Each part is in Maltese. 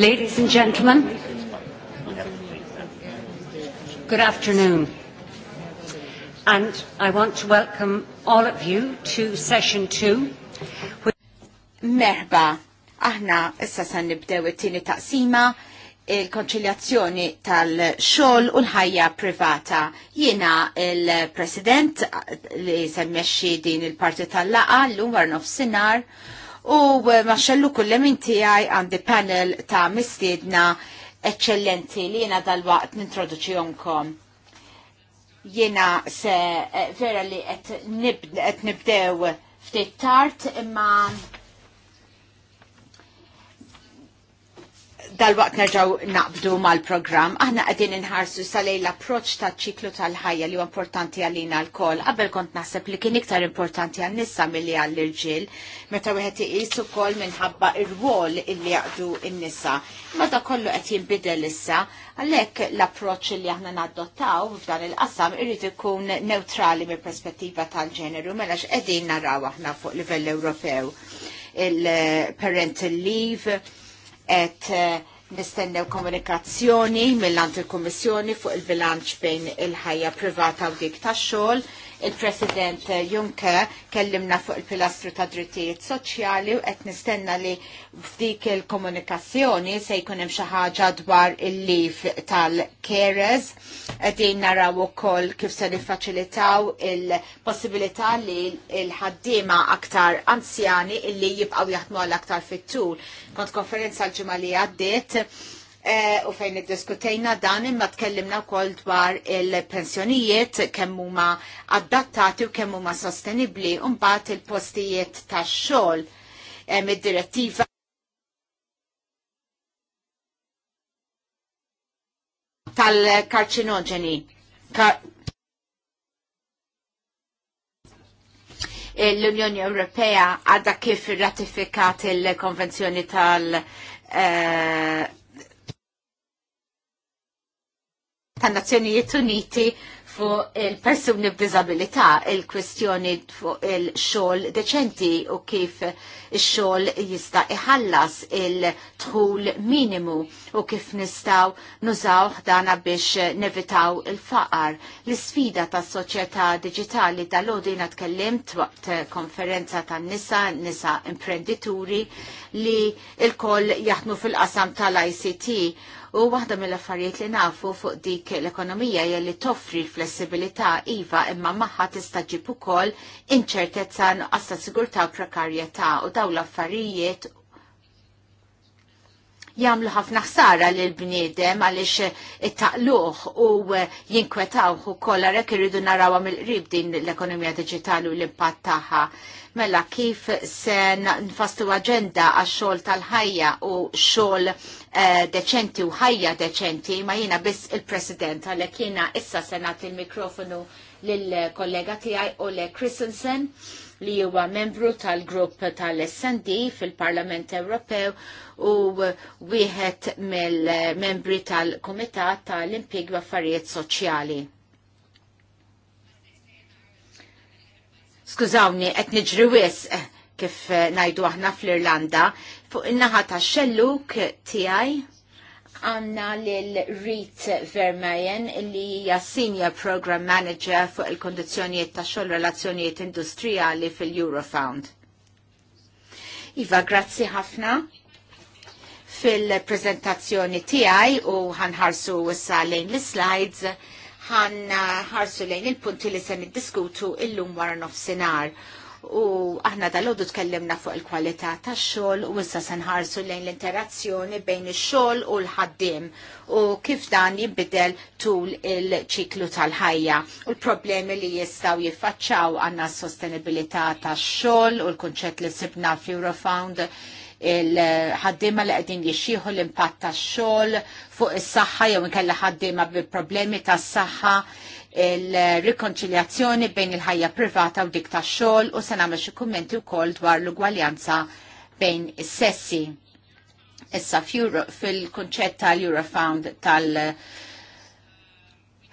Ladies and gentlemen, good afternoon. And I want to welcome all of you to session two. Merba, aħna issa san nibdew it-tieni taqsima il-konċiljazzjoni tal-xogħol u l-ħajja privata. Jiena il-President li semmexxi din il-parti tal-laqa l-lum war nofsinhar. sinar u eh, maċċellu kullem inti għaj għandi panel ta' mistiedna eccellenti li jena dal-waqt jonkom. Jena se eh, vera li għet nibdew ftit tart imma dal-waqt nerġaw naqbdu mal-program, aħna għedin inħarsu salej l-approċ ta' ċiklu tal-ħajja li huwa importanti għalina l-kol. Qabel kont naħseb li kien iktar importanti għal nissa milli għall irġil meta wieħed iqis ukoll minħabba ir-wol illi jaqdu n nissa Ma da kollu qed jinbidel issa, għalhekk l-approċ li aħna nadottaw f'dan il-qasam irid ikun neutrali mill-perspettiva tal-ġeneru mela x'qegħdin naraw aħna fuq livell Ewropew il-parental leave, et eh, nistennew komunikazzjoni mill-ant il-Kommissjoni fuq il-bilanċ bejn il-ħajja privata u dik tax-xogħol il-President Juncker kellimna fuq il-pilastru ta' drittijiet soċjali u qed nistenna li f'dik il-komunikazzjoni se jkun hemm xi ħaġa dwar il lief tal keres Qegħdin naraw ukoll kif se niffaċilitaw il-possibilità li l-ħaddiema aktar anzjani illi jibqgħu jaħdmu għal aktar fit-tul. Kont konferenza l-ġimgħa li għaddiet Eh, u fejn iddiskutejna dan imma tkellimna wkoll dwar il-pensjonijiet kemm huma adattati u kemm huma sostenibbli u mbagħad il-postijiet tax-xogħol eh, mid id-direttiva tal-karċinoġeni. l-Unjoni Ewropea għadha kif ratifikat il-Konvenzjoni tal- uh, tan-Nazzjonijiet Uniti fuq il-persuni b'dizabilità, il-kwestjoni fuq il-xol deċenti u kif il-xol jista' iħallas il-tħul minimu u kif nistaw nużaw ħdana biex nevitaw il-faqar. L-sfida ta' soċjetà digitali tal odina tkellimt waqt konferenza ta' nisa, nisa imprendituri li il-koll jaħnu fil-qasam tal-ICT U waħda mill-affarijiet li nafu fuq dik l-ekonomija jelli toffri flessibilità iva imma maħħa tista' ġib ukoll inċertezza nuqqas sigurtà u prekarjetà u dawn l-affarijiet jamlu ħafna ħsara lil bniedem għaliex it-taqluħ u jinkwetawh u kollarek irridu narawa mill-qrib din l-ekonomija digitali u l-impatt tagħha. Mela kif se nfastu aġenda għax xogħol tal-ħajja u xogħol Eh, deċenti u ħajja deċenti, ma jiena biss il-President, għalhekk jiena issa senat il-mikrofonu lill-kollega tiegħi Ole Christensen li huwa membru tal-grupp tal-SND fil-Parlament Ewropew u wieħed mill-membri tal-Kumitat tal-Impjeg u Affarijiet Soċjali. Skużawni, qed niġri wisq eh, kif eh, najdu aħna fl-Irlanda, Fuq il-naħa ta' xelluk tiegħi għanna l-Rit Vermeyen li hija Senior Program Manager fuq il-kondizjonijiet ta' xogħol relazzjonijiet industrijali fil-Eurofound. Iva, grazzi ħafna fil-prezentazzjoni tiegħi u ħanħarsu wissa lejn l-slides ħanħarsu lejn il-punti li se niddiskutu illum of senar u aħna dal-ħodu tkellimna fuq il-kwalità tax-xogħol u issa se nħarsu lejn l-interazzjoni bejn ix-xogħol u l-ħaddiem u kif dan jinbidel tul il-ċiklu tal-ħajja u l-problemi li jistgħu jiffaċċaw għandna s-sostenibilità tax-xogħol u l-kunċett li sibna Eurofound il-ħaddima li għedin jixxieħu l-impatt ta' xol fuq is saħħa jew inkella ħaddima bi problemi ta' saħħa il-rikonċiljazzjoni bejn il-ħajja privata u dik tax-xogħol u se nagħmel xi kummenti wkoll dwar l-ugwaljanza bejn is-sessi. Issa fil-kunċett tal-Eurofound tal-, -Eurofound, tal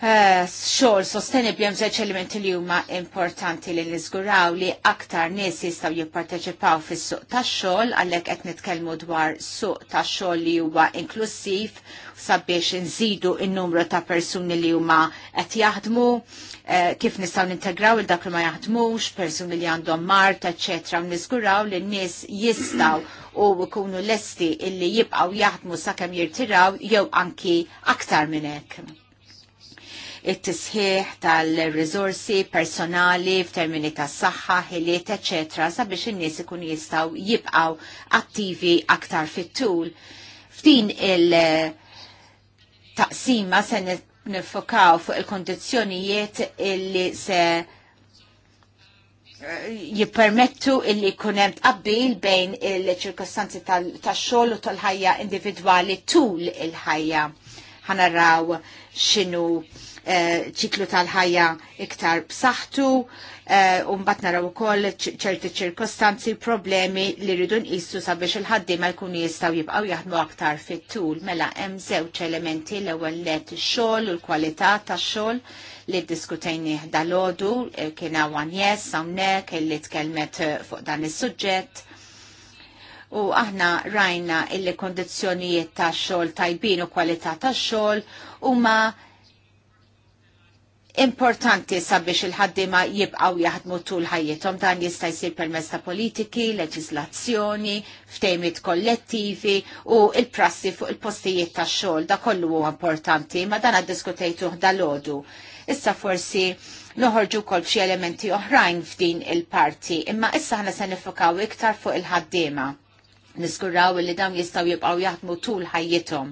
Eh, xogħol sostenibli hemm żewġ elementi li huma importanti li niżguraw li aktar nies jistgħu jipparteċipaw fis-suq tax-xogħol għalhekk qed nitkellmu dwar suq tax-xogħol li huwa inklusiv sabiex nżidu n-numru ta' persuni li huma qed jaħdmu, eh, kif nistgħu nintegraw il dak li ma jaħdmux, persuni li għandhom mart, eċċetra, u niżguraw li n-nies jistgħu u jkunu lesti illi jibqgħu jaħdmu sakemm jirtiraw jew anki aktar minn hekk it-tisħiħ tal-rizorsi personali f'termini ta' saħħa, ħiliet, eċetera, sabiex in-nies ikun jistgħu jibqgħu attivi aktar fit-tul. F'din il-taqsima se nifokaw fuq il-kondizzjonijiet illi se eh, jippermettu illi kunem tqabbil bejn il-ċirkostanzi tax-xogħol u tal-ħajja individwali tul il-ħajja. il ħajja ħanaraw xinu eh, ċiklu tal-ħajja iktar b'saħħtu, eh, u mbagħad naraw ukoll ċerti ċirkostanzi, problemi li rridu nqisu sabiex il ma jkunu jistgħu jibqgħu jaħdmu aktar fit-tul. Mela hemm żewġ elementi l-ewwel let ix-xogħol u l-kwalità tax-xogħol li diskutejni dal-ħodu eh, kien hawn yes hawnhekk li tkellmet fuq dan is-suġġett u aħna rajna illi kondizjonijiet ta' xol tajbin u kwalità ta' xol u ma importanti sabiex il-ħaddima jibqaw jaħdmu tul ħajjithom dan jista' jsir permezz ta' politiki, leġislazzjoni, ftejmiet kollettivi u il-prassi fuq il-postijiet ta' xogħol da kollu huwa importanti, ma dan diskutejtuh dal-għodu. Issa forsi noħorġu kol xi elementi oħrajn f'din il-parti, imma issa ħna se nifokaw iktar fuq il-ħaddiema niskurraw li dawn jistaw jibqaw jaħdmu tul ħajjithom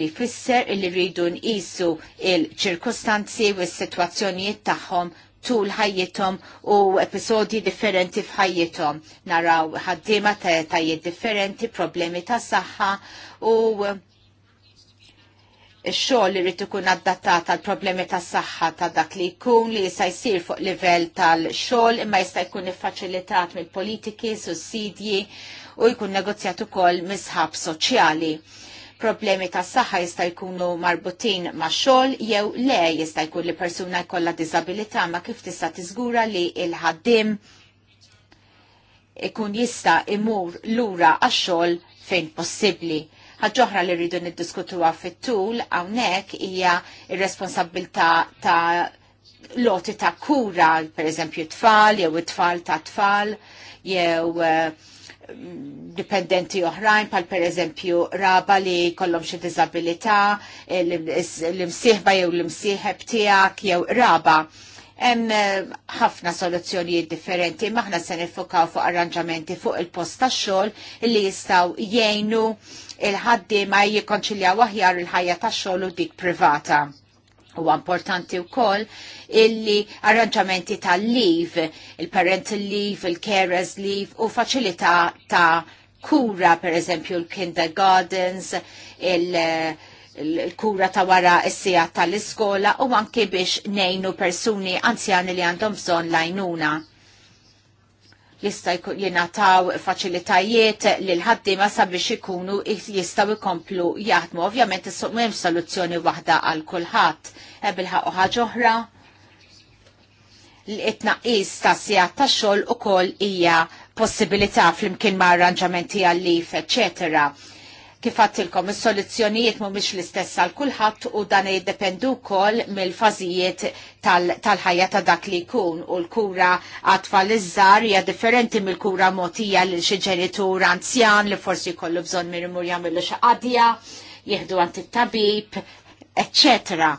li fisser li rridu nqisu il-ċirkustanzi u s-sitwazzjonijiet tagħhom tul ħajjithom u episodji differenti f'ħajjithom. Naraw ħaddiema ta' tajiet differenti, problemi ta' saħħa u xogħol li rrid ikun adattat għal problemi tas saħħa ta' dak li jkun li jista' jsir fuq livell tal-xogħol imma jista' jkun iffaċilitat mill-politiki, sussidji u jkun negozjat ukoll misħab soċjali problemi ta' saħħa jista' jkunu marbutin ma' xogħol jew le jista' jkun li persuna jkollha diżabilità ma' kif tista' tiżgura li il-ħaddim ikun jista' imur lura għax-xogħol fejn possibbli. oħra li rridu niddiskutuha fit-tul hawnhekk hija r-responsabilità ta' loti ta' kura, per eżempju tfal, jew it-tfal ta' tfal, jew uh, dipendenti oħrajn, pal per eżempju raba li kollom xie disabilità, l-imsieħba jew l-imsieħeb tijak jew raba. Hemm eh, ħafna soluzzjonijiet differenti, maħna se nifokaw fuq arranġamenti fuq il-post tax-xogħol li jistgħu jgħinu il-ħaddiema jikkonċiljaw aħjar il-ħajja tax-xogħol u dik privata Huwa importanti wkoll illi arranġamenti tal-leave, il-parental leave, il-carers leave u faċilità ta' kura, per eżempju, l kindergardens il-kura il ta' wara s-sija tal-iskola u anki biex nejnu persuni anzjani li għandhom bżon lajnuna jista' jingħataw faċilitajiet lil ħaddiema sabiex ikunu jistgħu jkomplu jaħdmu. Ovvjament is-suq soluzzjoni waħda għal kulħadd ebil ħaq ħaġa oħra l-itnaqis ta' sijat ta' xol u kol ija possibilità fl-imkien ma' arranġamenti għallif, etc. tilkom, il-soluzzjonijiet mu miex l-istess għal kulħadd u dan jiddependu kol mill-fazijiet tal-ħajja ta' dak li jkun u l-kura għatfall iż-żar hija differenti mill-kura motija l xi ġenitur anzjan li forsi jkollu bżonn minn imur jagħmilu xi qadja, jieħdu għand it-tabib, eccetera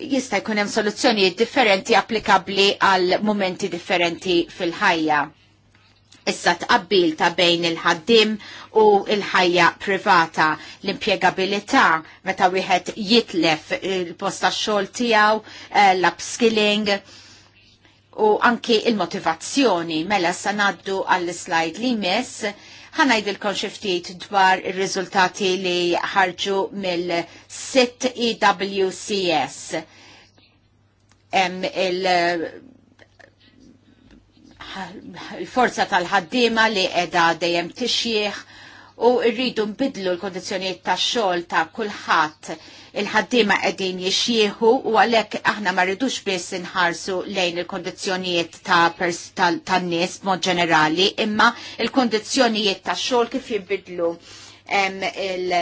jista' jkun hemm soluzzjonijiet differenti applikabbli għal momenti differenti fil-ħajja. Issa tqabbil ta' bejn il-ħaddim u il-ħajja privata, l-impiegabilità meta wieħed jitlef il-post tax-xogħol tiegħu, eh, l-upskilling u anki il-motivazzjoni. Mela sa naddu għall-slide li mess ħanajdilkom xiftit dwar ir-riżultati li ħarġu mill-sit EWCS. il il-forza tal-ħaddima li edha dejjem tixjieħ u rridu nbidlu l-kondizjoniet ta' xogħol ta' kulħadd il-ħaddiema qegħdin jixjieħu u għalhekk aħna ma rridux biss inħarsu lejn il-kondizzjonijiet ta' tan-nies b'mod ġenerali, imma il kundizzjonijiet ta' xogħol kif jibidlu il-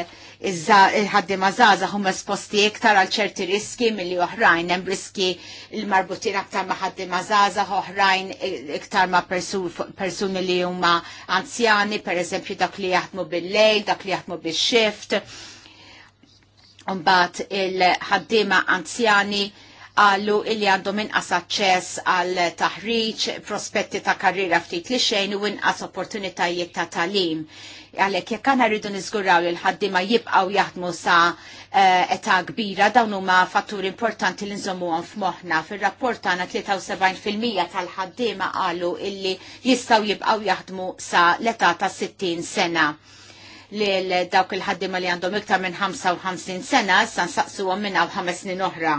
iżda ħaddima żgħażagħ huma esposti iktar għal ċerti riski milli oħrajn hemm riski l-marbutin aktar ma' ħaddima żgħażagħ oħrajn iktar ma' persuni li huma anzjani, pereżempju dak li jaħdmu bil-lejl, dak li jaħdmu bil shift Mbagħad il-ħaddiema anzjani għallu illi għandhom inqas aċċess għal taħriġ, prospetti ta' karriera ftit li xejn u inqas opportunitajiet ta' talim. Għalhekk jekk għandna rridu niżguraw li l ma jibqgħu jaħdmu sa eh, età kbira dawn huma fatturi importanti li nżommuhom f'moħħna. Fir-rapport tagħna 73% tal-ħaddiema qalu illi jistgħu jibqgħu jaħdmu sa l-età ta' 60 sena li dawk il-ħaddima li għandhom iktar minn 55 sena, san saqsu għom minna u 5 snin oħra.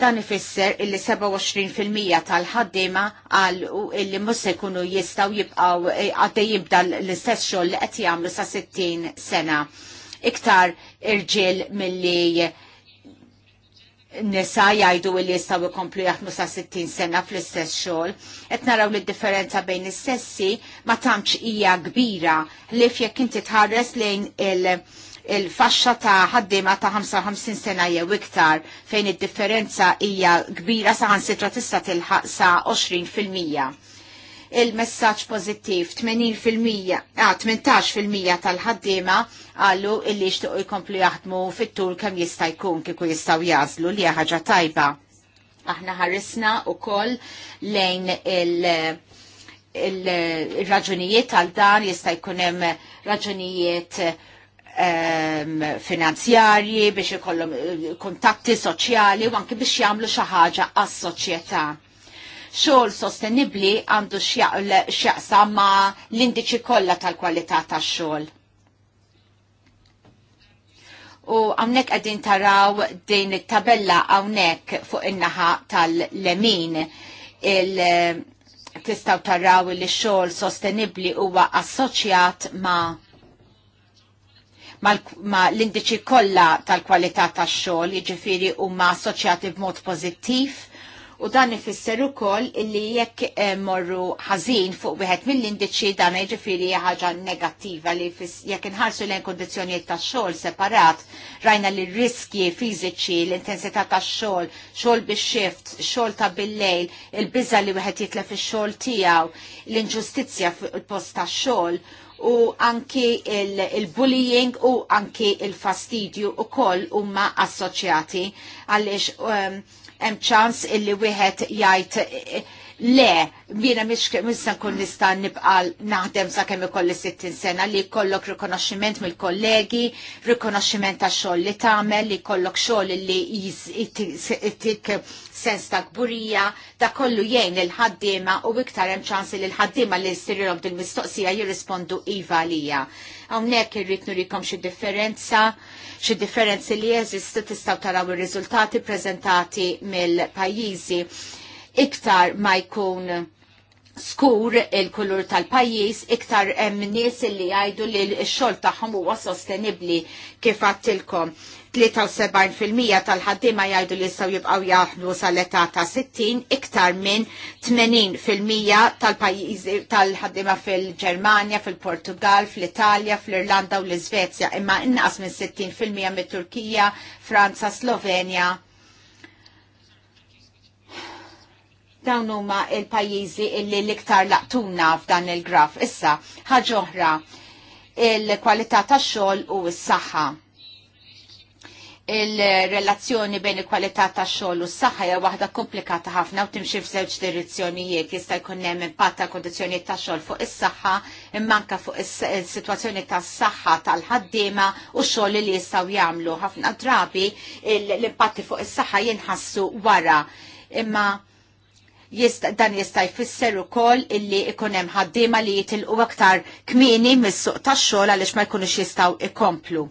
Dan ifisser illi 27% tal-ħaddima għal illi musse jkunu jistaw jibqaw eh, jibda l-istess xogħol li qed jagħmlu sa 60 sena. Iktar irġiel milli nisa jajdu li jistaw ikomplu jaħmlu sa' 60 sena fl-istess xogħol. Qed naraw li differenza bejn is-sessi ma tantx hija kbira li jekk inti tħares lejn il- il-faxxa ta' ħaddiema ta' 55 sena jew iktar fejn id-differenza hija kbira sa' ħansitra tista' tilħaq sa' 20%. Il-messaġġ pożittiv 80% ah, 18% tal-ħaddiema għallu illi jixtiequ jkomplu jaħdmu fit-tul kemm jista' jkun kieku jistgħu jażlu li ħaġa tajba. Aħna ħarisna wkoll lejn il- il-raġunijiet għal dan jista' jkun hemm raġunijiet um, finanzjarji, biex ikollhom eh, kuntatti soċjali u anke biex jagħmlu xi ħaġa għas-soċjetà. Xogħol sostenibbli għandu x'jaqsam ma' l-indiċi kollha tal-kwalità tax-xogħol. U hawnhekk għedin taraw din it-tabella għawnek fuq in-naħa tal-lemin il- eh, tistaw taraw li xogħol sostenibbli huwa assoċjat ma' ma l-indiċi kollha tal-kwalità tax-xogħol, jiġifieri huma assoċjati b'mod pożittiv u dan ifisser ukoll illi jekk eh, morru ħażin fuq wieħed mill-indiċi dan jiġifieri ħaġa negattiva li jekk inħarsu lejn kondizzjonijiet tax-xogħol separat rajna li riskji fiżiċi, l-intensità tax-xogħol, xogħol xogħol bix shift xogħol ta' bil-lejl, il-biża li wieħed jitlef ix-xogħol tiegħu, l-inġustizzja fuq il-post tax-xogħol u anki il-bullying il u anki il-fastidju u koll umma assoċjati għalix um, hemm um, ċans illi wieħed jgħid le, jiena mhix missa nkun nista' nibqal naħdem sakemm ikolli 60 sena li jkollok rikonoxximent mill-kollegi, rikonoxximent tax xogħol li tagħmel, li jkollok xogħol li sens ta' gburija, ta' kollu jgħin il-ħaddima u iktar hemm ċansi li l-ħaddima li jsirilhom din mistoqsija jirrispondu iva għalija. Hawnhekk irrid nurikom xi differenza, xi differenzi li jeżistu tistaw taraw ir-riżultati prezentati mill-pajjiżi iktar ma jkun skur il-kulur tal-pajis iktar hemm nies li jgħidu li l-xogħol tagħhom huwa sostenibbli kif għattilkom. 73% tal-ħaddima jgħidu li jistgħu jibqgħu jaħdmu sal-età ta' 60 iktar minn 80% tal-pajjiżi tal-ħaddima fil-Ġermanja, fil-Portugal, fl-Italja, fl-Irlanda u l-Iżvezja, imma inqas minn 60% mit-Turkija, Franza, Slovenja. dawn huma il-pajjiżi illi l-iktar laqtuna f'dan il-graf. Issa, ħaġa oħra, il-kwalità tax-xogħol u s-saħħa il-relazzjoni bejn il-kwalità ta' xogħol u s-saħħa hija waħda komplikata ħafna u timxi f'żewġ direzzjonijiet jista' jkun hemm impatt ta' kondizzjonijiet ta' xogħol fuq is-saħħa immanka fuq is-sitwazzjoni tas-saħħa tal-ħaddiema u x-xogħol li jistgħu jagħmlu. Ħafna drabi l-impatti fuq is-saħħa jinħassu wara. Imma Jist, dan jista' jfisser ukoll illi ikun hemm ħaddiema li jitilqu aktar kmieni mis-suq tax-xogħol għaliex ma jkunux jistgħu ikomplu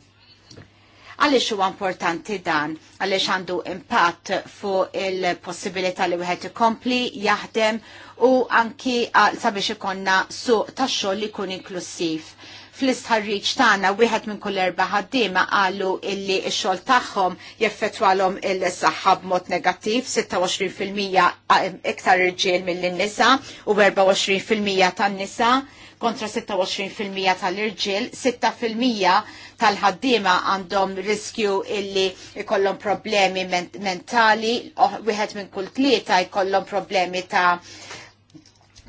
Għaliex huwa importanti dan? Għaliex għandu impatt fuq il-possibilità li wieħed ikompli jaħdem u anki sabiex ikonna suq tax-xogħol li jkun inklusiv fl-istħarriċ tagħna wieħed minn kull erba' ħaddiema qalu illi x-xogħol tagħhom jeffettwalhom il-saħħa b'mod negattiv, 26% iktar irġiel mill-nisa u 24% tan-nisa kontra 26% tal-irġil, 6% tal-ħaddima għandhom riskju illi jkollhom problemi mentali, wieħed minn kull tlieta jkollhom problemi ta'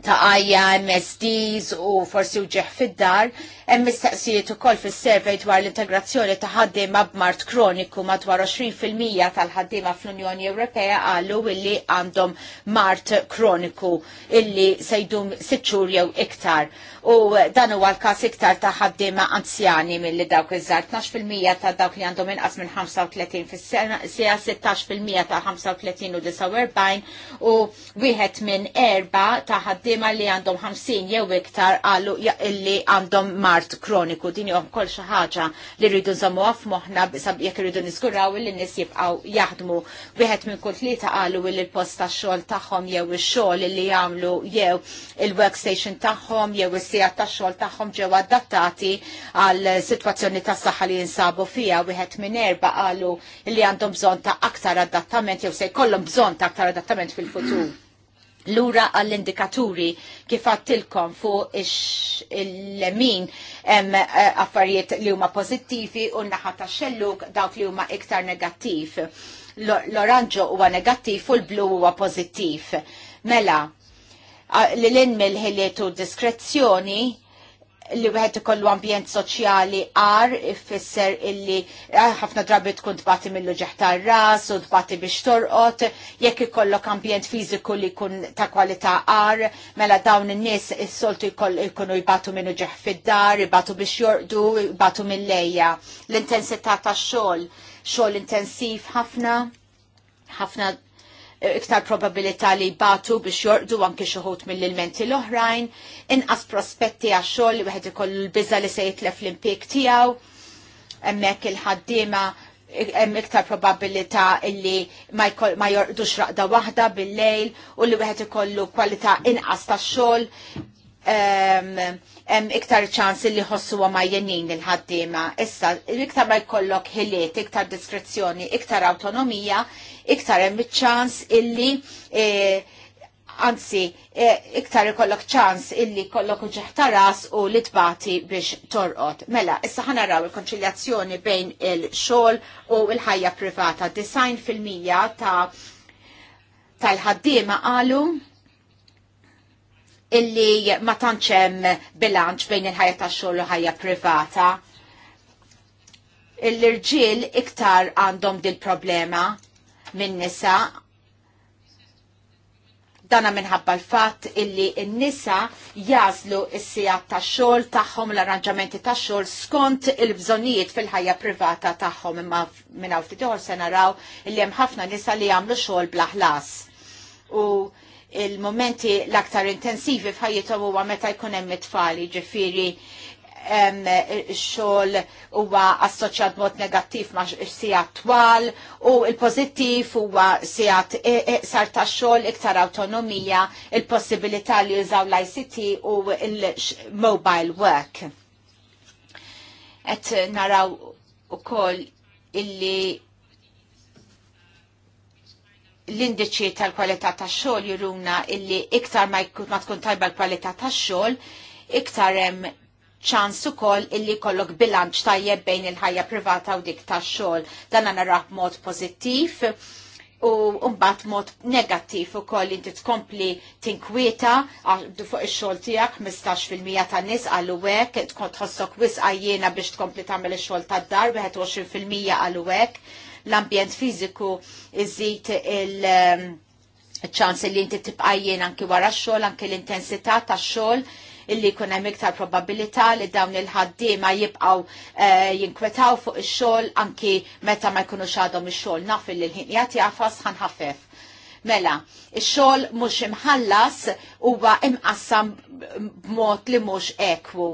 ta' għajja MSDs u forsi uġeħ fid-dar, Hemm mistaqsijiet ukoll fis-servej dwar l-integrazzjoni ta' ħaddiema b'mart kroniku madwar 20% tal-ħaddiema fl-Unjoni Ewropea qalu illi għandhom mart kroniku illi se jdum sitt jew iktar. U dan huwa l-każ iktar ta' ħaddiema anzjani milli dawk iż-żgħar 12% ta' dawk li għandhom inqas minn 35 fis-sena, 16% ta' 35 u 49 u wieħed minn erba ta' ħaddiema li għandhom 50 jew iktar għallu illi għandhom mart art kroniku din jom kol xaħġa li rridu nżammu għaf moħna jek rridu niskuraw li nis jibqaw jaħdmu. Wieħed minn kull tlieta qalu li l-post ta' xogħol tagħhom jew ix-xogħol li jagħmlu jew il-workstation tagħhom jew is-sija ta' xogħol tagħhom ġew adattati għal sitwazzjoni ta' saħħa li jinsabu fija wieħed minn erba' qalu li għandhom bżonn ta' aktar adattament jew se jkollhom bżonn ta' aktar adattament fil-futur. Lura għall-indikaturi kif għattilkom fuq il-lemin eh, affarijiet li huma pozittivi u naħa ta' xelluk dawk li huma iktar negattiv. L-oranġo huwa negattiv u l-blu huwa pozittiv. Mela, l inmil mill-ħiliet u diskrezzjoni li wieħed ikollu ambjent soċjali għar ifisser illi eh, ħafna drabi tkun tbati millu ġeħta ras u tbati biex torqot, jekk ikollok ambjent fiżiku li jkun ta' kwalità għar, mela dawn in-nies is-soltu jkunu jbatu minnu ġeħ fid-dar, jbatu biex jorqdu, jbatu mill-lejja. L-intensità tax xogħol, xogħol intensiv ħafna, ħafna iktar probabilità li batu biex jorqdu anki xuħut mill-ilmenti l-oħrajn, inqas prospetti għax xogħol li wieħed ikollu l-biża li se jitlef l-impjeg tiegħu, hemmhekk il-ħaddiema hemm iktar probabilità illi ma jorqdux raqda waħda bil-lejl u li wieħed ikollu kwalità inqas tax xogħol hemm iktar ċans li ħossu ma' jenin il-ħaddiema. Issa, iktar ma jkollok ħiliet, iktar diskrezzjoni, iktar autonomija, iktar hemm iċ-ċans illi e, anzi, e, iktar ikollok ċans illi kollok uġeħta ras u li tbati biex torqod. Mela, issa ħanaraw il-konċiljazzjoni bejn il-xogħol u l-ħajja privata. Design fil-mija ta' tal-ħaddiema għalu illi ma tantx hemm bilanċ bejn il-ħajja tax-xogħol u ħajja privata. L-irġiel iktar għandhom din problema minn nisa dana minħabba l-fatt illi n-nisa jazlu s-sijat ta' xogħol tagħhom l-arranġamenti ta' xogħol skont il-bżonijiet fil-ħajja privata tagħhom imma minn u ftit se naraw illi hemm ħafna nisa li jagħmlu xogħol blaħlas. U il-momenti l-aktar intensivi f'ħajjithom huwa meta jkun hemm it-tfal, ġifieri xogħol huwa assoċjat mod negattiv ma' sigħat twal u il-pożittiv huwa sigħat e, e, sar ta' xogħol iktar autonomija, il-possibilità li jużaw l-ICT u il-mobile work. Et naraw ukoll illi l-indiċi tal-kwalità tax-xogħol juruna illi iktar ma tkun tajba l-kwalità tax-xogħol, iktar hemm ċans ukoll illi kollok bilanċ tajjeb bejn il-ħajja privata u dik tax-xogħol. Dan naraħ b'mod pożittiv u mbagħad mod negattiv ukoll inti tkompli tinkwieta fuq ix-xogħol tiegħek 15% tan-nies qalu hekk tkun tħossok wisqajjiena biex tkompli tagħmel ix-xogħol tad-dar fil-mija qalu hekk l-ambjent fiziku iżid il- um, ċans li inti tibqajjen anki wara xogħol, anki l-intensità tax-xogħol illi jkun hemm iktar probabilità li dawn il-ħaddiema jibqgħu eh, jinkwetaw fuq ix-xogħol anki meta ma jkunux għadhom ix-xogħol naf li l-ħin jagħti ħan ħafef. Mela, ix-xogħol mhux imħallas huwa imqassam b'mod li mhux ekwu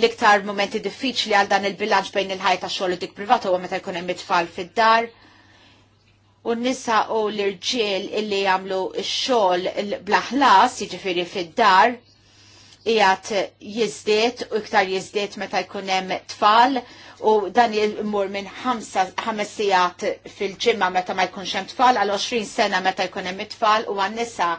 l-iktar momenti diffiċli għal dan il-bilanċ bejn il-ħajta xogħol u dik privata u meta jkun hemm it-tfal fid-dar. U n-nisa u l-irġiel illi jagħmlu x-xogħol blaħlas, jiġifieri fid-dar, jgħat jizdiet u iktar jizdiet meta jkun hemm tfal u dan jmur minn ħames sigħat fil-ġimgħa meta ma jkunx hemm tfal għal 20 sena meta jkun hemm it-tfal u għan-nisa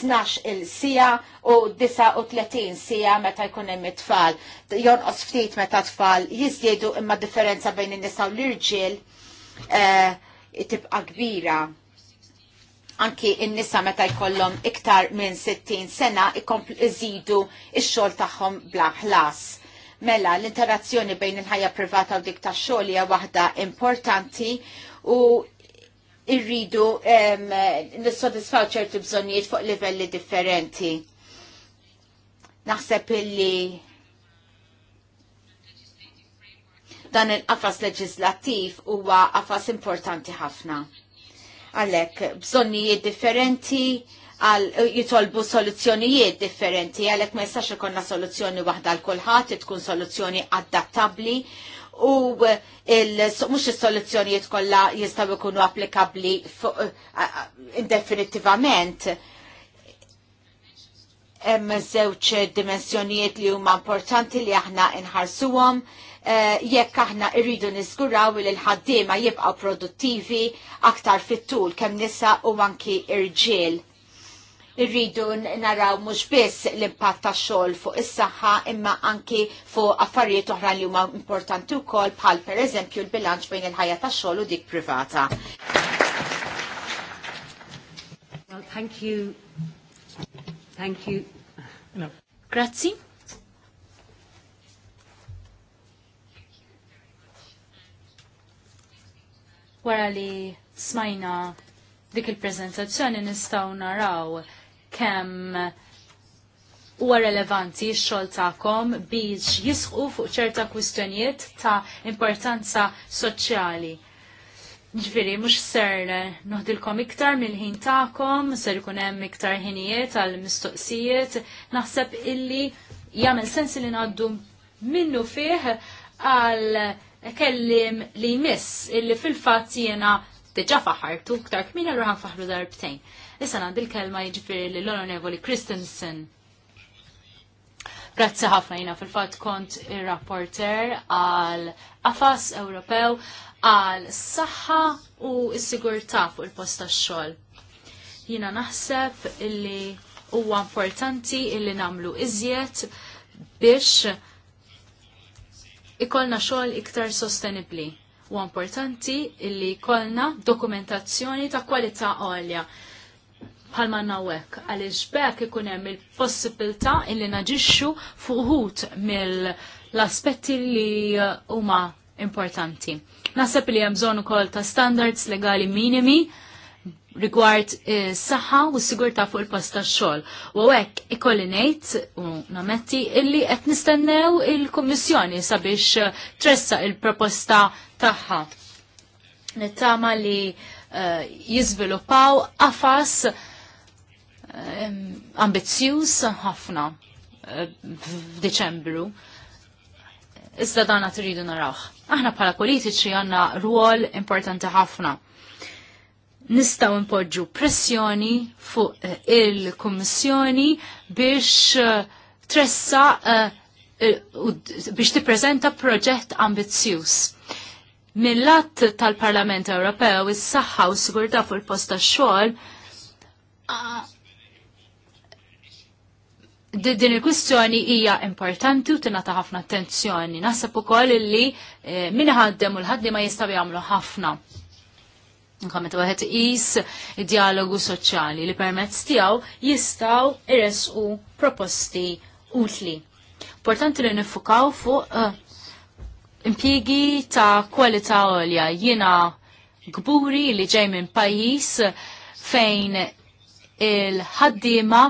12 il-sija u 39 sija meta jkun hemm it-tfal. Jonqos ftit meta tfal jiżdiedu imma differenza bejn in-nisa u l-irġiel eh, tibqa' kbira. Anki in-nisa meta jkollhom iktar minn 60 sena ikomplu iżidu x-xogħol tagħhom bla ħlas. Mela, l-interazzjoni bejn il-ħajja privata u dik tax-xogħol hija waħda importanti u irridu nissodisfaw ċertu bżonijiet fuq livelli differenti. Naħseb illi dan il-qafas leġislattiv huwa qafas importanti ħafna. Għalek, bżonnijiet differenti, għal jitolbu soluzzjonijiet differenti, għalek ma jistax ikonna soluzzjoni waħda għal kulħadd, tkun soluzzjoni adattabli u eh, mux il-soluzzjonijiet kolla jistaw ikunu applikabli eh, eh, indefinitivament. Hemm żewġ dimensjonijiet li huma importanti li aħna inħarsuhom jekk aħna irridu niżguraw li l-ħaddiema jibqgħu produttivi aktar fit-tul kemm nisa u anki irġiel Irridu naraw mhux biss l-impatt tax-xogħol fuq is-saħħa imma anki fuq affarijiet oħra li huma importanti wkoll bħal pereżempju l-bilanċ bejn il-ħajja tax-xogħol u dik privata. Well, thank you. Thank you. No. Grazzi. Wara li smajna dik il-prezentazzjoni nistaw naraw kemm huwa relevanti x-xogħol tagħkom biex jisħu fuq ċerta kwistjonijiet ta' importanza soċjali. Ġifieri mhux ser noħdilkom iktar mill-ħin tagħkom, ser ikun hemm iktar ħinijiet għal mistoqsijiet, naħseb illi jagħmel sens li ngħaddu minnu fih għal kellim li jmiss illi fil-fatt jiena diġà faħartu ktar kmina allura faħru darbtejn. Issa għandi l-kelma jiġifieri l-Onorevoli Christensen. Grazzi ħafna jina fil-fatt kont ir-rapporter għal Afas Ewropew għal saħħa u s sigurta fuq il posta xol. xogħol Jina naħseb illi huwa importanti illi namlu iżjed biex ikolna xogħol iktar sostenibbli. U importanti illi kolna dokumentazzjoni ta' kwalità għolja bħalma nawek għaliex bekk ikun hemm il-possibilità illi naġixxu fuq mill-aspetti li huma importanti. Naħseb li hemm bżonn ukoll ta' standards legali minimi rigward is-saħħa eh, u s sigurta fuq il posta x xogħol U hekk ikolli ngħid u nametti illi qed nistennew il-Kummissjoni sabiex eh, tressa il-proposta tagħha. Nittama li uh, eh, jizviluppaw ambizzjuż ħafna eh, f'Diċembru. Iżda dana tridu narah. Aħna bħala politiċi għandna rwol importanti ħafna. Nistaw impoġġu pressjoni fuq eh, il-Kummissjoni biex eh, tressa biex tippreżenta proġett ambizzjuż. Mill-att tal-Parlament Ewropew is-saħħa u s-sigurtà fuq il-post tax-xogħol ah, din il-kwistjoni hija importanti u tingħata ħafna attenzjoni. Naħseb ukoll li eh, min ħaddem u l-ħaddi ma jistgħu jagħmlu ħafna. Nkamet waħed is dialogu soċjali li permezz tiegħu jistgħu iresqu proposti utli. Importanti li nifukaw fuq eh, impjiegi ta' kwalità għolja. Jiena gburi li ġej minn pajjiż fejn il-ħaddiema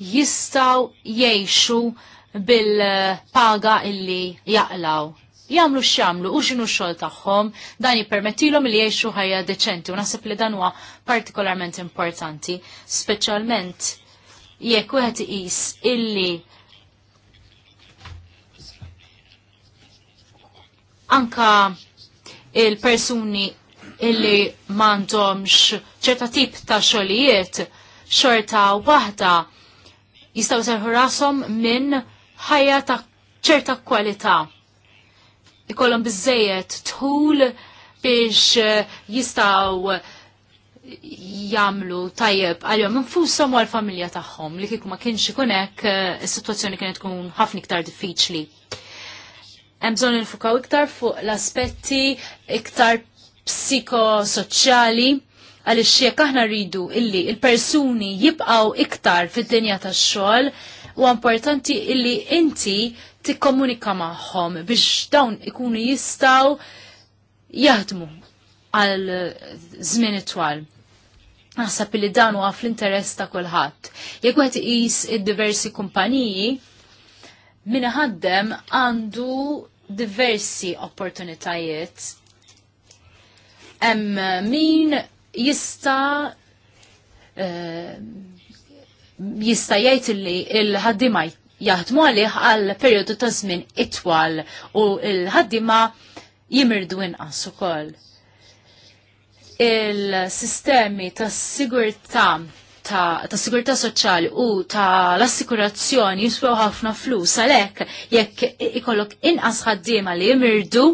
jistaw jiexu bil-paga illi jaqlaw. Jamlu xamlu u xinu xol taħħom, dan jipermettilom li jiexu ħajja deċenti u nasib li dan huwa partikolarment importanti, specialment jekk wieħed iqis illi anka il-persuni illi mandomx ċerta tip ta' xogħlijiet xorta waħda jistaw serħu rasom minn ħajja ta' ċerta kwalità. Ikollhom biżejjed tħul biex eh, jistaw eh, jamlu tajjeb għal-jom nfusom u għal-familja tagħhom li kieku ma kienx ikun hekk eh, is-sitwazzjoni kienet tkun ħafna iktar diffiċli. Hemm bżonn nifukaw iktar fuq l-aspetti iktar psikosoċjali Għaliex jekk aħna rridu illi il-persuni jibqgħu iktar fid-dinja tax-xogħol, u importanti illi inti tikkomunika magħhom biex dawn ikunu jistaw jaħdmu għal żmien itwal. Naħseb li dan huwa fl-interess ta' kulħadd. Jekk wieħed iqis id-diversi kumpaniji, min ħaddem għandu diversi opportunitajiet. Hemm min jista eh, jista jgħid li l-ħaddima jaħdmu għalih għal perjodu ta' żmien itwal u l-ħaddima jimirdu inqas ukoll. Il-sistemi ta' sigurtà ta', ta sigurtà soċjali u ta' l-assikurazzjoni jiswew ħafna flus għalhekk jekk ikollok inqas ħaddiema li jimirdu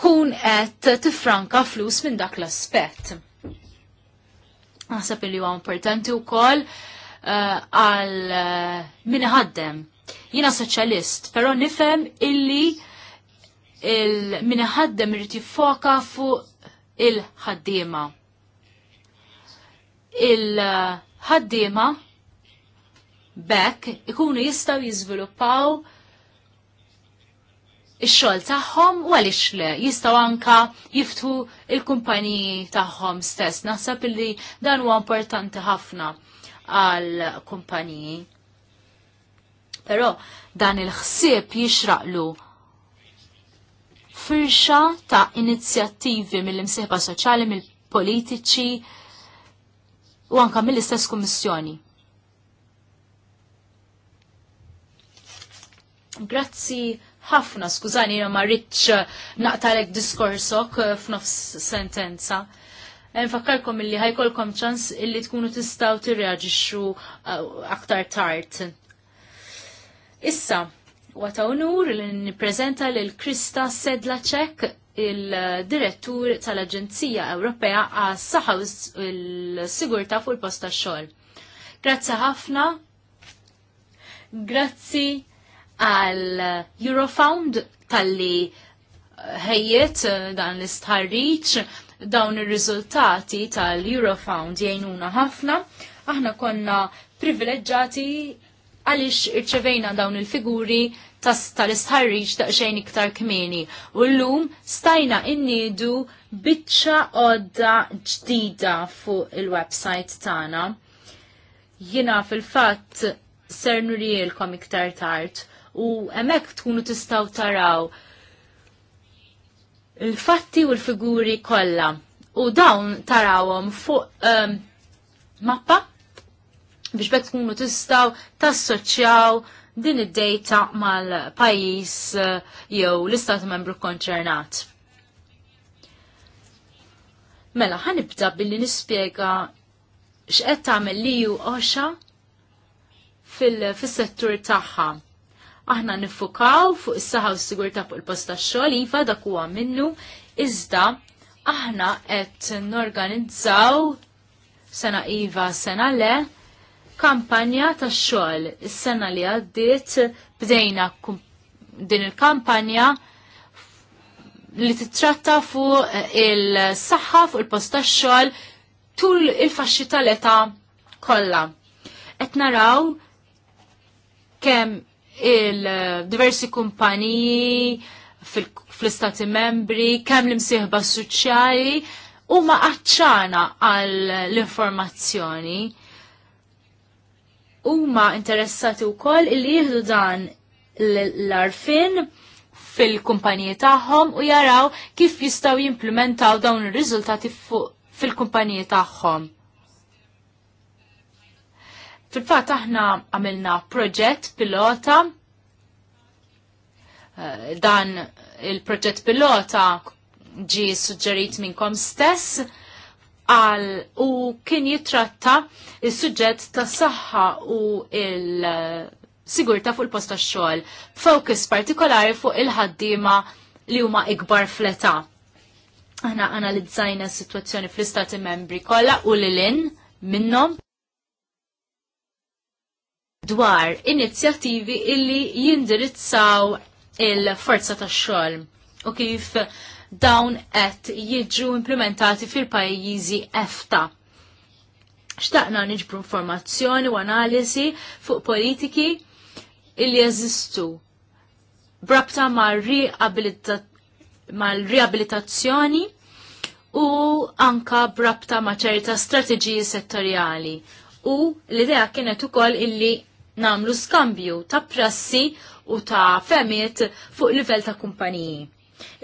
kun qed tifranka flus minn dak l-aspett. Naħseb li huwa importanti wkoll eh, għal uh, min ħaddem. Jiena soċjalist, però nifhem illi il-min ħaddem irid jiffoka fuq il-ħaddiema. Il-ħaddiema bekk ikunu jistaw jiżviluppaw ix-xogħol tagħhom u għaliex le jistgħu anka jiftu il-kumpaniji tagħhom stess. Naħseb li dan huwa importanti ħafna għal kumpaniji. Però dan il-ħsieb jixraqlu firxa ta' inizjattivi mill-imsieħba soċjali mill-politiċi u anka mill-istess kummissjoni. Grazzi ħafna, skużani, jina ma rridx eh, naqtalek diskorsok eh, f'nofs sentenza. Eh, nfakkarkom illi ħajkolkom ċans illi tkunu tistaw tirreagixxu aktar tard. Issa, għata unur li nippreżenta lil Krista Sedla Ċek il-direttur tal-Aġenzija Ewropea għas saħa il-sigurta fuq il-posta xogħol. Grazzi ħafna. Grazzi għal Eurofound tal-li ħejjet eh, dan l-istħarriċ dawn ir-riżultati tal-Eurofound jgħinuna ħafna. Aħna konna privileġġati għaliex irċevejna dawn il-figuri tal-istħarriċ daqsxejn iktar kmini. U l-lum stajna innidu bitċa odda ġdida fuq il-website tagħna. Jina fil-fatt ser nurielkom iktar tard u hemmhekk tkunu tistgħu taraw il-fatti u l-figuri kollha. U dawn tarawhom fuq um, mappa biex bekk tkunu tistgħu tassoċjaw din id-data mal-pajis eh, jew l-istat membru konċernat. Mela, ħanibda billi nispjega x'qed tagħmel li ju oxa fil-settur tagħha. Aħna nifukaw fuq is-saħħa u s-sigurtà fuq il-post tax-xogħol iva dak huwa minnu iżda aħna qed norganizzaw sena iva sena le kampanja tax-xogħol. Is-sena li għaddiet bdejna din il-kampanja li titratta fuq il-saħħa fuq il-post tax-xogħol tul il-faxxi tal-età kollha. Qed naraw kemm il-diversi kumpaniji fl-istati membri, kemm l-imsieħba soċjali u ma għacċana għal l-informazzjoni. U ma interessati u koll illi jihdu dan l-arfin fil-kumpaniji tagħhom u jaraw kif jistaw jimplementaw dawn ir-riżultati fil-kumpaniji tagħhom. Fil-fat aħna għamilna proġett pilota eh, dan il-proġett pilota ġi suġġerit minnkom stess għal u kien jitratta il-suġġett ta' saħħa u il-sigurta fuq il-posta xogħol focus partikolari fuq il-ħaddiema li huma ikbar fleta. Aħna analizzajna s-sitwazzjoni fl-istati membri kollha u lilin minnhom dwar inizjattivi illi jindirizzaw il-forza ta' xogħol u kif dawn qed jiġu implementati fil-pajjiżi EFTA. Xtaqna niġbru informazzjoni u analisi fuq politiki illi jeżistu brabta mal-riabilitazzjoni u anka brabta ma' ċerta strateġiji settorjali. U l-idea kienet ukoll illi namlu skambju ta' prassi u ta' femiet fuq livell ta' kumpaniji.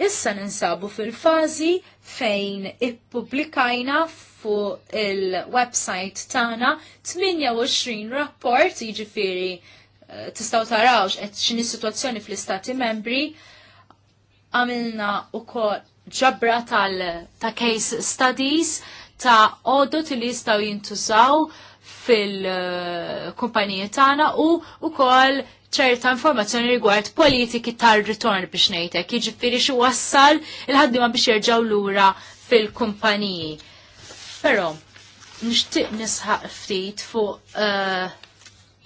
Issa ninsabu fil-fazi fejn ippubblikajna fuq il-website tagħna 28 rapport, jiġifieri eh, tistgħu tarawx qed x'inhi situazzjoni fl-istati membri. Għamilna ukoll ġabra tal ta' case studies ta' odot li jistgħu jintużaw fil-kumpaniji tagħna u wkoll ċerta informazzjoni rigward politiki tal-ritorn biex ngħidlek, jiġifieri xi wassal il-ħaddiema biex jerġgħu lura fil-kumpaniji. Però nixtieq nisħaq ftit fuq eh,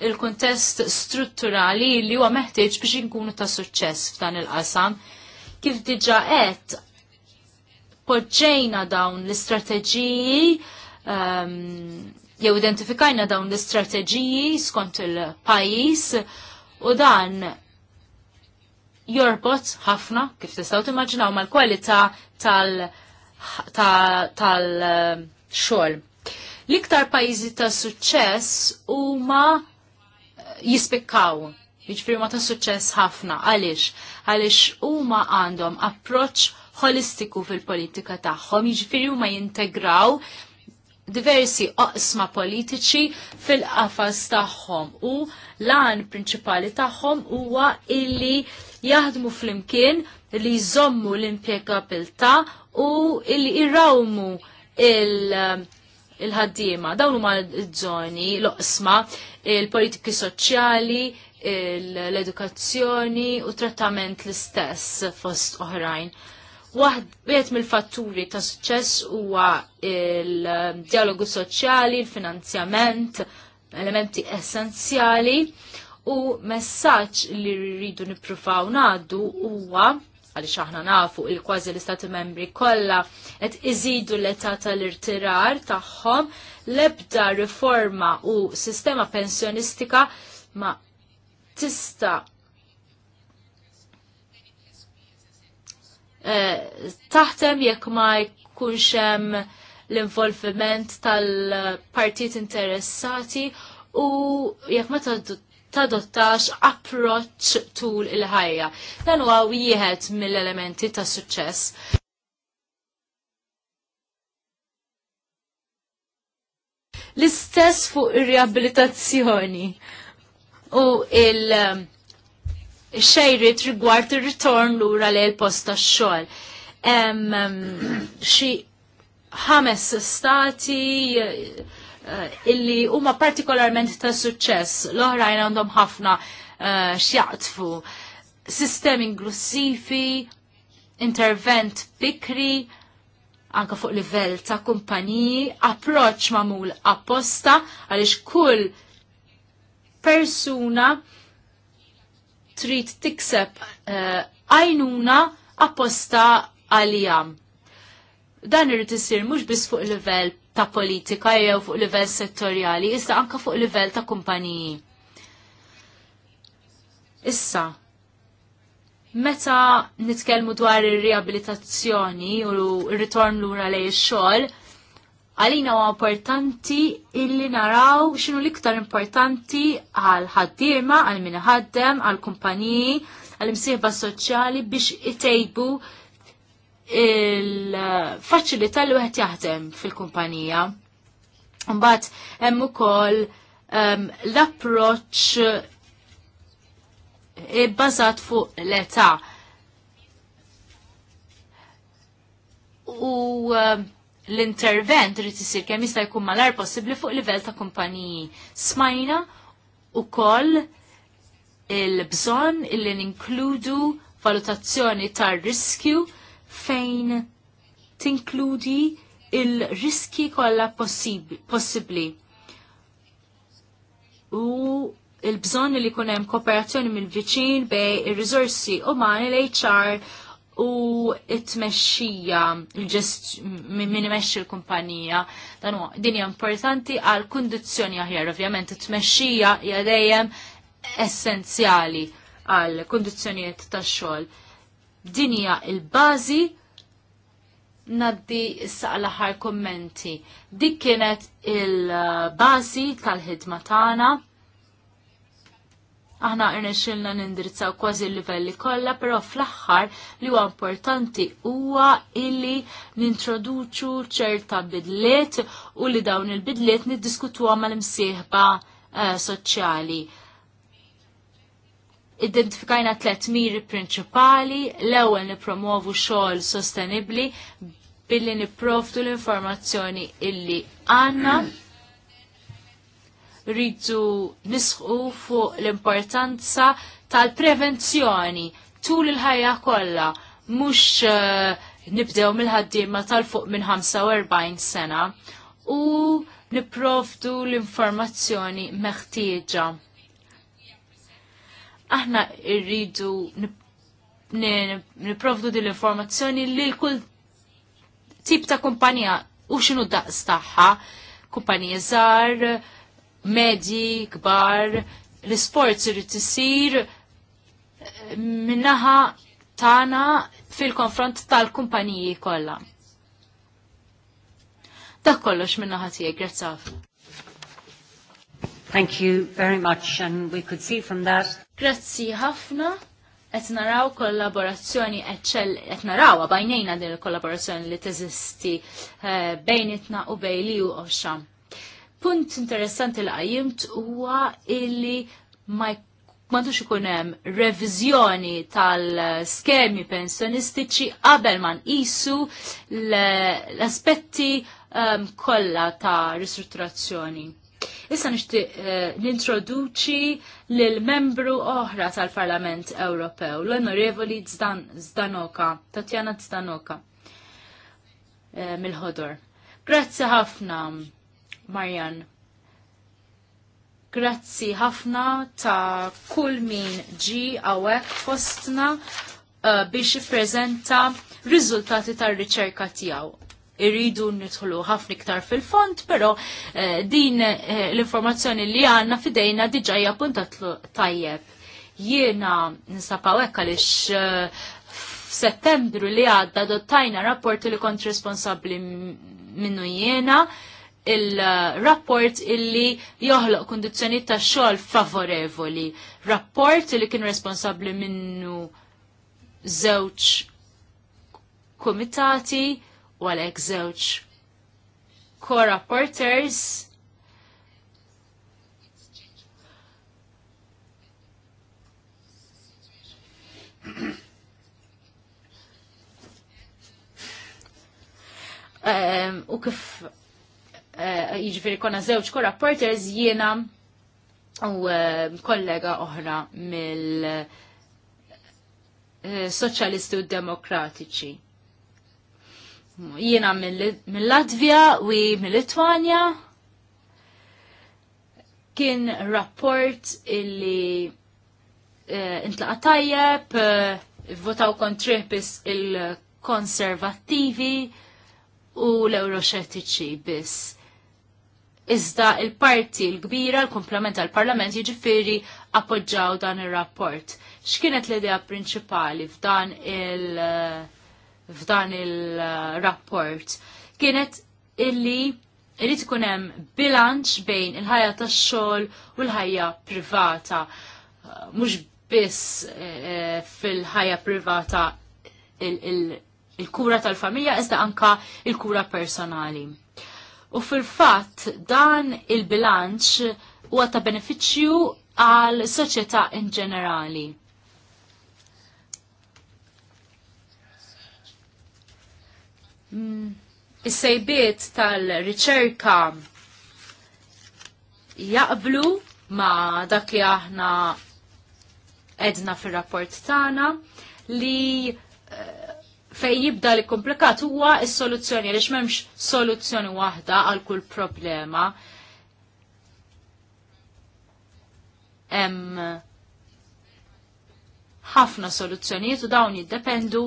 il-kuntest strutturali li huwa meħtieġ biex inkunu ta' suċċess f'dan il-qasam. Kif diġà qed poġġejna dawn l-istrateġiji um, jew identifikajna dawn l-istrateġiji skont il-pajis u dan jorbot ħafna, kif tistaw timmaġinaw, mal-kwalità tal-xogħol. L-iktar pajjiżi ta' suċċess huma jispikkaw, jiġri ma ta' suċċess ħafna. Għaliex? Għaliex huma għandhom approċċ holistiku fil-politika tagħhom, jiġifieri huma jintegraw diversi oqsma politiċi fil-qafas tagħhom u lan prinċipali tagħhom huwa illi jaħdmu flimkien li jżommu l-impjegabilta u illi irrawmu il- il-ħaddiema, dawn huma l-żoni, l-oqsma, il-politiki soċjali, l-edukazzjoni u trattament l-istess fost oħrajn biet mill-fatturi ta' suċċess huwa il-dialogu soċjali, il-finanzjament, elementi essenzjali u messaġġ li rridu nippruvaw ngħaddu huwa għaliex aħna nafu il kważi l-istati membri kollha qed iżidu l-età tal-irtirar tagħhom l-ebda riforma u sistema pensjonistika ma tista' Eh, taħtem jekk ma jkunx hemm l-involviment tal-partit interessati u jekk ma tadottax approċ tul il-ħajja. Dan huwa wieħed mill-elementi ta' suċċess. L-istess fuq ir-riabilitazzjoni u il- xejrit rigward ir-ritorn lura l post tax-xogħol. Xi ħames stati eh, illi huma partikolarment ta' suċċess, l-oħrajn għandhom ħafna eh, x'jaqtfu. Sistemi inklusifi, intervent fikri, anka fuq livell ta' kumpaniji, approċ mamul apposta għaliex kull persuna trid tikseb eh, għajnuna apposta għalija. Dan irrid isir mhux biss fuq livell ta' politika jew fuq livell settorjali, issa anka fuq livell ta' kumpaniji. Issa, meta nitkellmu dwar ir-riabilitazzjoni u r-ritorn lura lejn ix-xogħol, Għalina huwa importanti illi naraw x'inhu l-iktar importanti għal ħaddima, għal min ħaddem, għal kumpaniji, għal imsieħba soċjali biex itejbu il-faċilità li għet jaħdem fil-kumpanija. Mbagħad hemm ukoll um, l-approċċ eh, bazat fuq l-età. U um, l-intervent rrit isir kemm jista' jkun malar possibbli fuq livell ta' kumpaniji. Smajna ukoll il-bżonn illi ninkludu valutazzjoni tar riskju fejn tinkludi il-riski kollha possibbli. U il-bżonn li kunem kooperazzjoni mill-viċin bej ir-riżorsi umani l-HR u it-tmexxija minn imexxi l-kumpanija dan huwa din hija importanti għal kundizzjoni aħjar ovvjament it-tmexxija hija dejjem essenzjali għal kundizzjonijiet tax-xogħol. Din hija l-bażi naddi issa l aħħar kommenti. Dik kienet il-bażi tal-ħidma tagħna Aħna irnexxilna nindirizzaw kważi l-livelli kollha, però fl-aħħar li huwa importanti huwa illi nintroduċu ċerta bidliet u li dawn il-bidliet niddiskutuha mal-imsieħba eh, soċjali. Identifikajna tlet miri prinċipali, l-ewwel nippromovu xogħol sostenibbli billi nipprovdu l-informazzjoni illi għandna rridu nisħu fuq l-importanza tal-prevenzjoni tul il-ħajja kollha mhux eh, nibdew mill-ħaddiema tal-fuq minn 45 sena u niprovdu l-informazzjoni meħtieġa. Aħna rridu niprovdu din l-informazzjoni li l-kull tip ta' kumpanija u xinu daqs tagħha, kumpanija żgħar, medji, kbar, l-sports irrid isir eh, minnaħa tagħna fil-konfront tal-kumpaniji kollha. Dak kollox minnaħa tiegħek, grazzaf. Thank you very much and we could see from that. Grazzi ħafna qed naraw kollaborazzjoni eċċell qed narawha bajnejna din il-kollaborazzjoni li teżisti eh, bejnitna u bejn li u Punt interessanti li qajjimt huwa illi ma mandux ikun hemm reviżjoni tal-skemi pensjonistiċi qabel ma nqisu l-aspetti um, kollha ta' ristrutturazzjoni. Issa nixtieq uh, nintroduċi lil membru oħra tal-Parlament Ewropew, l-Onorevoli Zdan Zdanoka, Tatjana Zdanoka, uh, mill-ħodor. Grazzi ħafna. Marjan. Grazzi ħafna ta' kull min ġi għawek fostna uh, biex jippreżenta riżultati tar-riċerka tiegħu irridu nidħlu ħafna iktar fil-font, pero uh, din uh, l-informazzjoni li għanna fidejna diġa jappuntat tajjeb. Jiena nisapaw hekk għaliex uh, f'Settembru li għadda dottajna rapporti li kont responsabbli minnu jiena il-rapport illi joħloq kondizjoni ta' xogħol favorevoli. Rapport illi kien responsabbli minnu żewġ komitati u għalek żewġ co-rapporters um, u kif Eh, jiġifieri konna żewġ korrapporters jiena u eh, kollega oħra mill eh, soċjalisti u demokratiċi. Jiena mill-Latvja u mill-Litwanja kien rapport illi intlaqa tajjeb, votaw kontrepis il-konservativi u l-euroxetiċi biss. Iżda il-parti l-kbira, l-komplement għal-parlament, jiġifieri appoġġaw dan ir rapport X'kienet l-idea prinċipali f'dan il- f'dan il-rapport? Kienet illi irrid ikun hemm bilanċ bejn il-ħajja tax-xogħol u l-ħajja privata. Mhux biss eh, eh, fil-ħajja privata il-kura tal-familja iżda anka il-kura personali. U fil fat dan il-bilanċ huwa ta' benefiċċju għal soċjetà in ġenerali. Mm, is-sejbiet tal-riċerka jaqblu ma dak li aħna edna fil-rapport tagħna li eh, fej jibda li komplikat huwa is-soluzzjoni għaliex m'hemmx soluzzjoni waħda għal kull problema. Hemm ħafna soluzzjonijiet u dawn jiddependu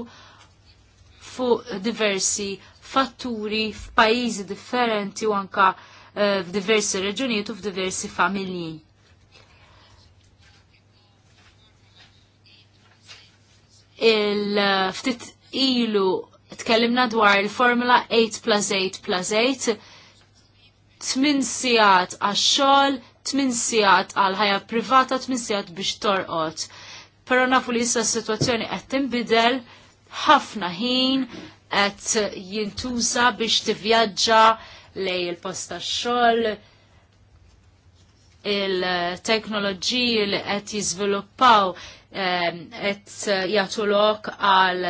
fuq diversi fatturi f'pajjiżi differenti u anka eh, f'diversi reġunijiet u f'diversi familji. il-ftit eh, ilu tkellimna dwar il-formula 8 plus 8 plus 8, tmin sijat għax-xogħol, 8 sijat għal ħajja privata, tmin sijat biex torqot. Pero nafu li jissa situazzjoni sitwazzjoni qed ħafna ħin qed jintuża biex tivvjaġġa lej il-posta xogħol, il-teknoloġiji li qed jiżviluppaw ehm, qed eh, jagħtu lok għal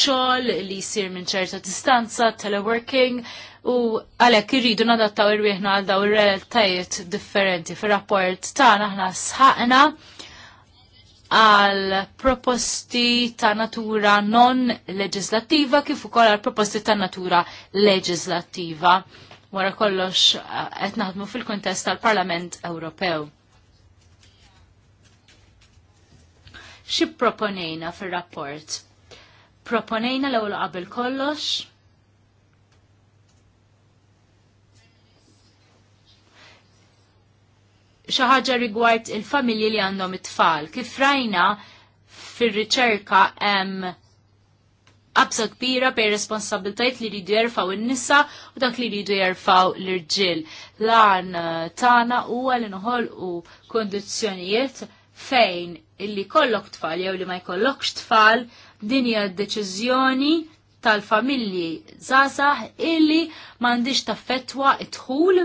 xogħol li jsir minn ċerta distanza, teleworking u għalhekk irridu nadattaw irwieħna għal daw ir-realtajiet differenti. Fir-rapport tagħna aħna sħaqna għal proposti ta' natura non leġislattiva kif ukoll għal proposti ta' natura leġislattiva wara kollox eh, qed naħdmu fil-kuntest tal-Parlament Ewropew. Xi proponejna fir-rapport? Proponejna l-ewwel qabel kollox xi ħaġa rigward il-familji li għandhom it-tfal. Kif rajna fir-riċerka hemm qabsa kbira bej responsabiltajt li rridu jerfaw in-nisa u dak li rridu jerfaw l-irġiel. Lan eh, tana huwa li u kondizzjonijiet fejn illi kollok tfal jew li ma jkollokx tfal din hija deċiżjoni tal-familji zazah illi mandiġ ta' fetwa itħul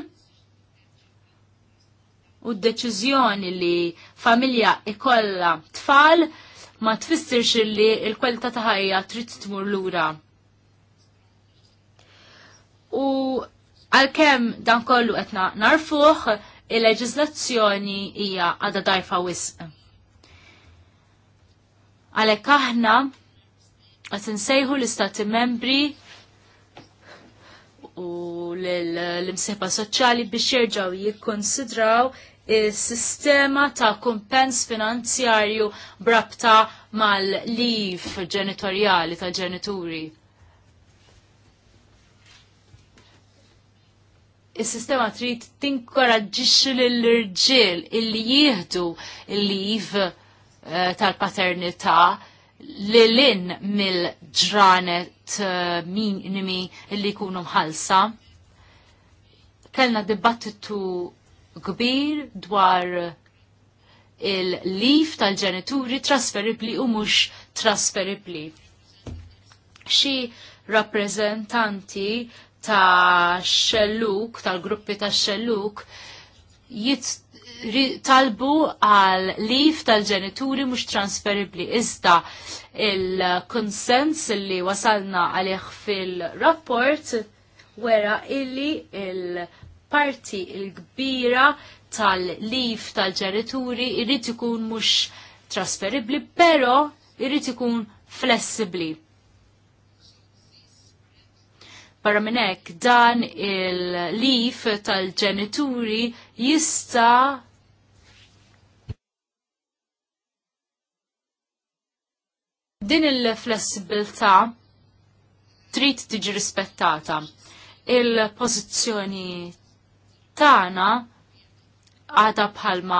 u d-deċizjoni li familja ikolla tfal ma tfissirx li l-kwalità ta' ħajja trid tmur lura. U għalkemm dan kollu qed narfuh, il-leġiżlazzjoni hija għadha dajfa wisq. Għalhekk aħna qed insejħu l-istati membri u l-imsieħba soċjali biex jerġgħu jikkonsidraw sistema ta' kumpens finanzjarju brabta mal-liv ġenitorjali ta' ġenituri. Is-sistema trid tinkoraġġixxi lill-irġiel illi jieħdu l-liv eh, tal-paternità lilin mill-ġranet eh, minimi li jkunu mħalsa. Kellna dibattitu kbir dwar il-lif tal-ġenituri trasferibli u mhux trasferibli. Xi rappreżentanti ta' xelluk, tal-gruppi ta' xelluk, talbu għal lif tal-ġenituri mhux transferibli. Iżda il-konsens li wasalna għalih fil-rapport wera illi il- parti l-kbira tal-lif tal-ġenituri irrid ikun mhux trasferibbli, però irrid ikun flessibbli. Barra minn hekk dan il-lif tal-ġenituri jista' din il-flessibilità trid tiġi rispettata. Il-pożizzjoni Tana għada bħalma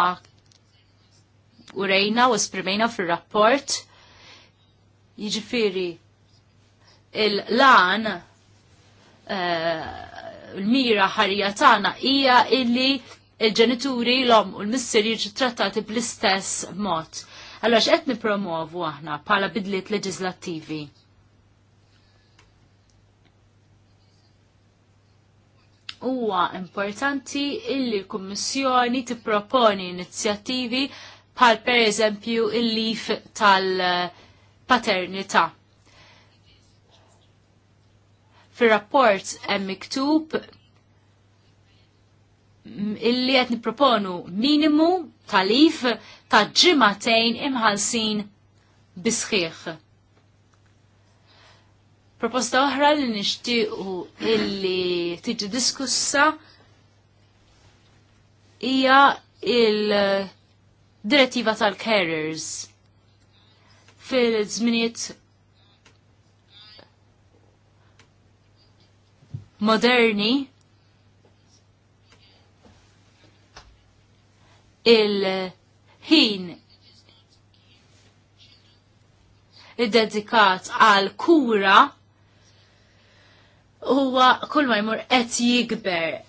urejna u esprimejna fil-rapport jġifiri il-lan eh, l-mira ħarija tagħna hija illi il-ġenituri l-om u l-missir jġi trattati bl-istess mod. Allora x'qed nipromovu aħna bħala bidliet leġislattivi? huwa importanti illi l-Kummissjoni tipproponi inizjattivi bħal per eżempju il-lif tal-paternità. Fir-rapport hemm miktub illi qed nipproponu minimu tal-lif ta' ġimatejn imħalsin bisħieħ. Proposta oħra li nixtiequ illi tiġi diskussa hija il-direttiva tal-carriers fil-żminijiet moderni il-ħin id-dedikat għal kura huwa kull ma jmur qed jikber.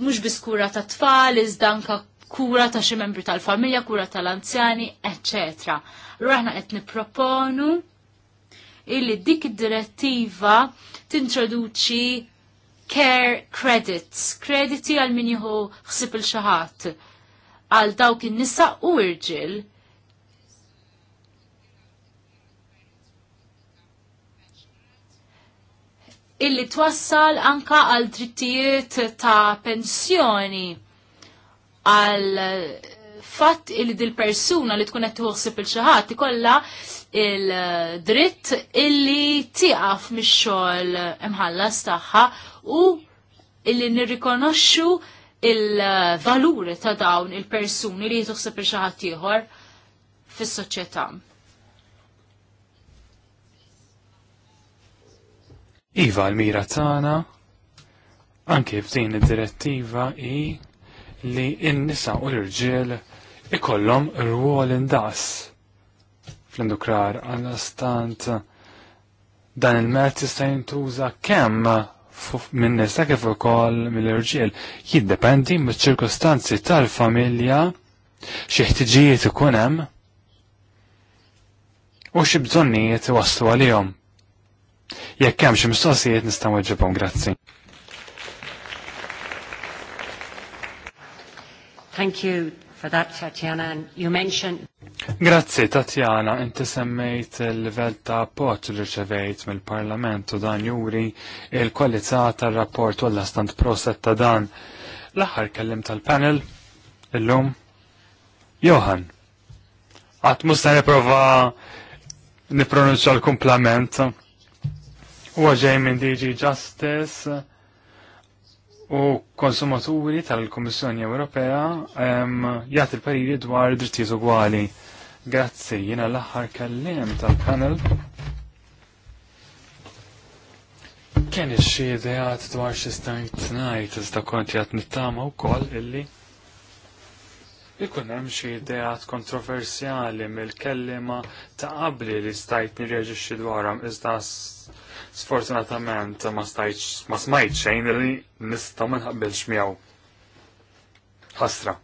Mhux biss kura ta' tfal, iżda anke kura ta' xi membri tal-familja, kura tal-anzjani, etc. Allura aħna qed nipproponu illi dik id-direttiva tintroduċi care credits, krediti għal min jieħu ħsib il-xaħat għal dawk in-nisa u irġil illi twassal anka għal drittijiet ta' pensjoni għal eh, fatt illi dil-persuna li tkun qed tuħsib il-xaħat ikolla il-dritt eh, illi tiqaf mix-xogħol imħallas tagħha u illi nirrikonoxxu il-valuri eh, ta' dawn il-persuni li jtuħseb il-xaħat ieħor fis-soċjetà. Iva l-mira tagħna anke f'din id-direttiva hi li n-nisa u l-irġiel ikollhom rwol indas fl-indukrar għal astant dan il mert jista' jintuża kemm minn nisa kif ukoll mill-irġiel jiddependi miċ-ċirkostanzi tal-familja xi ħtiġijiet ikun hemm u xi bżonnijiet waslu għalihom. Jekk hemm xi mistoqsijiet nistgħu weġġibhom grazzi. Thank you for that, Tatjana. And you mentioned... Grazzi, Tatjana. Inti semmejt il-level ta' appoġġ li rċevejt mill-Parlament u dan juri il-kwalità tar-rapport u l astant proset ta' dan. L-aħħar kellim tal-panel illum Johan. Għat musta niprofa l kumplament huwa ġej minn DG Justice u konsumaturi tal-Kommissjoni Ewropea jagħti l-pariri dwar drittijiet ugwali. Grazzi, jiena l-aħħar kellim tal-panel. Kien xi ideat dwar xi stajt ngħid iżda kont qed nittama wkoll illi ikun hemm xi ideat kontroversjali mill-kellima ta' qabli li stajt nirreġixxi dwarhom iżda Sfortunatament ma smajt xejn li nista' ma nħabbelx miegħu. Ħasra.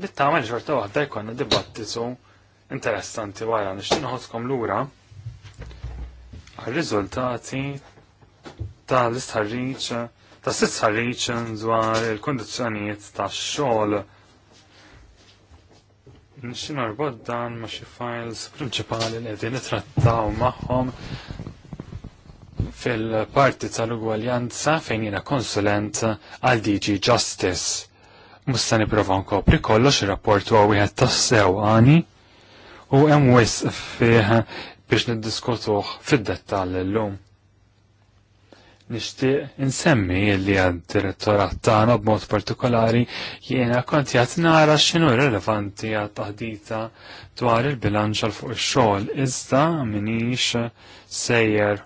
Bittama xorta waħda jkollna dibattitu interessanti wara nixtieq noħodkom lura għal-riżultati tal-istħarriċ ta' sitt ħarriċ dwar il kundizzjonijiet tax xogħol Nixi norbod dan ma xi files prinċipali li qegħdin nitrattaw magħhom fil-parti tal-ugwaljanza fejn jina konsulent għal DG Justice. Musta nipprova nkopri kollox ir-rapport huwa wieħed tassew għani u hemm wisq fih biex niddiskutuh fid-dettall illum nixtieq insemmi li għad-direttorat tagħna b'mod partikolari jiena kont jgħat nara x'inhu rilevanti għat taħdita dwar il-bilanċ għal fuq ix-xogħol iżda minix sejjer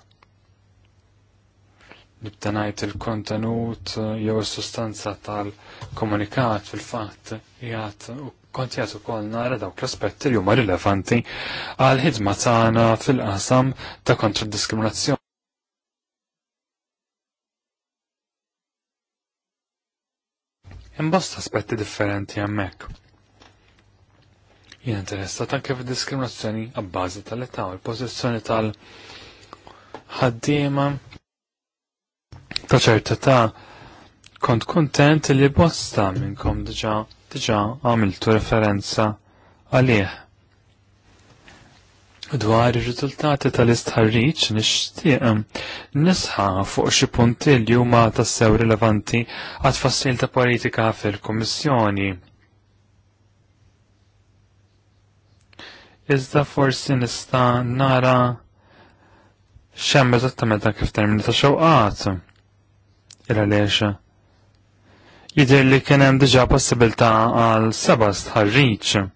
nibda ngħid il-kontenut jew is-sustanza tal-komunikat fil-fatt jgħat kont jgħat ukoll nara dawk l-aspetti li huma rilevanti għal ħidma tagħna fil-qasam ta' kontra d-diskriminazzjoni. imbosta aspetti differenti hemmhekk. Jien interessat anke fid-diskriminazzjoni għabbażi tal-età u l-pożizzjoni tal-ħaddiema ta' ċerta kont kontent li bosta minnkom diġa diġa għamiltu referenza għalih. Dwar ir-riżultati tal-istħarriċ nixtieq nisħa fuq xi punti li huma tassew rilevanti għat fassil ta' politika fil-Kummissjoni. Iżda forsi nista' nara xemm eżattament kif termini ta' xewqat. Il-għaliex. Jidher li kien hemm diġà possibilità għal seba' ħarriċ.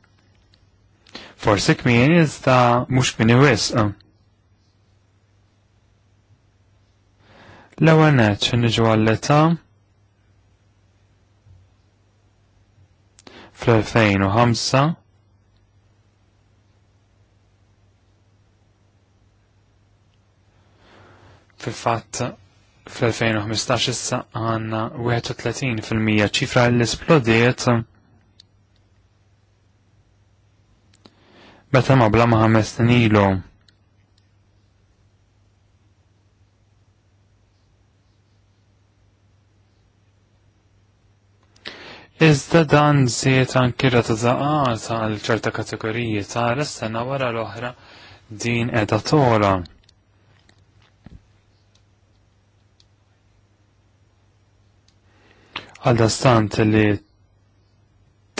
Forsi kmin iżda mhux kmin iwisq. Ah. L-ewwel nett xi niġu għall-età fl-2005 fil-fatt fl-2015 issa għanna 31% ċifra l-esplodiet Meta ma bla ma ħames ilu. Iżda dan ziet anki ta' zaqat għal ċerta kategoriji is sena wara l-oħra din qeda' tola. Għaldastant li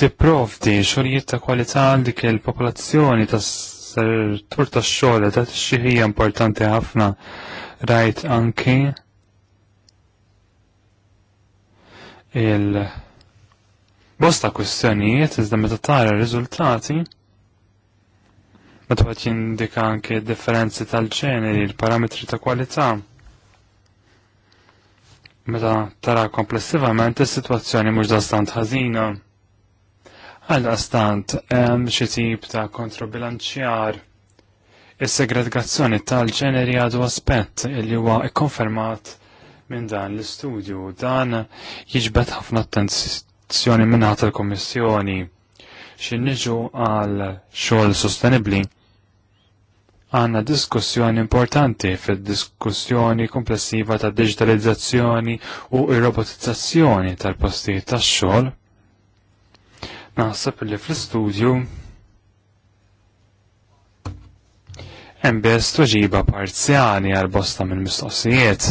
tipprovdi xogħlijiet ta' kwalità dik il-popolazzjoni ta' tur ta' xogħol ta' xi importanti ħafna rajt anki il bosta kwistjonijiet iżda meta tara r-riżultati meta qed jindika anke differenzi tal-ġeneri, il-parametri ta' kwalità meta tara komplessivament is-sitwazzjoni mhux dastant ħażina. Għal-astant, hemm xi tip ta' kontrobilanċjar is-segregazzjoni tal-ġeneri għadu aspett li huwa ikkonfermat minn dan l-istudju. Dan jiġbed ħafna attenzjoni minn tal il-Kommissjoni niġu għal xogħol sostenibbli. Għanna diskussjoni importanti fil-diskussjoni komplessiva ta' digitalizzazzjoni u ir-robotizzazzjoni tal-postijiet tax-xogħol Naħseb li fl-istudju hemm biss toġiba parzjali għal bosta minn mistoqsijiet.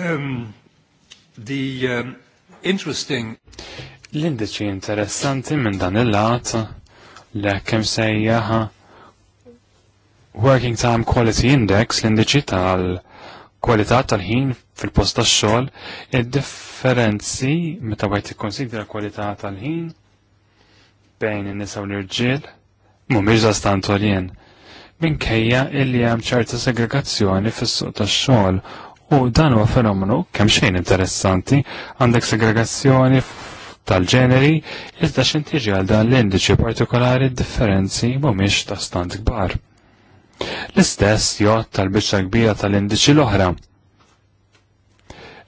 Um, the um, interesting L-indiċi interessanti minn dan il-lat li kemm sejjaħ Working Time Quality Index l-indiċi tal- kwalità tal-ħin fil-post tax-xogħol, id-differenzi meta wieħed ikkonsidra kwalità tal-ħin bejn in-nisa u l-irġiel mhumiex żastant għolien minkejja illi hemm ċerta segregazzjoni fis-suq tax-xogħol u dan huwa fenomenu kemm xejn interessanti għandek segregazzjoni tal-ġeneri iżda x'intiġi għal dan l-indiċi partikolari differenzi mhumiex ta' stant kbar. L-istess jgħod tal-biċċa kbira tal-indiċi l-oħra.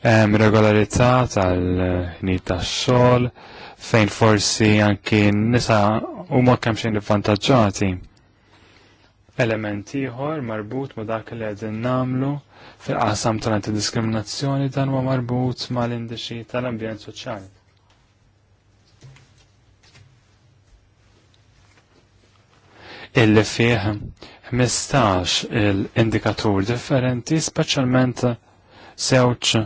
Hemm regolarità tal-ħnit tax-xogħol fejn forsi anki nisa huma kemm xejn ivvantaġġati. Element ieħor marbut ma' dak li qegħdin nagħmlu fil-qasam tal-antidiskriminazzjoni dan huwa marbut mal-indiċi tal-ambjent soċjali. Il-li fih 15 il-indikatur differenti, specialment sewċ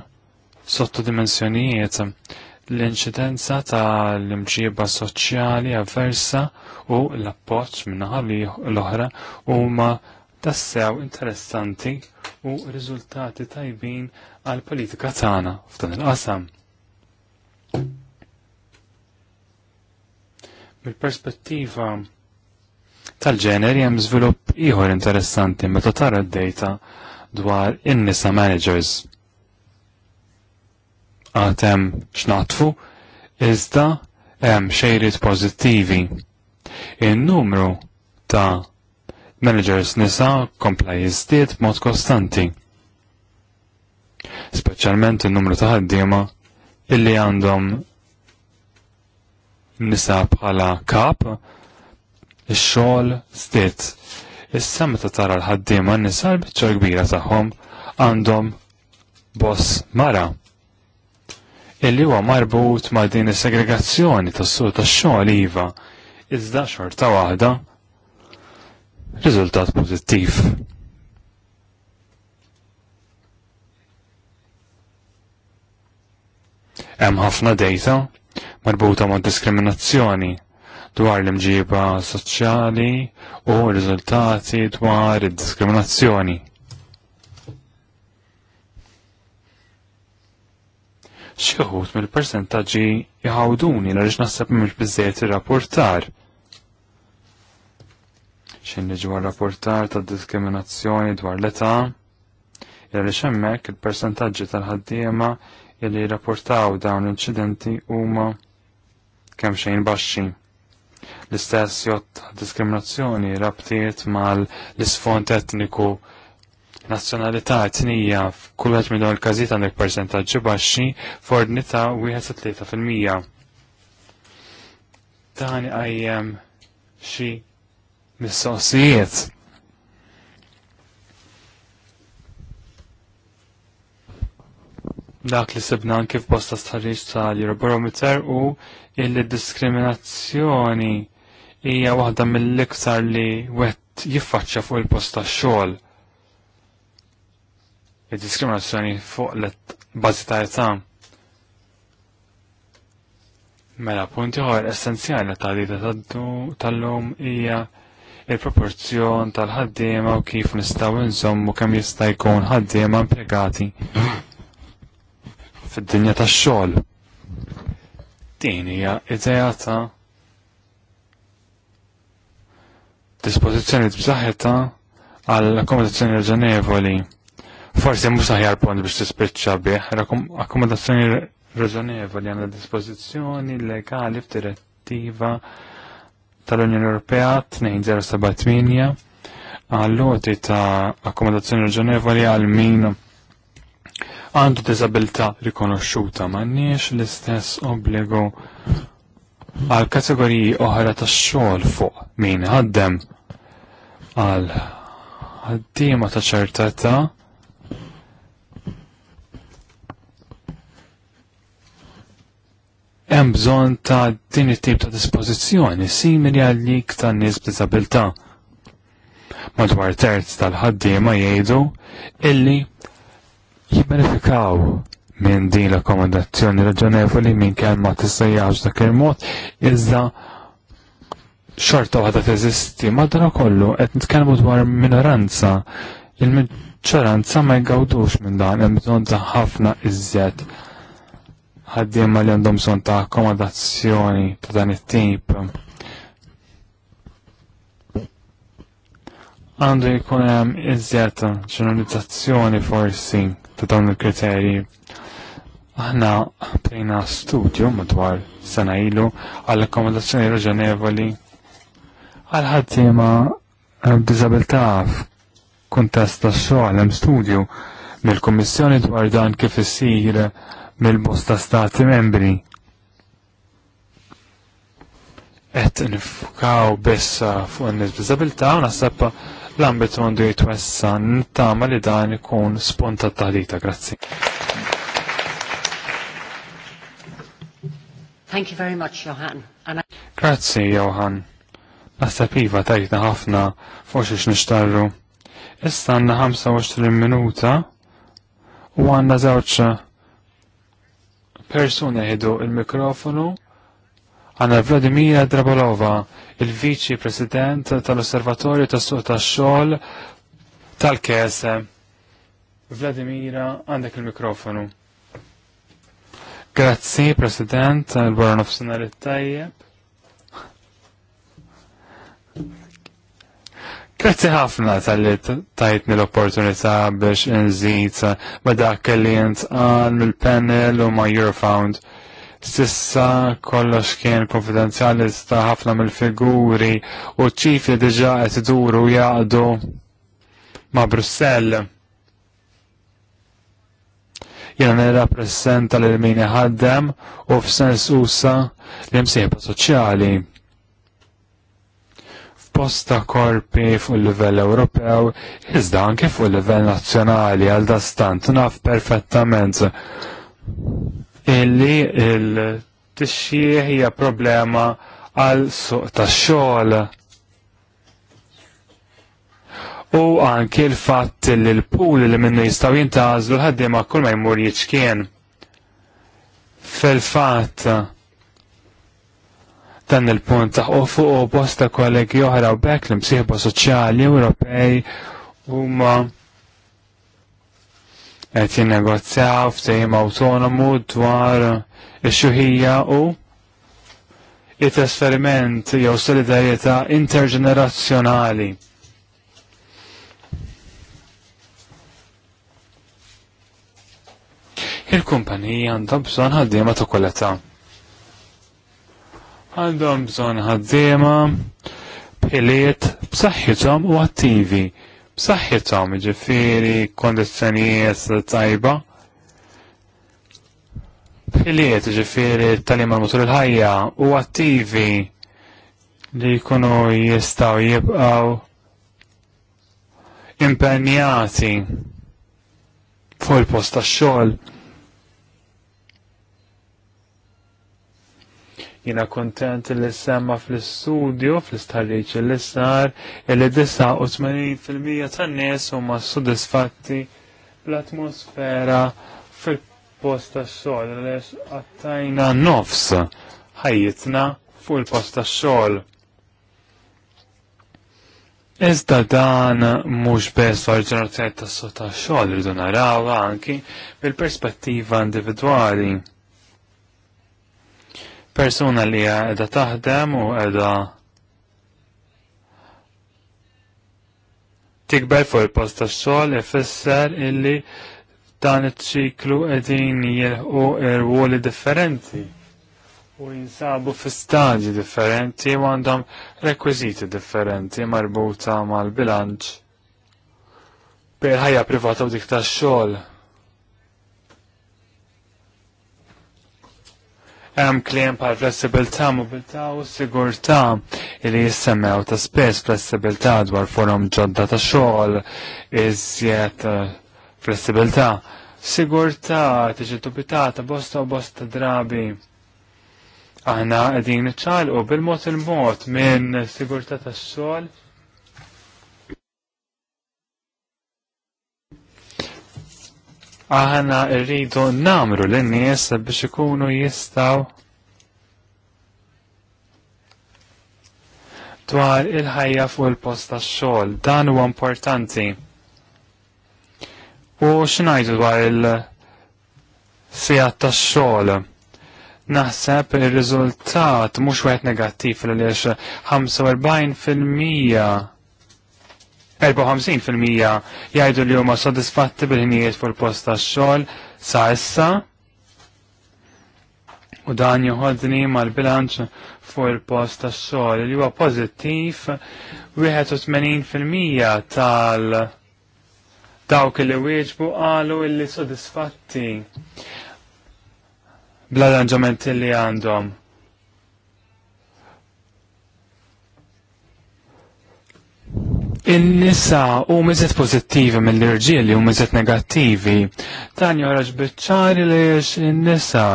sottodimensjonijiet l-inċidenza ta' l-imġiba soċjali avversa u l-appoċ minnaħal l-oħra huma tassew interessanti u riżultati tajbin għal politika tagħna f'dan il-qasam. mil perspettiva tal-ġener jem zvilup iħor interessanti meta tara d-data dwar in-nisa managers. Għatem xnatfu, iżda hemm xejrit pozittivi. In-numru ta' managers nisa kompla jizdiet mod kostanti. Speċjalment in-numru ta' ħaddiema illi għandhom nisa bħala kap ix-xogħol stitt, Issa meta tara l-ħaddiema nisa nisar biċċa kbira tagħhom għandhom boss mara. Illi huwa marbut ma' din is-segregazzjoni tas sur tax-xogħol iva, iżda xorta waħda riżultat pożittiv. Hemm ħafna dejta marbuta ma' diskriminazzjoni dwar l-imġiba soċjali u r-riżultati dwar id-diskriminazzjoni. Xieħut mill-percentaġġi jħawduni għaliex naħseb mill biżejjed il rapportar X'inhi ġwar rapportar ta' diskriminazzjoni dwar l-età, għaliex hemmhekk il-percentaġġi tal-ħaddiema li jirrapportaw dawn l-inċidenti huma kemm xejn baxxi l-istess jott diskriminazzjoni rabtiet mal l-isfond etniku nazzjonalità etnija f'kull wieħed minn dawn il-każijiet għandek persentaġġi baxxi f'ordnità wieħed sa tlieta fil-mija. Dan qajjem xi mistoqsijiet. dak li sibna anki f'bosta stħarriġ tal-Eurobarometer u illi diskriminazzjoni hija waħda mill-iktar li wet jiffaċċja fuq il-post tax-xogħol. Id-diskriminazzjoni fuq l-bażi ta' età. Mela punti ħor essenzjali ta' dita tal-lum hija il-proporzjon tal-ħaddiema u kif nistgħu nżommu kemm jista' jkun ħaddiema impjegati fid-dinja tax-xogħol. Din hija idea ta' dispożizzjoni b'saħħitha għal akkomodazzjoni raġonevoli. Forsi mhux aħjar pont biex tispiċċa bih, akkomodazzjoni raġonevoli għandha dispożizzjoni legali f'direttiva tal-Unjoni Ewropea 2078 għall-loti ta' akkomodazzjoni raġonevoli għal min għandu disabilità rikonoxxuta m'għandniex l-istess obbligu għal kategoriji oħra ta' xogħol fuq min ħaddem għal ħaddiema ta' ċertata hemm bżonn ta' din it-tip ta' dispożizzjoni simili għal lik ta' nies b'diżabilità. Madwar terz tal-ħaddiema jgħidu illi jibbenefikaw minn din l-akkomodazzjoni raġonevoli minn kemm ma tissejjaħx dak il-mod iżda xorta waħda teżisti madra kollu qed nitkellmu dwar minoranza il-minoranza ma jgawdux minn dan hemm bżonn ta' ħafna iżjed ħaddiema li għandhom bżonn ta' akkomodazzjoni ta' dan it-tip. għandu jkun hemm iżjed ġeneralizzazzjoni forsi ta' dawn il-kriterji. Aħna bdejna studju madwar sena ilu għal akkomodazzjoni raġonevoli għal ħaddiema eh, b'diżabilità f'kuntest tax-xogħol hemm studju mill-Kummissjoni dwar dan kif isir mill-bosta stati membri. Qed nifkaw biss fuq in-nies bizabilta u naħseb l-ambit għandu jitwessa nittama li dan ikun spontat taħdita. grazzi. Thank you very much, Johan. Grazie, Grazzi, Johan. Naħseb iva tajtna ħafna fuq xiex Issa għandna 25 minuta u għandna żewġ persuni ħidu il-mikrofonu għandna Vladimira Drabolova, il-Viċi President tal-Osservatorju tas-Suq tax-Xogħol tal-KSM. Vladimira, għandek il-mikrofonu. Grazzi, President, għal-barra nofsinari tajjeb. Grazzi ħafna tal-li tajtni l-opportunità biex nżid ma dak li għan mill-panel u ma Eurofound. Sissa kollox kien konfidenzjali sta ħafna mill-figuri u ċifi diġa qed iduru jaqdu ma' Brussell jena nirrapprezenta l min ħaddem u f'sens usa l-imsieħba soċjali. F'posta korpi fuq il-livell Ewropew, iżda anke fuq il-livell nazzjonali għal dastant naf perfettament illi il-tixjieħ hija problema għal suq tax-xogħol u anki l-fatt li l-pool li minnu jistaw jintazlu l ħaddim kull ma jmur jiċkien. Fil-fatt, dan il-punt taħ u fuq u bosta kollegi oħra u bekk l-imsieħba soċjali Ewropej huma qed jinnegozjaw f'tejjem autonomu dwar ix-xuħija u it-trasferiment jew solidarjetà interġenerazzjonali. il-kumpanija għandha bżonn ħaddiema ta' kwalità. Għandhom bżonn ħaddiema b'iliet b'saħħithom u attivi, b'saħħithom ġifieri kondizzjonijiet tajba. B'iliet ġifieri tal-im matul il-ħajja u attivi li jkunu jistgħu jibqgħu impenjati fuq il-post tax-xogħol. Jina kontent li semma fl-studio, fl-istarriċ li sar, li 89% tan-nies huma sodisfatti l-atmosfera fil-post tax-xogħol li għattajna nofs ħajjitna fuq il-post tax-xogħol. Iżda dan mhux bes ġenerazzjoni tas sotax xogħol irdu narawha anki mill-perspettiva individwali persuna li għedha taħdem u għedha tikber fuq il-post tax-xogħol ifisser illi dan iċ-ċiklu qegħdin jilħqu rwoli differenti u jinsabu fi stadji differenti u għandhom rekwiżiti differenti marbuta mal-bilanċ bil ħajja privata u dik tax-xogħol. Hemm klien bħal flessibilità, mobilità u sigurtà li jissemmew ta' spess flessibilità dwar forum ġodda ta' xogħol iżjed eh, flessibilità. Sigurtà tiġi ta' bosta u bosta drabi. Aħna qegħdin u bil-mod il-mod minn sigurtà tax-xogħol aħna rridu namru l-nies biex ikunu jistaw dwar il-ħajja fuq il-post tax-xogħol. Dan huwa importanti. U x'ngħidu dwar il-sigħat tax-xogħol? Naħseb ir-riżultat mhux wieħed negattiv li 45 fil-mija 54% jgħidu li huma sodisfatti bil-ħinijiet fuq il-post tax-xogħol sa issa u dan joħodni mal-bilanċ fuq il-post tax-xogħol li huwa pożittiv 81% tal dawk li wieġbu qalu illi sodisfatti l arranġamenti li għandhom. in-nisa u mizet pozittivi mill-irġieli u mizet negattivi. Dan joraġ bieċari li in-nisa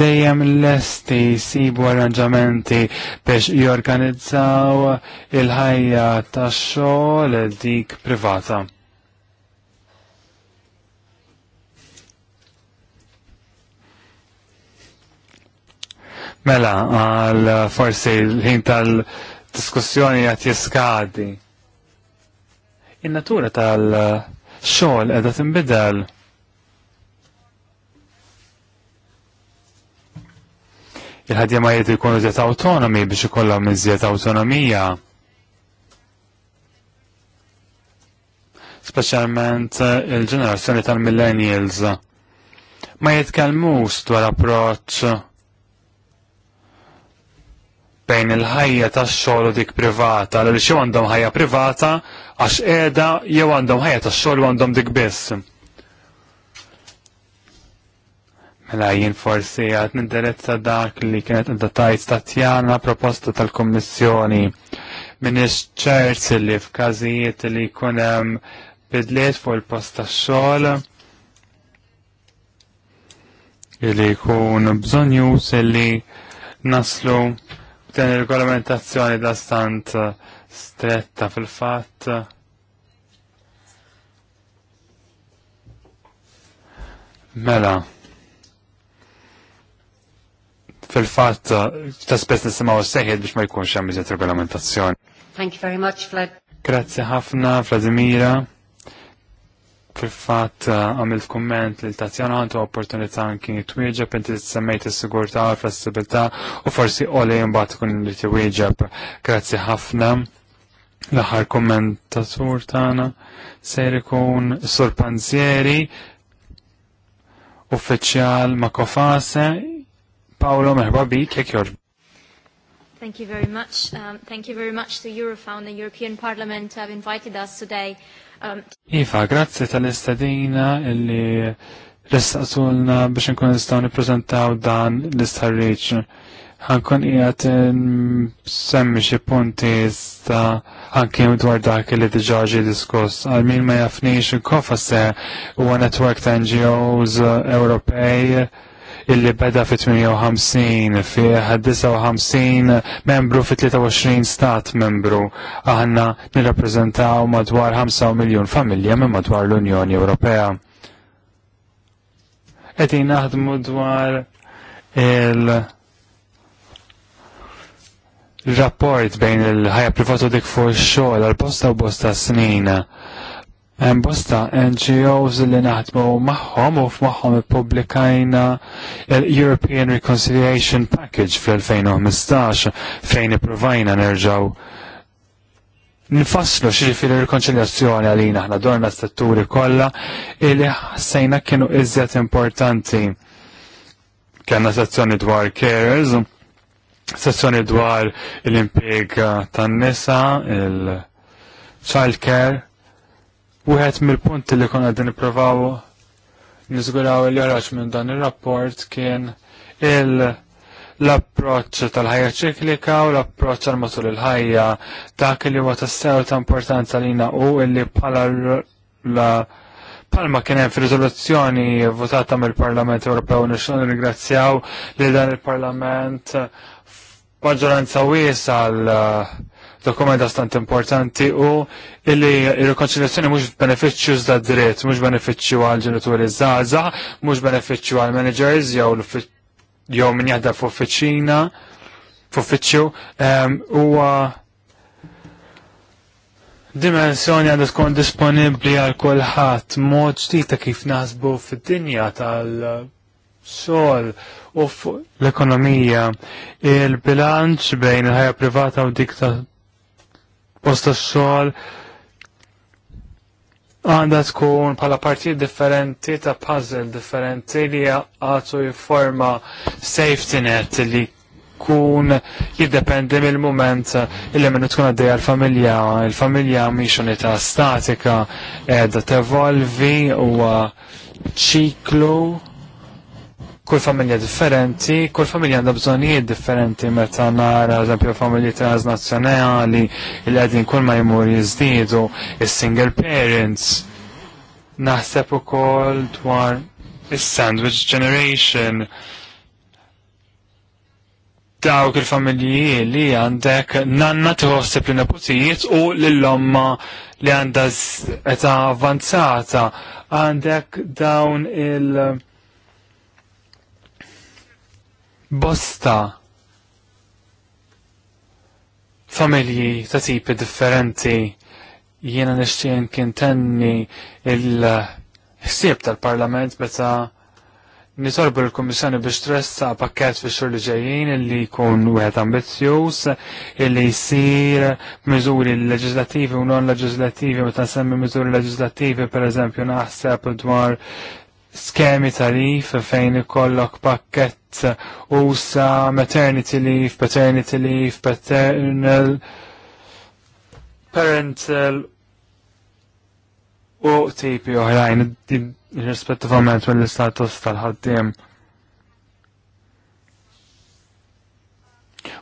dejjem lesti sibu arranġamenti biex jorganizzaw il-ħajja tax xogħol dik privata. Mela, għal forsi l-ħin tal-diskussjoni għat jiskadi in-natura tal-xogħol qiegħda tinbidel. Il-ħadja ma jgħidu jkunu żiet autonomi biex ikollhom iżjed autonomija. Speċjalment eh, il-ġenerazzjoni tal-millennials ma jitkellmux dwar approċċ bejn il-ħajja tax-xogħol u dik privata, l xi għandhom ħajja privata għax qiegħda jew għandhom ħajja tax-xogħol u għandhom dik biss. Mela jien forsi għad nindirezza dak li kienet inta tajt Tatjana proposta tal-Kommissjoni minix ċerz li f'każijiet li jkun hemm bidliet fuq il-post tax-xogħol illi jkun bżonn jus li naslu Ten regolamentazzjoni da stant eh, stretta fil-fatt. Mela. Fil-fatt, eh, ta' spess nisimaw s-seħed biex ma jkunx hemm regolamentazzjoni. Thank you very much, Vlad. Grazie ħafna, Vladimira fil-fat eh, għamilt komment li l tazzjana għantu opportunità anki twieġeb inti semmejt is-sigurtà u flessibilità u forsi oli jimbat tkun li twieġeb. Grazzi ħafna. L-aħħar kommentatur tana ser kun Sur Panzieri uffiċjal ma' Kofase Paolo merħba kekjor. Thank you very much. Um, thank you very much to Eurofound and European Parliament have invited us today Um, iva, grazzi tal-istadina illi restaqsulna biex nkun nistgħu nippreżentaw dan l istarriċ Għankun qiegħed mm, semmi xi punti sta anke dwar dak li diġà ġie diskuss. Għal min ma jafniex kofa se huwa netwerk ta' NGOs Ewropej illi beda fi 58 fi 59 membru fi 23 stat membru aħna nirrappreżentaw madwar 5 miljon familja minn madwar l-Unjoni Ewropea. Qegħdin naħdmu dwar il- rapport bejn il-ħajja privata dik fuq ix-xogħol għal bosta u bosta snin Hemm bosta NGOs li naħdmu magħhom u f'magħhom ippubblikajna l-European Reconciliation Package fl-2015 fejn ippruvajna nerġgħu Nifasslu xirifiri rikonċiljazzjoni għalina ħna dorna s-setturi kolla illi ħassajna kienu iżjed importanti. Kanna sezzjoni dwar carers, sezzjoni dwar l-impieg tan-nisa, il-child care, Wieħed mill-punti li konna din nipprovaw niżguraw li joħroġ minn dan ir-rapport kien il- l-approċċ tal-ħajja ċiklika u l-approċċ għal matul il-ħajja dak li huwa tassew ta' importanza li u illi pala la palma kien hemm fir-riżoluzzjoni votata mill-Parlament Ewropew nixtieq nirringrazzjaw li dan il-Parlament maġġoranza wiesa l dokumenta stant importanti u illi il-rekonċiljazzjoni mhux benefiċċju żda dritt, mhux benefiċċju għal ġenituri żgħażagħ, mhux benefiċċju għal managers jew jew min jaħdem f'uffiċina f'uffiċċju ehm, huwa dimensjoni għandu tkun disponibbli għal kulħadd mod ġdid ta' kif naħsbu fid-dinja tal sol u l-ekonomija il-bilanċ bejn il-ħajja privata u dik ta' post xoħal għandha tkun bħala partijiet differenti ta' puzzle differenti li għatu jiforma safety net li kun jiddependi mill mument illi minnu tkun għaddeja l-familja. Il-familja miex unità statika edha tevolvi u ċiklu kull familja differenti, kull familja għandha bżonijiet differenti meta nara eżempju familji transnazzjonali li qegħdin kull ma jmur jiżdiedu is-single parents. Naħseb ukoll dwar is-sandwich generation. Dawk il-familji li għandek nanna tħossib li nepotijiet u l omma li għandha eta' avanzata għandek dawn il- bosta familji ta' tipi differenti jiena nixtieq kien tenni il-ħsieb tal-Parlament meta nitolbu l komissjoni biex tressa pakket fi xur li ġejjin illi jkun wieħed ambizzjuż illi jsir miżuri leġislattivi u non leġislattivi meta nsemmi miżuri leġislattivi pereżempju naħseb dwar skemi tarif fejn ikollok pakket mat u sa maternity leave, paternity leave, paternal, parental u tipi oħrajn rispettivament mill-istatus tal-ħaddiem.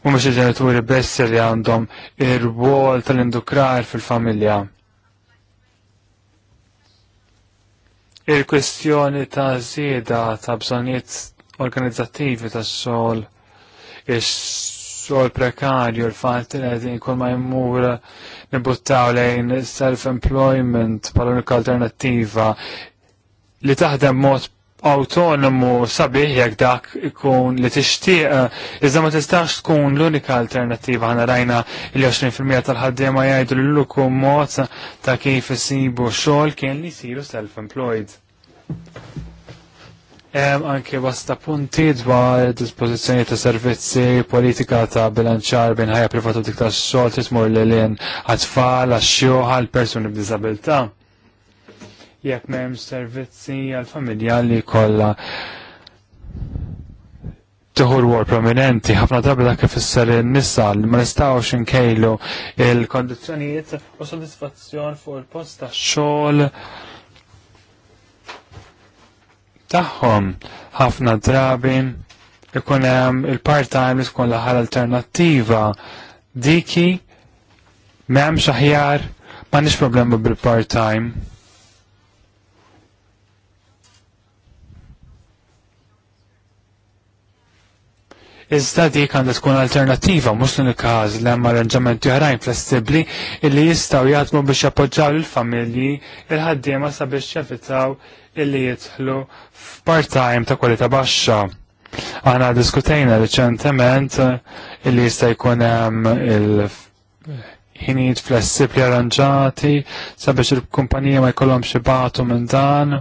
U mux il-ġenituri besser li għandhom ir-wol tal-indukrar fil-familja. il kwestjoni ta' zida ta' bżoniet organizzattivi tas-sol, il sol prekarju l-fatt li qed ikun ma jmur nibuttaw lejn self-employment bħala unika alternattiva li taħdem mod autonomu sabiħ jekk dak ikun li tixtieq iżda ma tistax tkun l-unika alternattiva ħana rajna il-20% tal-ħaddiema jgħidu li l-lukum mod ta' kif isibu xogħol kien li jsiru self-employed anke wasta punti dwar dispozizjoni ta' servizzi, politika ta' bilanċar bejn ħajja privata dik ta' xogħol tismur lil hinn għat-tfal, għax-xjoħa, l-persuni b'diżabilità. Jekk m'hemm servizzi għall-familja li kollha tuħur war prominenti, ħafna drabi dak ifisser in-nisa li ma nistgħux inkejlu il-kondizzjonijiet u sodisfazzjon fuq il-post tax-xogħol taħħom ħafna drabi ikun hemm il-part-time li tkun l-aħħar alternattiva diki m'hemmx aħjar m'għandix problema bil-part-time. Iżda dik għandha tkun alternattiva mhux l-każ li hemm arranġamenti oħrajn flessibbli illi jistgħu jaħdmu biex jappoġġaw lill-familji il-ħaddiema sabiex jevitaw illi jitħlu f'part-time ta' kwalità baxxa. Aħna diskutejna riċentement illi jista' jkun hemm il ħinijiet flessibli arranġati sabiex il-kumpanija ma jkollhom xibatu minn dan.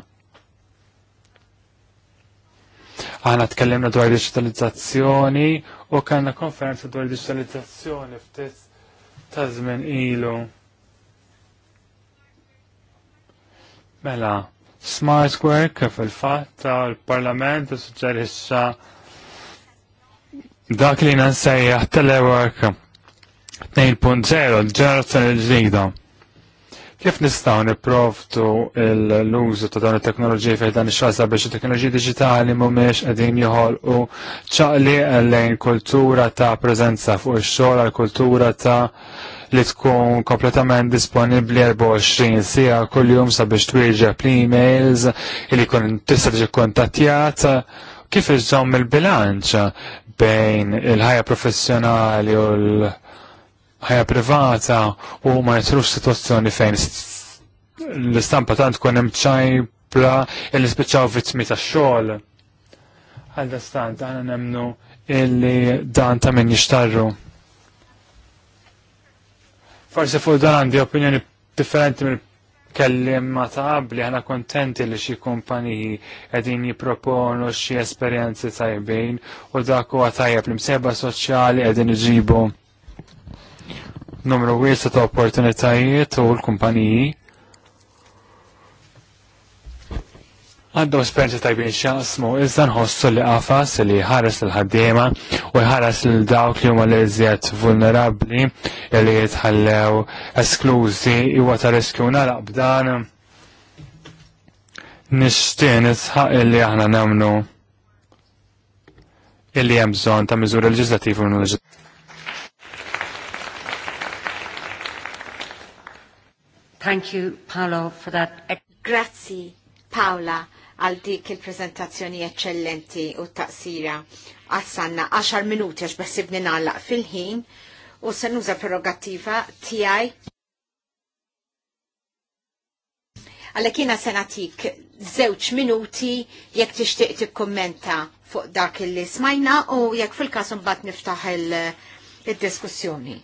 Aħna tkellimna dwar digitalizzazzjoni u kellna konferenza dwar digitalizzazzjoni ftit ta' żmien ilu. Mela, Smart Work kif il-fatt l-Parlament suġġerixxa dak li nansejjaħ telework 2.0 ġenerazzjoni ġdida. Kif nistgħu nipprovdu l-użu ta' dawn it teknoloġija fejn dan ix-xogħol biex it teknoloġija diġitali mhumiex qegħdin joħolqu ċaqli lejn kultura ta' preżenza fuq ix-xogħol għal kultura ta' li tkun kompletament disponibli 24 sija kull-jum sabiex twieġeb l-emails li kun tista' tiġi kontattjat kif iżżomm il-bilanċ bejn il-ħajja professjonali u l-ħajja privata u ma jitrux situazzjoni fejn l-istampa tant kun hemm ċajpla illi spiċċaw vitmi tax-xogħol. Għal dastant aħna nemnu illi dan ta' min jixtarru. Forse fuq dan għandi opinjoni differenti mill kellim ma li ħana kontenti li xi kumpaniji qegħdin jipproponu xi esperjenzi tajbin u dak huwa tajjeb li msebba soċjali qegħdin iġibu numru wiesa ta' opportunitajiet u l-kumpaniji għandhom esperienza tajbin xasmu, iżda nħossu li qafas li ħares l-ħaddiema u ħares l-dawk li huma l-iżjed vulnerabbli li jitħallew esklużi huwa ta' riskju naraq b'dan nishtin nisħaq illi aħna nemnu illi hemm bżonn ta' miżuri leġislativi minn Thank you, Paolo, for that. Grazzi, Paola, għal dik il-prezentazzjoni eccellenti u taqsira. Għassanna 10 minuti għax bessibni nagħlaq fil-ħin u se nuża prerogattiva tiegħi. Għalhekk jiena se nagħtik żewġ minuti jekk tixtieq tikkummenta fuq dak li smajna u jekk fil-każ bat niftaħ il-diskussjoni.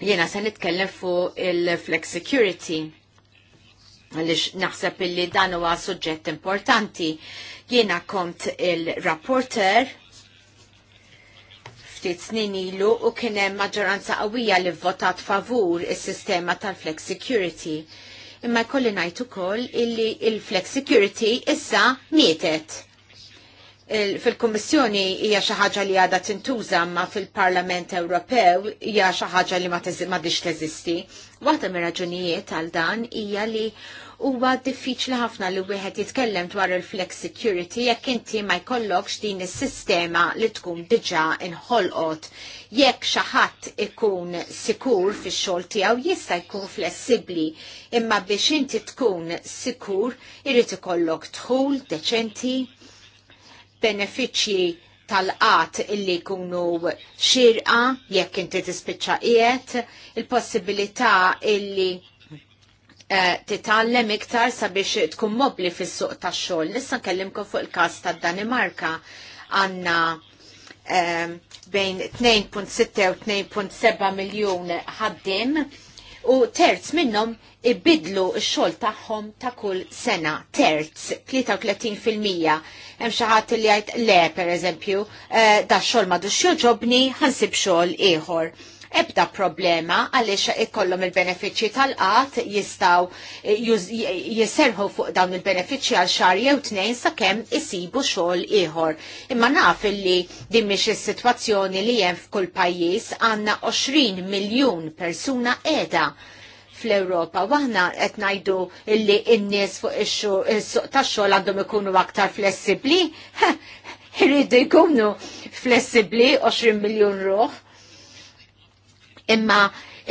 Jiena se nitkellem fuq il-flex security għalix naħseb illi dan huwa suġġett importanti. Jiena kont il-rapporter ftit snin ilu u kien hemm maġġoranza qawwija li vvotat favur is-sistema tal-flex security. Imma jkolli ngħid ukoll illi il-flex security issa mietet. Fil-Kummissjoni hija xi ħaġa li għadha tintuża ma fil-Parlament Ewropew hija xi ħaġa li ma m'għadix teżisti. Waħda mir-raġunijiet għal dan hija li huwa diffiċli ħafna li wieħed jitkellem dwar il-flex security jekk inti ma jkollokx din is-sistema li tkun diġà inħolqot. Jekk xi ħadd ikun sikur fix-xogħol tiegħu jista' jkun flessibbli, imma biex inti tkun sikur irid ikollok dħul deċenti, benefiċċji tal-qat illi jkunu xirqa jekk inti tispiċċa qiegħed, il-possibilità illi eh, titgħallem iktar sabiex tkun mobli fis-suq tax-xogħol. Nista' nkellimkom fuq il-każ tad-Danimarka għandna eh, bejn 2.6 u 2.7 miljun ħaddim u terz minnhom ibidlu x-xogħol tagħhom ta' kull sena. Terz, 33%. Hemm xi ħadd li jgħid le pereżempju, eh, da xogħol m'għadux xoġobni, ħansib xogħol ieħor ebda problema għaliex ikollhom il-benefiċċji tal qat jistgħu eh, jiserħu fuq dawn il-benefiċċji għal xahar jew tnejn sakemm isibu xogħol ieħor. Imma naf illi din mhix is-sitwazzjoni li hemm f'kull pajjiż għandna 20 miljun persuna qiegħda fl-Europa. Waħna qed ngħidu illi n-nies fuq is-suq tax-xogħol għandhom ikunu aktar flessibbli. Irridu jkunu flessibbli 20 miljun ruħ. Imma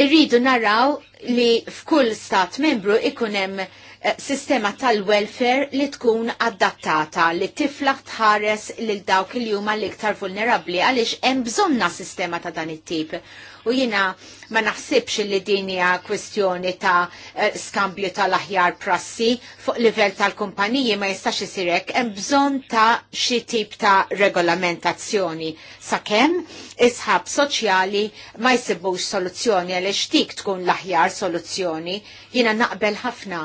irridu naraw li f'kull stat membru ikunem hemm Eh, sistema tal-welfare li tkun adattata li tifla tħares lil dawk li huma l-iktar vulnerabli għaliex hemm bżonna sistema ta' dan it-tip. U jina ma naħsibx li din hija kwestjoni ta' eh, skambju tal-aħjar prassi fuq livell tal-kumpaniji ma jistax isirek hemm bżonn ta' xi tip ta' regolamentazzjoni sakemm isħab soċjali ma jsibux soluzzjoni għaliex dik tkun l-aħjar soluzzjoni. Jina naqbel ħafna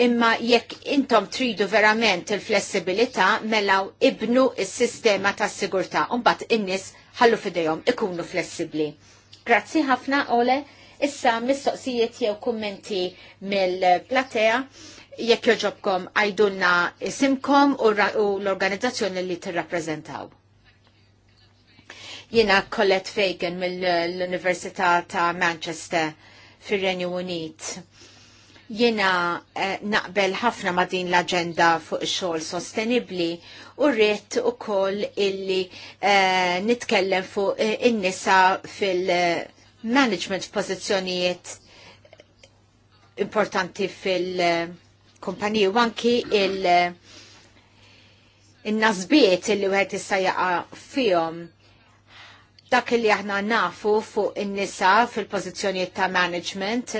imma jekk intom tridu verament il-flessibilità mela ibnu il-sistema ta' sigurtà unbat innis ħallu fidejhom ikunu flessibli. Grazzi ħafna Ole, issa mistoqsijiet jew kummenti mill-platea jekk joġobkom għajdunna isimkom u l-organizzazzjoni li tirrappreżentaw. Jiena Colette Fagan mill-Università ta' Manchester fir-Renju Unit Jena eh, naqbel ħafna ma din l-agenda fuq xol sostenibli u rrit u koll illi eh, nitkellem fuq innisa eh, in-nisa fil-management pozizjonijiet importanti fil-kumpaniji u anki il- il-nazbiet illi wieħed jista' jaqa' fihom dak li aħna nafu fuq in-nisa fil-pożizzjonijiet ta' management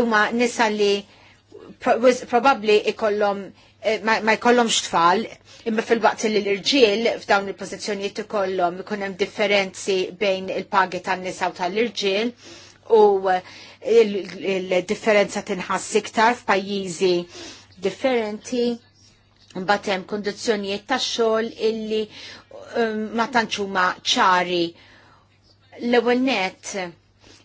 huma nisa li probabbli ikollhom eh, ma jkollhomx tfal, imma fil-waqt li l-irġiel f'dawn il-pożizzjonijiet ikollhom ikun hemm differenzi bejn il-pagi tan-nisa u tal-irġiel u eh, il-differenza tinħass iktar f'pajjiżi differenti mbagħad hemm kondizzjonijiet tax-xogħol illi eh, ma tantx huma ċari L-ewwel net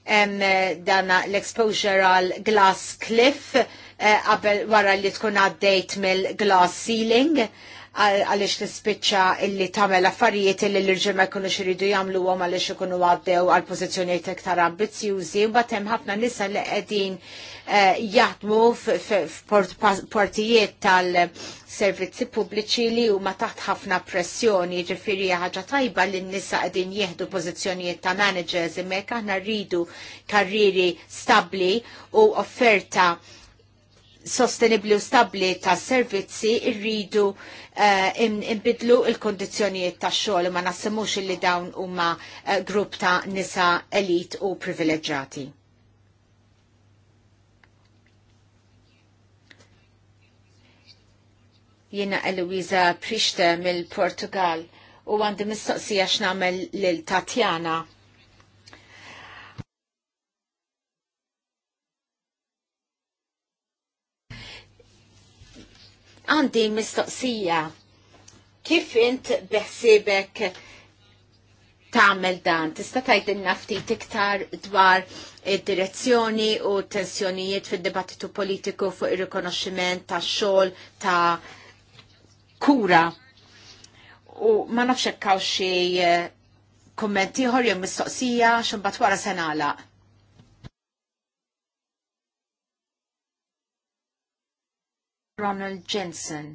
hemm dana l-exposure għal glass cliff eh, qabel wara li tkun għaddejt mill-glass ceiling għaliex tispiċċa illi tagħmel affarijiet illi l-irġiel ma jkunux iridu jagħmluhom għaliex ikunu għaddew għal pożizzjonijiet iktar ambizzjużi u mbagħad hemm ħafna nisa li qegħdin eh, jaħdmu f'portijiet tal-servizzi pubbliċi li huma taħt ħafna pressjoni, ġifiri ħaġa tajba li nisa qegħdin jieħdu pożizzjonijiet ta' managers imma jekk aħna rridu karriri stabbli u offerta sostenibli u stabli ta' servizzi irridu uh, imbidlu il-kondizjonijiet ta' xogħol ma nassimux li dawn huma uh, grupp ta' nisa elit u privileġġati. Jiena Eloisa Prishta mill-Portugal u għandi mistoqsija x'namel lil Tatjana Għandi mistoqsija. Kif int beħsibek tagħmel dan? Tista' tgħidilna ftit iktar dwar id-direzzjoni u tensjonijiet fil dibattitu politiku fuq ir-rikonoxximent tax-xogħol ta' kura. U ma nafx hekk eh, kommenti ħor jew mistoqsija x'imbagħad wara se nagħlaq. Ronald Jensen.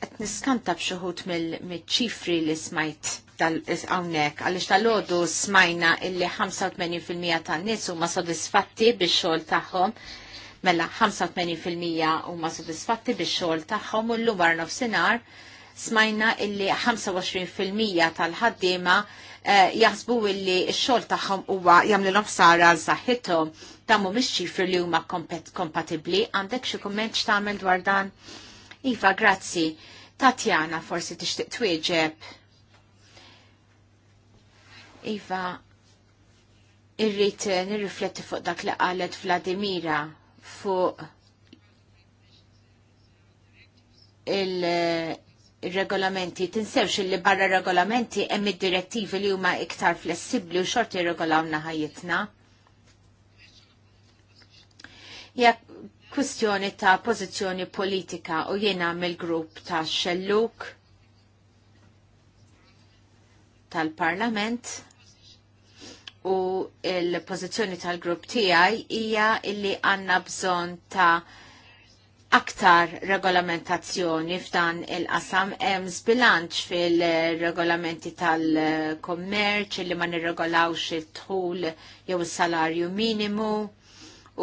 Et niskanta b'xuħut mill-ċifri li smajt hawnhekk għaliex tal ħodu smajna illi 85% tan-nies huma sodisfatti bix-xogħol tagħhom mela 85% huma sodisfatti bix-xogħol tagħhom u llum wara nofsinhar smajna illi 25% tal-ħaddiema Eh, jaħsbu illi x-xogħol tagħhom huwa l sara għal saħħithom ta' mhumiex li huma kompatibbli. Għandek xi kumment xtaħmel dwar dan? Iva, grazzi. Tatjana forsi tixtieq tweġeb Iva, irrit nirrifletti fuq dak li qalet Vladimira fuq il- regolamenti, tinsewx li barra regolamenti hemm id-direttivi li huma iktar flessibli u xorti regolawna ħajjitna. Ja kwistjoni ta' pożizzjoni politika u jiena mill-grupp ta' xelluk tal-Parlament u l-pożizzjoni tal-grupp tiegħi hija illi għandna bżonn ta' aktar regolamentazzjoni f'dan il-qasam hemm bilanċ fil-regolamenti tal-kommerċ li ma nirregolawx it-tħul jew is-salarju minimu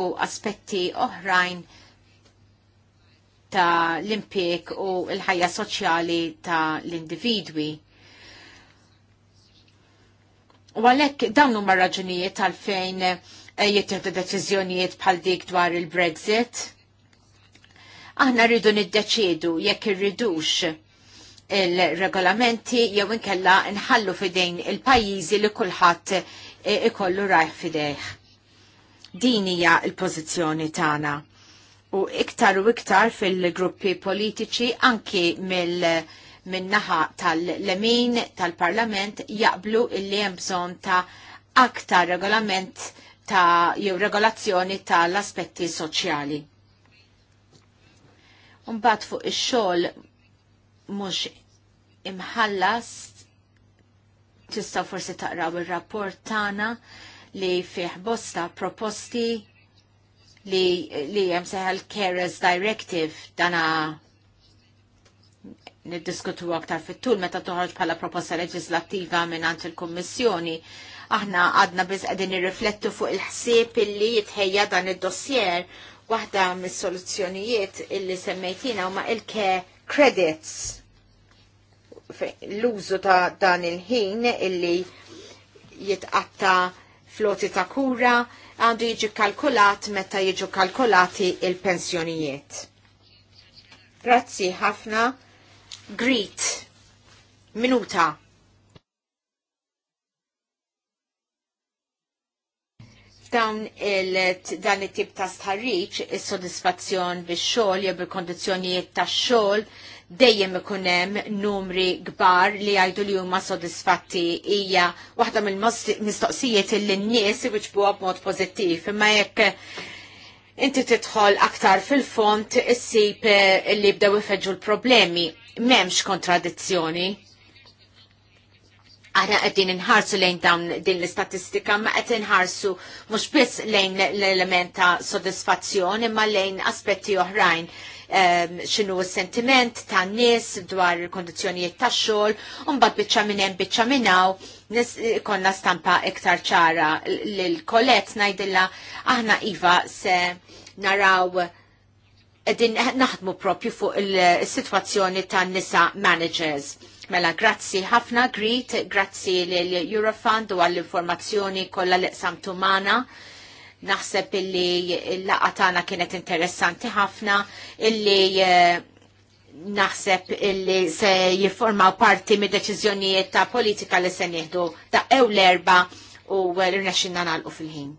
u aspetti oħrajn ta' l-impjeg u l-ħajja soċjali ta' l-individwi. U għalhekk dawn huma raġunijiet għalfejn eh, jittieħdu deċiżjonijiet bħal dik dwar il-Brexit Aħna rridu niddeċiedu jekk irridux il-regolamenti jew inkella nħallu fidejn il-pajjiżi li kulħadd e, ikollu rajħ fidejh. Din hija l-pożizzjoni tagħna. U iktar u iktar fil-gruppi politiċi anki mill min-naħa tal-lemin tal-parlament jaqblu illi hemm bżonn ta' aktar regolament ta' jew regolazzjoni tal-aspetti soċjali. Mbagħad fuq ix-xogħol mhux imħallas tista' forsi taqraw ir-rapport tagħna li fih bosta proposti li li hemm seħal Directive dana niddiskutu aktar fit-tul meta toħroġ bħala proposta leġislattiva mingħand il-Kummissjoni. Aħna għadna biss qegħdin nirriflettu fuq il-ħsieb illi jitħejja dan id-dossier Waħda mis-soluzzjonijiet illi semmejtina huma il-ke credits l-użu ta' dan il-ħin illi jitqatta floti ta' kura għandu jiġi kalkulat meta jiġu kalkulati il-pensjonijiet. Grazzi ħafna. Greet, Minuta. dawn il dan it-tip ta' stħarriċ is-sodisfazzjon bix-xogħol jew bil-kondizzjonijiet tax-xogħol dejjem ikun hemm numri kbar li jgħidu li huma sodisfatti hija waħda mill-mistoqsijiet li n-nies iwiġbuha b'mod pożittiv imma jekk inti titħol aktar fil-font issib li bdew ifeġġu l-problemi. Memx kontradizzjoni. Aħna qegħdin inħarsu lejn dan din l-istatistika ma qed inħarsu mhux biss lejn l-element ta' sodisfazzjon imma lejn aspetti oħrajn um, ehm, xinu s-sentiment ta' nies dwar il-kondizjonijiet ta' xogħol u mbagħad biċċa minn hemm biċċa minnaw nis konna stampa iktar ċara l-kolett ngħidilha aħna iva se naraw edin naħdmu propju fuq il-situazzjoni ta' nisa managers. Mela, grazzi ħafna, Grit, grazzi l-Eurofund u għall-informazzjoni kollha li samtu mana. Naħseb illi l-laqa tagħna kienet interessanti ħafna, illi eh, naħseb illi se jiformaw parti mid deċiżjonijiet ta' politika li se nieħdu da' ew l-erba u rinaxxinna nagħlqu fil-ħin.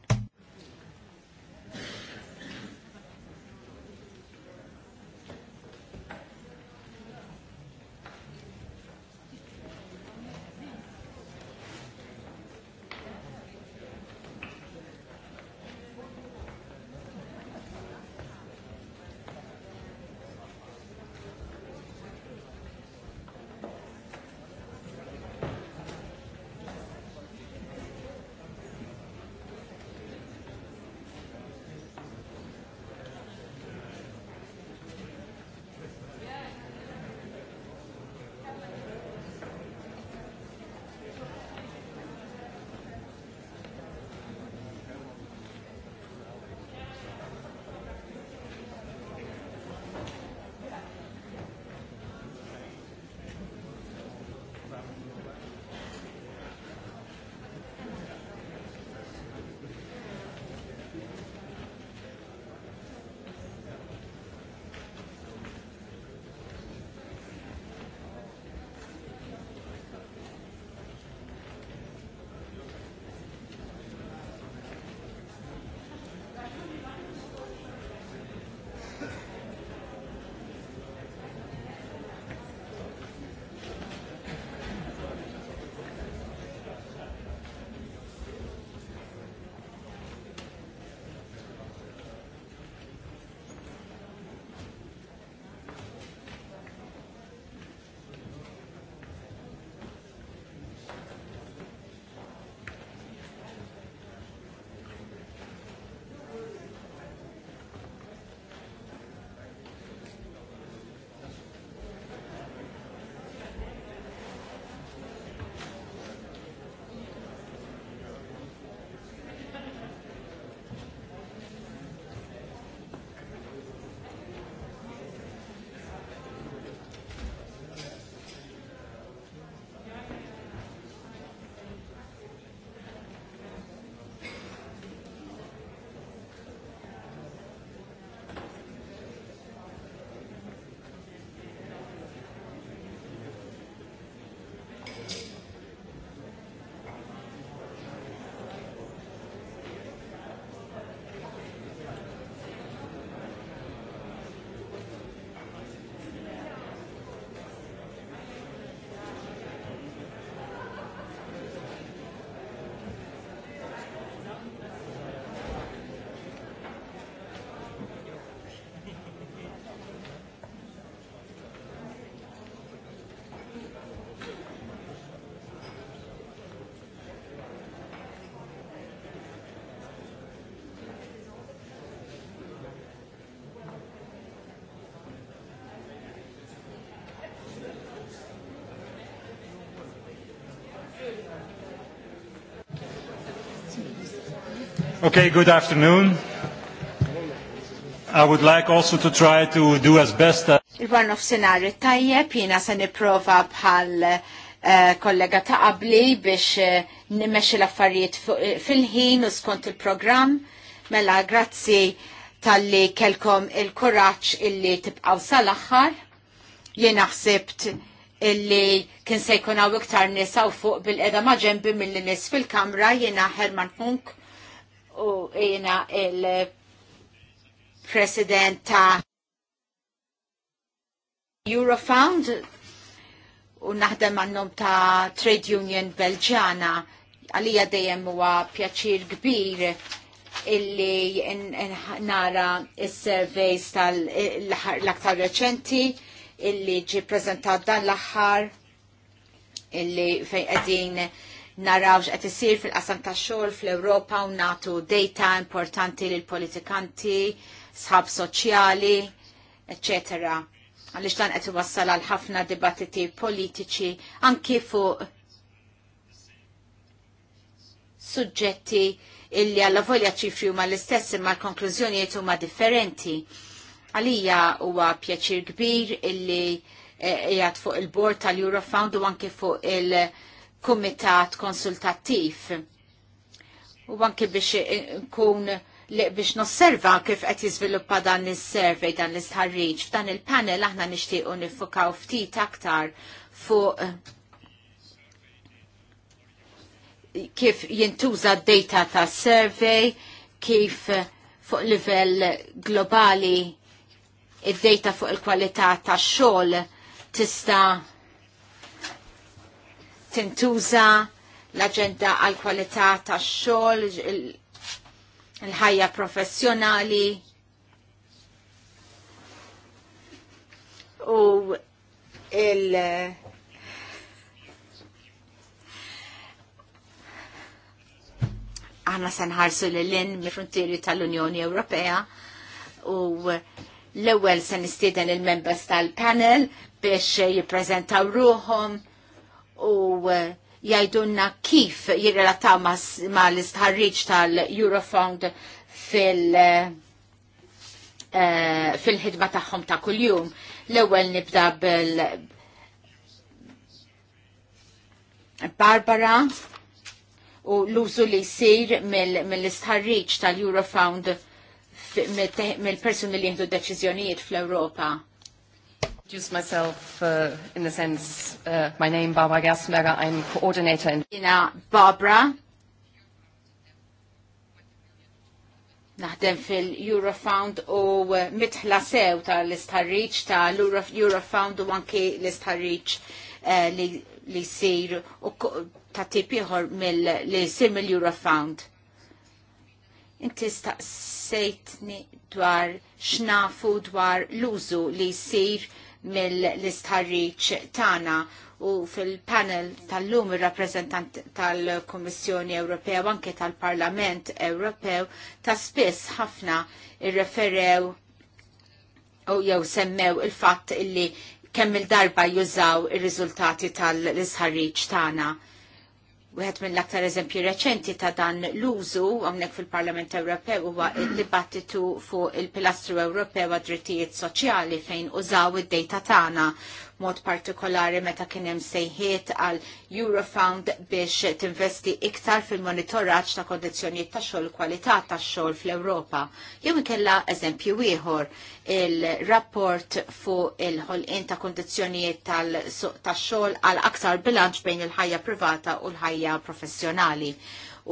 Okay, good afternoon. I would like also to try to do as best as... il warn of senari tajjeb jina se niprofa bħal eh, kollega ta' qabli biex eh, nimexi l-affarijiet eh, fil-ħin u skont il-programm. Mela, grazzi tal-li kelkom il-kuraċ illi tibqaw sal-axħar. Jena ħsibt illi kien se jkun hawn iktar nisa u fuq bil-qeda ma' ġembi mill-nies fil-kamra jiena Herman Hunk u jina il-president ta' Eurofound u naħdem għannum ta' Trade Union Belġana għalija dejjem huwa pjaċir kbir illi nara il-surveys tal-aktar reċenti illi ġi prezentat dan l aħħar illi fejn qegħdin narawx qed isir fil-qasam tax-xogħol fl-Ewropa u nagħtu data importanti lil politikanti, sħab soċjali, etc. Għaliex dan qed iwassal għal ħafna dibattiti politiċi anki fuq suġġetti illi għalla volja ċifri huma l-istess imma l-konklużjonijiet huma differenti. Għalija huwa pjaċir kbir illi eh, jgħat fuq il-bord tal-Eurofound u anki fuq il- kumitat konsultattiv. U anki biex nkun li biex nosserva kif qed jiżviluppa dan is-survey dan l-istħarriġ. F'dan il-panel aħna nixtiequ nifukaw ftit aktar fuq eh, kif jintuża d-data ta' survey, kif eh, fuq livell globali id-data fuq il-kwalità tax xogħol tista' tintuża l-aġenda għal kwalità tax-xogħol, il-ħajja professjonali u il- għanna se nħarsu lin mill-frontieri tal-Unjoni Ewropea u l-ewwel se nistieden il-members tal-panel biex jippreżentaw ruhom u eh, jajdunna kif jirrelata ma l-istħarriċ tal-Eurofound fil- uh, fil-ħidma tagħhom ta' kuljum. L-ewwel nibda bil Barbara u l-użu li jsir mill-istħarriċ tal-Eurofound mill-persuni li jieħdu deċiżjonijiet fl-Ewropa introduce myself uh, in the sense, uh, my name Barbara Gersberger, I'm coordinator in... Jina Barbara. Naħdem fil-Eurofound u uh, mitħla sew tal-istħarriċ l eurofound u anki l-istħarriċ uh, li, sir u ta' tipiħor mill-li sir mill-Eurofound. Inti staqsejtni dwar xnafu dwar l-użu li sir mill-istħarriċ tana u fil-panel tal-lum il-rappresentant tal-Kommissjoni Ewropea u anke tal-Parlament Ewropew ta' spiss ħafna irreferew u jew semmew il-fatt illi kemm il-darba jużaw ir-riżultati tal-isħarriċ tagħna. Wieħed minn l-aktar eżempji reċenti ta' dan l-użu hawnhekk fil-Parlament Ewropew huwa d-dibattitu fuq il-Pilastru Ewropew għad-drittijiet soċjali fejn użaw id-dejta tagħna mod partikolari meta kien hemm sejħiet għal Eurofound biex tinvesti iktar fil-monitoraġġ ta' kondizzjonijiet ta' xogħol kwalità ta' xogħol fl-Ewropa. Jew inkella eżempju ieħor il-rapport fuq il-ħolqien ta' kondizzjonijiet tal-xogħol għal aktar bilanċ bejn il-ħajja privata u l-ħajja professjonali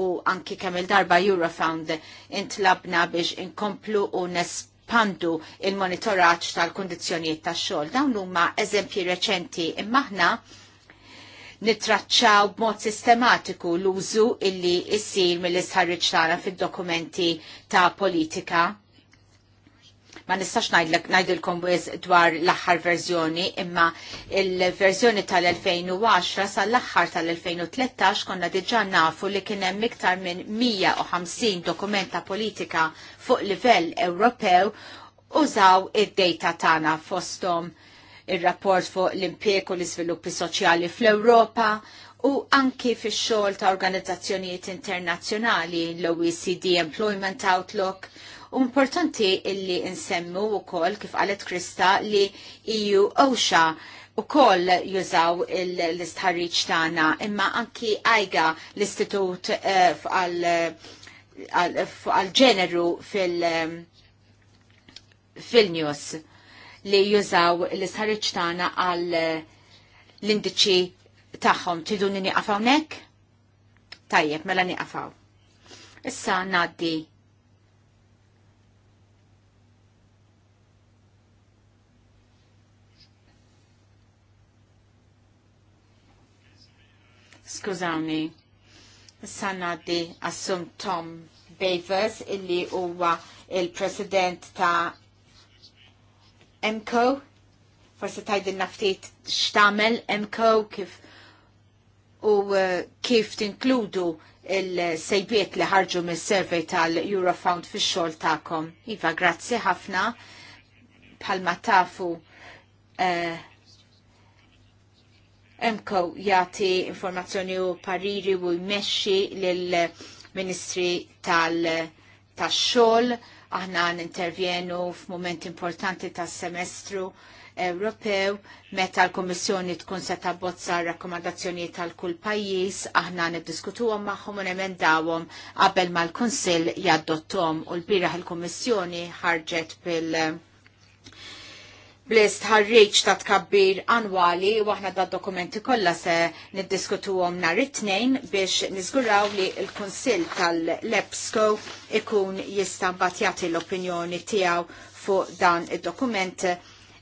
u anki kemm il-darba Eurofound intlabna biex inkomplu u nesp pandu il-monitoraġġ tal kondizjoniet tax-xogħol. Dawn huma eżempji reċenti imma aħna nitraċċaw b'mod sistematiku l-użu illi issir mill-isħarriġ tagħna fid-dokumenti ta' politika ma nistax ngħidilkom dwar l-aħħar verżjoni, imma il-verżjoni tal-2010 sal-aħħar tal-2013 konna diġà nafu li kien hemm iktar minn 150 dokumenta politika fuq livell Ewropew użaw id-data tagħna fosthom ir-rapport fuq l-impjeg u l-iżviluppi soċjali fl-Ewropa, u anki fix xogħol ta' organizzazzjonijiet internazzjonali l-OECD Employment Outlook Importanti illi nsemmu u kol kif għalet Krista li iju e OSHA u kol jużaw l-istħarriċ tana imma anki għajga l-istitut eh, għal-ġeneru fil-news li jużaw l-istħarriċ tana għal l-indiċi taħħom tidu nini għafawnek? Tajjeb, mela niqafaw. Issa naddi skużawni. Issa assum Tom Bavers illi huwa il-president ta' MCO. Forsi tajdilna naftit x'tamel MCO kif u uh, kif tinkludu il-sejbiet li ħarġu mis survey tal-Eurofound fi xol ta'kom. Iva, grazzi ħafna. Palma tafu uh, Emko jati informazzjoni u pariri u jmexxi lill-Ministri tal xogħol Aħna nintervjenu f'mument importanti tas-semestru Ewropew meta l kummissjoni tkun se tabbozza rakkomandazzjonijiet tal-kull pajjiż aħna niddiskutuhom magħhom u nemendawhom qabel mal-Kunsill jaddottom u l-bieraħ il-Kummissjoni ħarġet bil blest ħarriċ ta' tkabbir annwali u aħna da' dokumenti kollha se niddiskutuhom nhar it-tnejn biex niżguraw li l-Kunsill tal lepsko ikun jista' mbagħad jagħti l-opinjoni tiegħu fuq dan id-dokument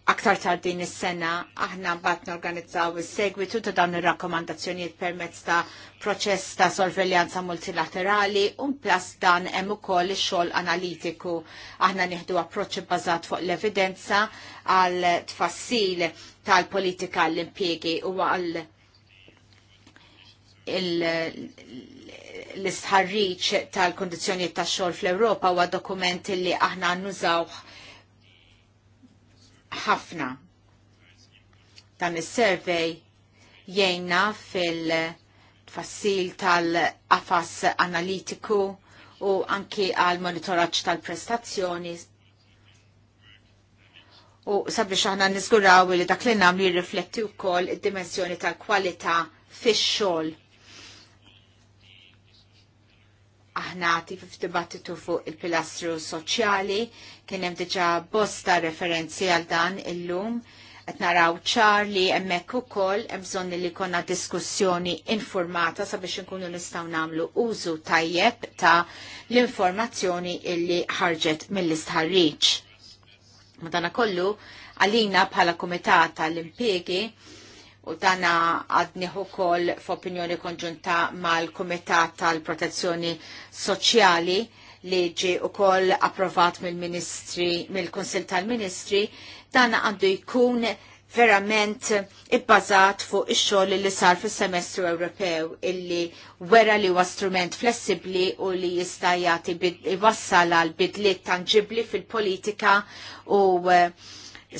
aktar tard din is-sena aħna mbagħad norganizzaw is-segwitu ta' dawn ir-rakkomandazzjonijiet permezz ta' proċess ta' sorveljanza multilaterali u plas dan hemm ukoll ix-xogħol analitiku. Aħna nieħdu approċċ bbażat fuq l-evidenza għal tfassil tal-politika l-impjegi u għal l-istħarriċ tal kundizzjonijiet tax xogħol fl-Ewropa huwa dokument li aħna nużawh ħafna. Dan is-survey jgħinna fil-tfassil tal-qafas analitiku u anki għal monitoraġġ tal-prestazzjoni u sabiex aħna niżguraw li dak li nagħmlu jirrifletti wkoll id-dimensjoni tal-kwalità fix-xogħol aħna tifi f'dibattitu fuq il-pilastru soċjali, kien hemm diġà bosta referenzi għal dan illum, qed naraw ċar li hemmhekk ukoll hemm bżonn li jkollna diskussjoni informata sabiex inkunu nistgħu nagħmlu użu tajjeb ta' l-informazzjoni illi ħarġet mill-istħarriġ. Madana kollu għalina bħala kumitat tal impiegi u dana għadniħu kol f'opinjoni konġunta mal-Kumitat tal-Protezzjoni Soċjali li ġi u kol approvat mill-Ministri, mill-Konsil tal-Ministri, dana għandu jkun verament ibbażat fuq ix-xogħol li sar fis-semestru Ewropew illi wera li huwa strument flessibbli u li jista' jagħti iwassal għal bidliet tanġibbli fil-politika u uh,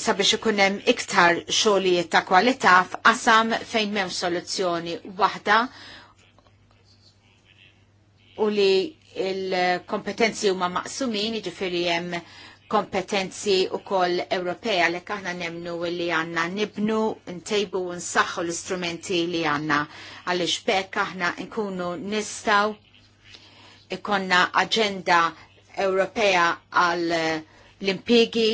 sabiex ikun hemm iktar xogħlijiet ta' kwalità f'qasam fejn m'hemm soluzzjoni waħda u li il-kompetenzi huma maqsumin, jiġifieri hemm kompetenzi u koll Ewropea li kaħna nemnu li għanna nibnu, ntejbu u nsaħħu l-istrumenti li għanna għalix bekk kaħna nkunu nistaw ikonna agenda Ewropea għal l-impigi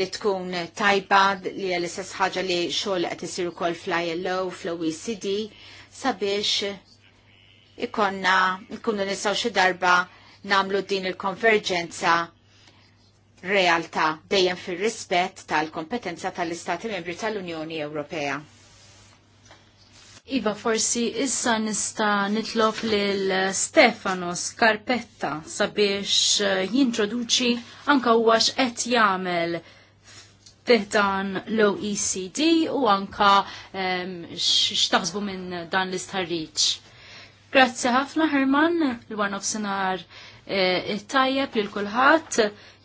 li tkun tajba li l-istess ħaġa li xogħol qed isir ukoll fl-ILO, fl-OECD sabiex ikonna nkunu nistgħu xi darba namlu din il-konverġenza realtà dejjem fir-rispett tal-kompetenza tal-Istati Membri tal-Unjoni Ewropea. Iva, forsi issa nista nitlob lil Stefano Scarpetta sabiex eh, jintroduċi anka huwa x'qed jagħmel fiħdan l-OECD u anka xtaħsbu minn dan l-istħarriċ. Grazzi ħafna Herman, l-one of senar e, tajjeb li l-kulħat,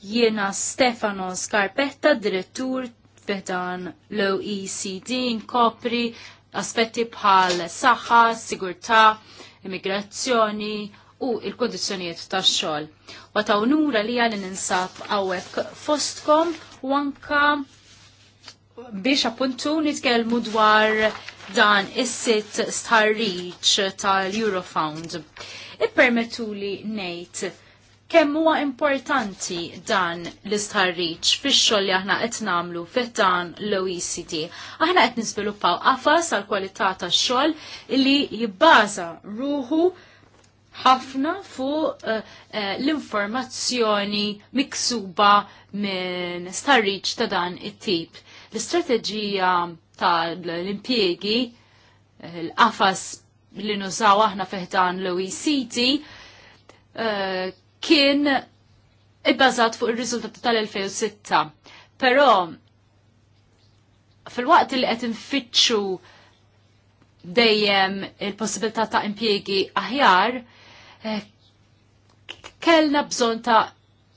jiena Stefano Scarpetta, direttur fiħdan l-OECD, nkopri aspetti bħal saħħa, sigurtà, immigrazzjoni, u il-kondizjoniet tax xogħol. Wa ta' unura li għalli ninsab għawek fostkom wanka biex appuntu nitkellmu dwar dan is-sit reach tal-Eurofound. Ippermettu li ngħid kemm huwa importanti dan l reach fix-xogħol li aħna qed nagħmlu fih dan l-OECD. Aħna qed niżviluppaw qafas għal kwalità tax-xogħol li jibbaża ruħu ħafna fuq uh, uh, l-informazzjoni miksuba minn starriċ ta' dan it-tip. L-istrateġija tal impiegi eh, l-qafas li nużaw aħna feħdan l-OECD, uh, kien ibbażat fuq ir-riżultati tal-2006. Però fil-waqt li qed infittxu dejjem il-possibilità ta' impjiegi aħjar, Eh, kellna bżon ta'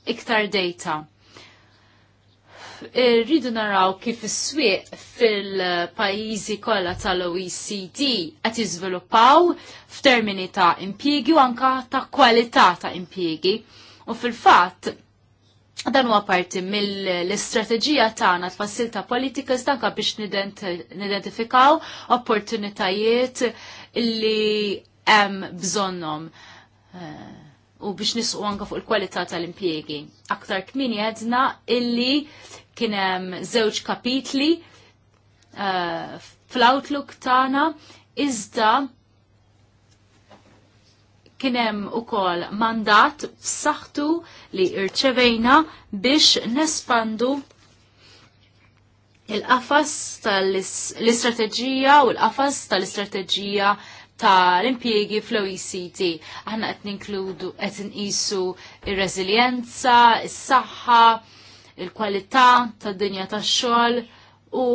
iktar data. Eh, rridu naraw kif is-swieq fil-pajjiżi kollha tal-OECD qed jiżviluppaw f'termini ta' impjiegi u anka ta' kwalità ta' impjiegi. U fil-fatt dan huwa parti mill-istrateġija tagħna tfassil ta' politika stanka biex nidentifikaw opportunitajiet li hemm bżonnhom Eh, u biex nisqu anka fuq il-kwalità tal-impjegi. Aktar kmin jedna illi kienem żewġ kapitli uh, fl-outlook tagħna iżda kienem u kol mandat saħtu li irċevejna biex nespandu il-qafas tal-istrateġija u l-qafas tal-istrateġija tal-impjiegi fl-OECD. Aħna qed ninkludu qed inqisu ir-reżiljenza, is-saħħa, il-kwalità tad-dinja tax-xogħol u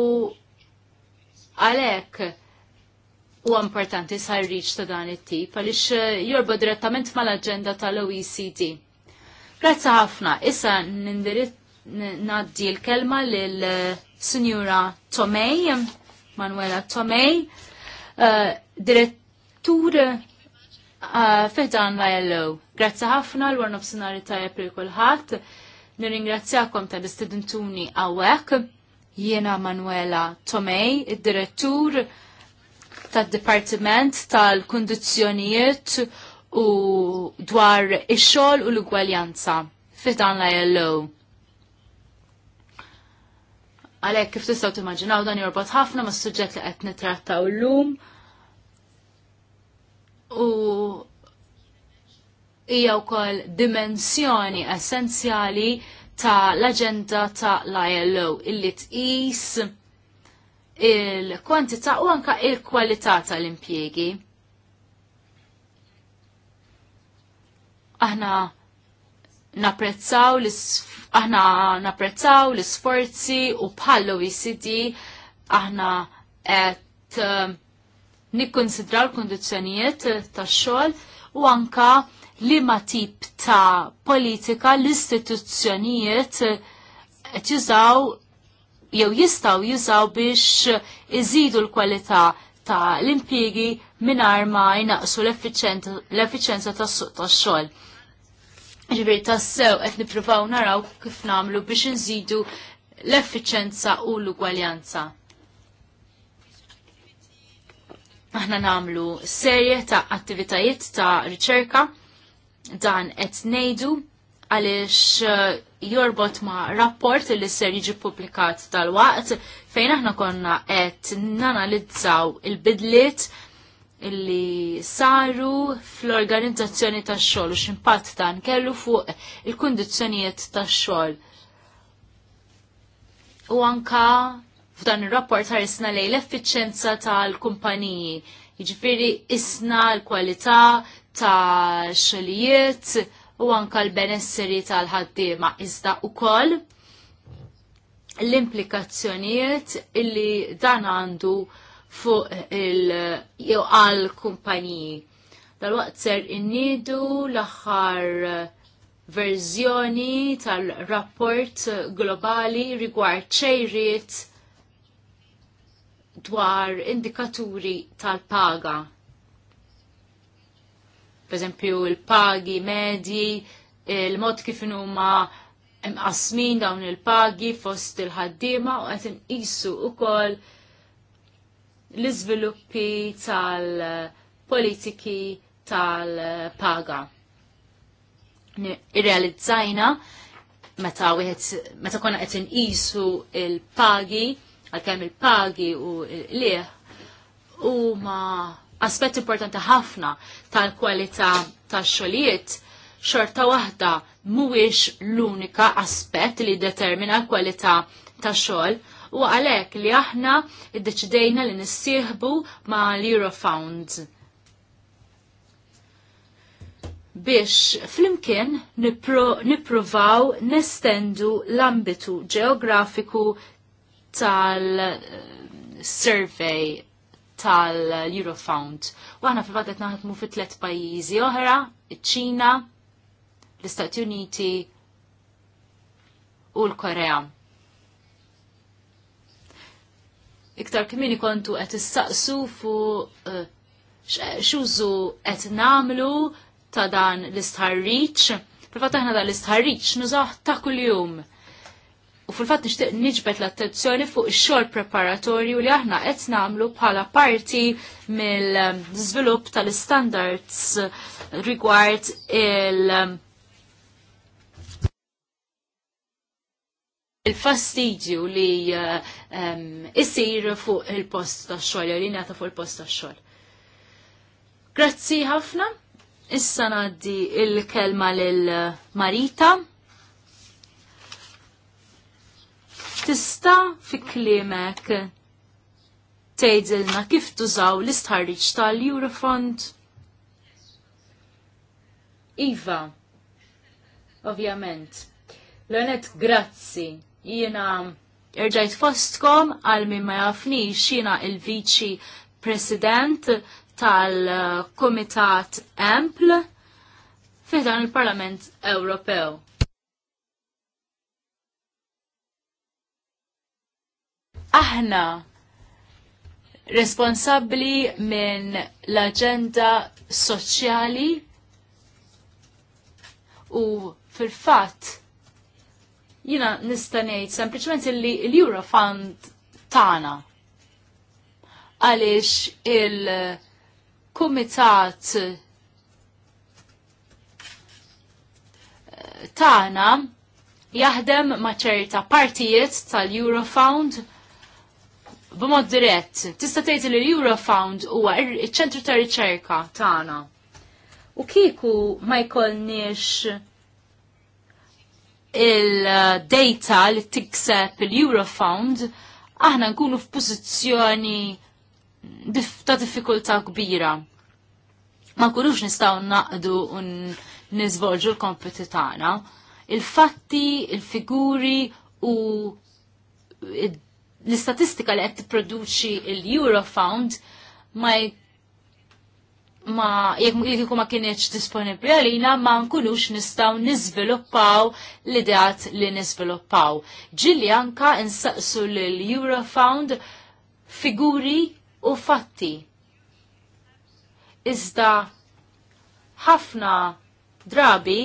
għalhekk u importanti sarriċ ta' dan it-tip għaliex eh, jorba direttament mal aġenda tal-OECD. Grazzi ħafna, issa nindirit naddi l-kelma lil eh, sinjura Tomei, Manuela Tomei, uh, dirett tur uh, fedan la jello. Grazzi ħafna l-warna f-sinari ta' jepri kullħat. Nirringrazzjakom ta' l-istudentuni għawek. Jiena Manuela Tomei, id-direttur tad-Dipartiment tal-Kondizzjonijiet u dwar ix-xogħol u l-ugwaljanza fidan la jello. għalek kif tistaw timmaġinaw dan jorbot ħafna ma' suġġett li qed nittrattaw l-lum u hija wkoll dimensjoni essenzjali ta' l-aġenda ta' l-ILO illi tqis il-kwantità u anka il-kwalità tal-impjiegi. Aħna napprezzaw aħna naprezzaw l-isforzi u bħallu jisidi e aħna qed um, nikkonsidra l kondizjonijiet tax-xogħol u anka liema tip ta' politika l-istituzzjonijiet qed jużaw jew jistgħu jużaw biex iżidu l-kwalità ta' l-impjiegi mingħajr ma jnaqsu l-effiċenza tas-suq tax-xogħol. Ġifier tassew qed nippruvaw naraw kif nagħmlu biex inżidu l-effiċenza u l-ugwaljanza. aħna namlu serje ta' attivitajiet ta' riċerka dan qed ngħidu għaliex uh, jorbot ma' rapport li ser jiġi publikat tal-waqt fejn aħna konna qed nanalizzaw il-bidliet illi saru fl-organizzazzjoni tax-xogħol u x'impatt dan kellu fuq il-kundizzjonijiet tax-xogħol. U anka F'dan ir-rapport ħarisna lej l-effiċenza tal-kumpaniji, jiġifieri isna l-kwalità ta' xogħlijiet u anka l-benesseri tal-ħaddiema iżda wkoll l-implikazzjonijiet illi dan għandu fuq il-jew għal kumpaniji. Dal-waqt ser innidu l-aħħar verżjoni tal-rapport globali rigward ċejriet dwar indikaturi tal-paga. Per esempio, il-pagi medji, il-mod kif huma imqasmin dawn il-pagi fost il-ħaddiema u qed inqisu wkoll l-iżviluppi tal-politiki tal-paga. Irrealizzajna meta konna qed inqisu il-pagi għalkemm il-pagi u l u huma aspett importanti ħafna tal-kwalità tax-xogħlijiet xorta waħda mhuwiex l-unika aspett li determina l-kwalità tax-xogħol u għalhekk li aħna iddeċidejna li nissieħbu ma' l-Eurofound. biex flimkien nipruvaw nestendu l-ambitu ġeografiku tal-survey tal-Eurofound. U għana fil-badet naħdmu fi tlet pajjiżi oħra, iċ-Ċina, l-Istati Uniti u l-Korea. Iktar kimini kontu qed issaqsu fu eh, xużu qed namlu ta' dan l-istħarriċ. Fil-fatt aħna dan l-istħarriċ nużaħ ta' kuljum U fil-fatt nixtieq niġbet l-attenzjoni fuq ix-xogħol preparatorju li aħna qed nagħmlu bħala parti mill-żvilupp tal-standards rigward il- il-fastidju li jisir ehm, um, fuq il-post ta' xogħol, li nata fuq il-post ta' xogħol. Grazzi ħafna. Issa naddi il-kelma lil Marita Tista fi klimek tgħidilna kif tużaw l-istħarriġ tal-Eurofond? Iva, ovvjament. l-għanet grazzi. Jiena irġajt fostkom għal min ma jafni xina il-viċi president tal-Komitat Ampl fiħdan il-Parlament Ewropew. aħna responsabbli minn l-aġenda soċjali u fil-fatt jina nistanejt sempliciment li l-Eurofund tana għalix il-Kumitat eh, tana jaħdem ma' ċerta partijiet tal-Eurofound b'mod dirett. Tista' tgħid li l-Eurofound huwa iċ-ċentru ta' riċerka tagħna. U kieku ma jkollniex il-data li tikseb il-Eurofound, aħna nkunu f'pożizzjoni ta' diffikultà kbira. Ma nkunux nistgħu naqdu u niżvolġu l-kompeti tagħna. Il-fatti, il-figuri u l-istatistika li qed tipproduċi l-Eurofound ma ma jekk ma kienx disponibbli għalina ma nkunux nistgħu niżviluppaw l-ideat li niżviluppaw. Ġilli anka insaqsu l-Eurofound figuri u fatti. Iżda ħafna drabi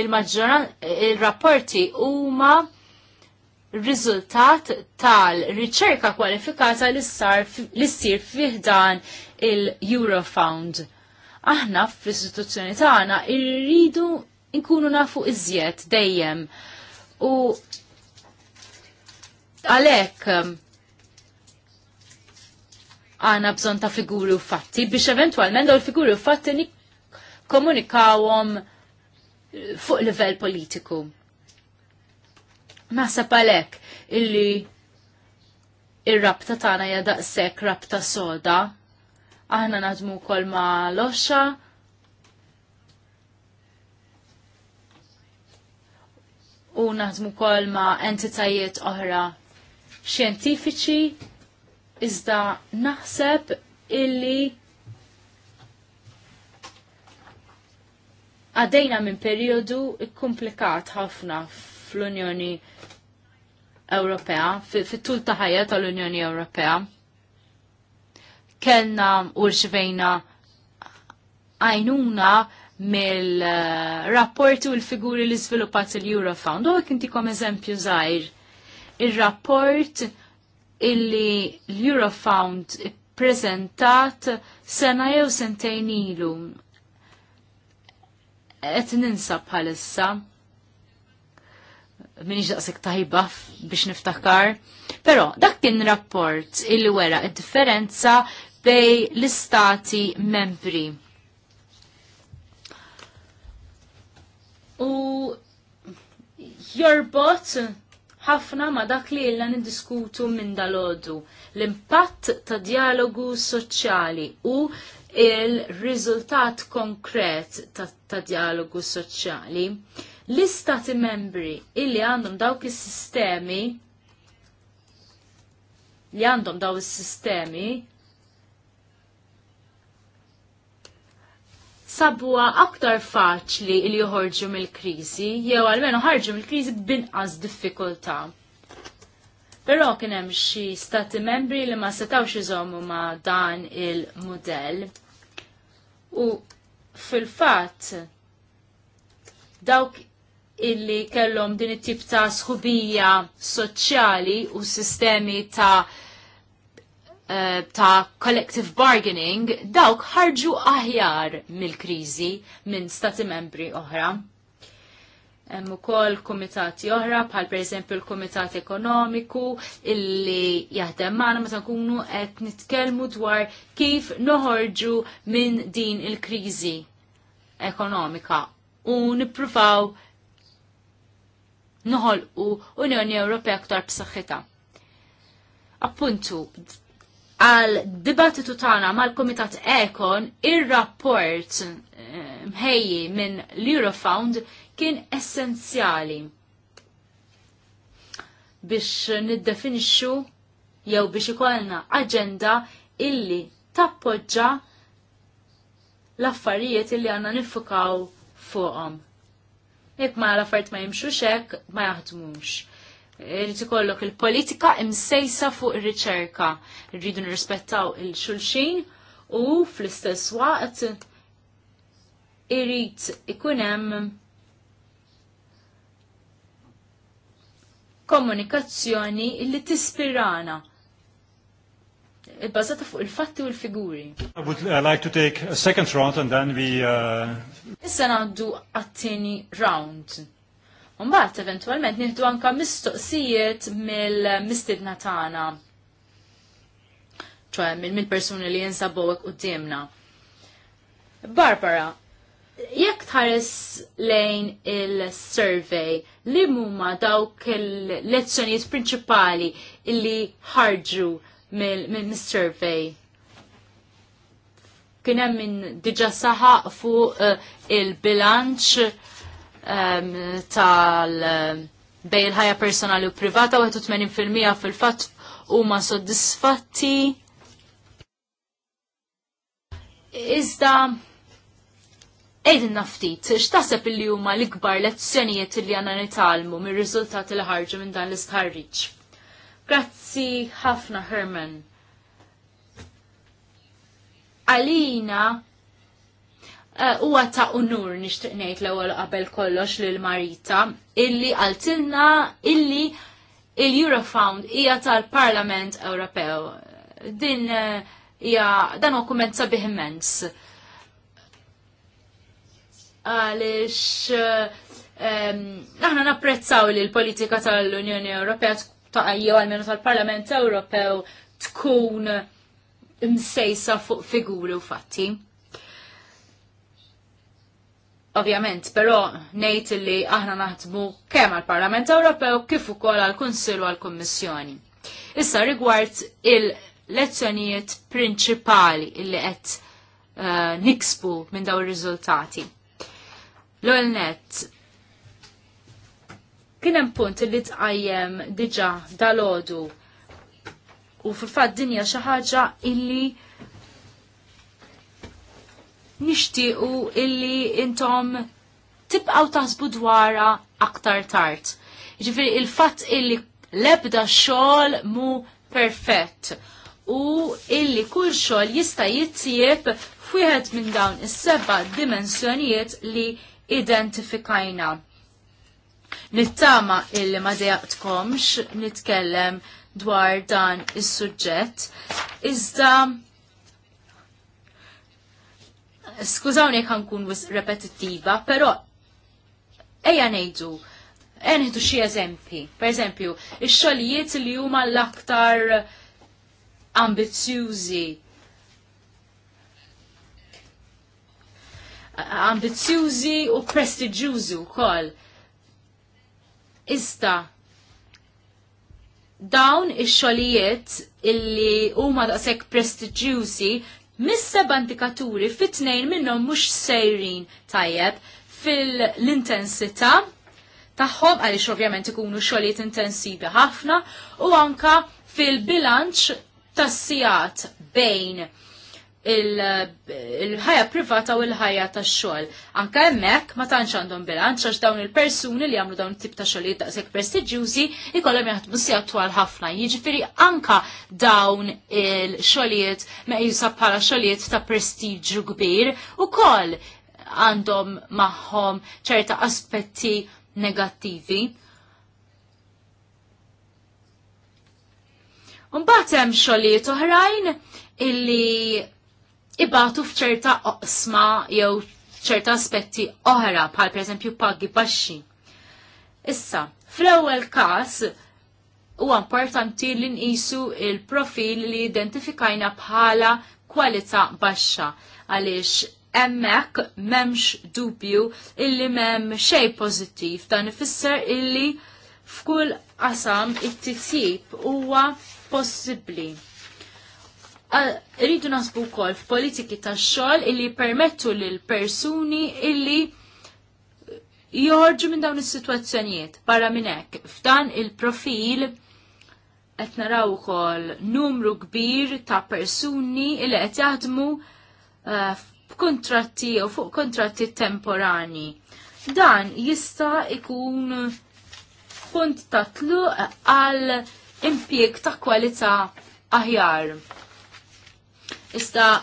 il-rapporti il huma riżultat tal-riċerka kwalifikata li sar li ssir fiħdan il-Eurofound. Aħna fl-istituzzjoni tagħna irridu nkunu nafu iżjed dejjem. U għalhekk um, għana bżon ta' figuri u fatti biex eventualment daw il-figuri u fatti komunikawom uh, fuq livell politiku. Naħseb għalhekk illi il rabta tana tagħna hija daqshekk rabta soda. Aħna naħdmu wkoll ma' loxa. U naħdmu wkoll ma' entitajiet oħra xjentifiċi iżda naħseb illi għadejna minn periodu ikkumplikat ħafna fl-Unjoni Ewropea, fit-tul ta' ħajja tal-Unjoni Ewropea. Kellna u rċivejna għajnuna mill-rapport u l-figuri li sviluppat il-Eurofound. U għek intikom eżempju zaħir. Il-rapport illi l-Eurofound prezentat sena jew sentejn ilu. Et ninsa bħalissa minix daqsik tajba biex niftakar. Pero dak kien rapport illi wera id-differenza bej l-istati membri. U jorbot ħafna ma dak li illa niddiskutu minn dalodu l-impatt ta' dialogu soċjali u il-riżultat konkret ta', ta dialogu soċjali l-istati membri illi għandhom dawk is-sistemi li għandhom daw is-sistemi sabuha aktar faċli li joħorġu mill-kriżi jew għalmenu ħarġu mill-kriżi b'inqas diffikultà. Però kien hemm xi stati membri li ma setgħux iżommu ma' dan il-mudell. U fil-fatt dawk illi kellhom din it-tip ta' sħubija soċjali u sistemi ta' eh, ta' collective bargaining, dawk ħarġu aħjar mill-kriżi minn stati membri oħra. Hemm ukoll kumitati oħra bħal pereżempju l-Kumitat Ekonomiku illi jaħdem magħna meta nkunu qed nitkellmu dwar kif noħorġu minn din il-kriżi ekonomika u nippruvaw u Unjoni Ewropea aktar b'saħħitha. Appuntu, għal dibattitu tagħna mal-Kumitat Ekon ir-rapport eh, mħejji minn l-Eurofound kien essenzjali biex niddefinixxu jew biex ikollna aġenda illi tappoġġa l-affarijiet illi għanna nifukaw fuqhom jekk ma l-affert ma jimxux hekk ma jaħdmux. Irid ikollok il-politika imsejsa fuq ir-riċerka. Irridu nirrispettaw il-xulxin u fl-istess waqt irrid ikun hemm komunikazzjoni li tispirana il bbażata fuq il-fatti u l-figuri. I would uh, like to take a second round and then we... Uh, Issa naħdu għattini round. Mbagħad eventwalment nieħdu anka mistoqsijiet mill-mistidna tagħna. ċoħe mill-persuni li jinsabowek u d Barbara, jekk tħares lejn il-survey li mumma dawk il-lezzjonijiet prinċipali illi ħarġu mill-survey. Kien hemm min diġà saħaq fuq eh, il-bilanċ ehm, tal eh, bej il-ħajja personali u privata 81% fil-fatt huma soddisfatti. Iżda Edin naftit, x'taħseb li huma l-ikbar lezzjonijiet li għana nitalmu mir-riżultati li ħarġu minn dan l-istħarriġ? Grazzi ħafna Herman. Alina eh, huwa uh, ta' unur nixtieq ngħid l-ewwel qabel kollox lil Marita illi għaltilna illi il-Eurofound hija tal-Parlament Ewropew. Din eh, hija uh, dan dokument sabiħ immens. Għaliex uh, um, aħna napprezzaw li l-politika tal-Unjoni Ewropea jew għalmenu tal-Parlament Ewropew tkun msejsa fuq figuri u fatti. Ovvjament, però nejt li aħna naħdmu kemm għal-Parlament Ewropew kif ukoll għal-Kunsill u għal-Kummissjoni. Issa rigward il-lezzjonijiet prinċipali li qed uh, niksbu minn daw ir-riżultati. L-għolnet, Kien hemm punt li tqajjem diġà dalodu u fil-fatt dinja xi ħaġa illi nixtiequ illi intom tibqaw taħsbu dwara aktar tard. Jiġifieri il-fatt illi lebda xogħol mu perfett u illi kull xogħol jista' jittieb f'wieħed minn dawn is-seba' dimensjonijiet li identifikajna. Nittama illi ma dejaqtkomx nitkellem dwar dan is-suġġett. Iżda skużawni jekk nkun repetittiva, però ejja ngħidu Enħitu xie eżempi. Per eżempju, ix-xogħlijiet li huma l-aktar ambizzjużi. Ambizzjużi u prestiġjużi wkoll. Iżda dawn il-xolijiet illi huma daqshekk prestiġjużi mis-seba' indikaturi fit-tnejn minnhom mhux sejrin tajjeb fil-intensità tagħhom għaliex ovvjament ikunu xogħlijiet intensivi ħafna u anka fil-bilanċ tas-sigħat bejn il-ħajja privata u l-ħajja tax-xogħol. Anke hemmhekk ma tantx għandhom bilanċ għax dawn il-persuni li jagħmlu dawn tip ta' li daqshekk prestiġjużi ikollhom jaħdmu si twal ħafna. Jiġifieri anka dawn il-xogħlijiet meqjusa bħala xogħlijiet ta' prestiġju kbir ukoll għandhom magħhom ċerta aspetti negattivi. Unbat hemm xogħlijiet oħrajn illi ibatu fċerta oqsma jew ċerta aspetti oħra bħal pereżempju paggi baxxi. Issa, fl-ewwel każ huwa importanti li nqisu il-profil li identifikajna bħala kwalità baxxa għaliex emmek memx dubju illi mem xej pozittiv dan ifisser illi f'kull qasam it-titjib huwa possibbli rridu nasbu wkoll f'politiki tax-xogħol illi permettu lill persuni illi jorġu minn dawn is-sitwazzjonijiet barra minn hekk f'dan il-profil qed naraw ukoll numru kbir ta' persuni illi qed jaħdmu uh, f'kuntratti u fuq kontratti temporani. Dan jista' ikun punt ta' tluq għal impjieg ta' kwalità aħjar. Iżda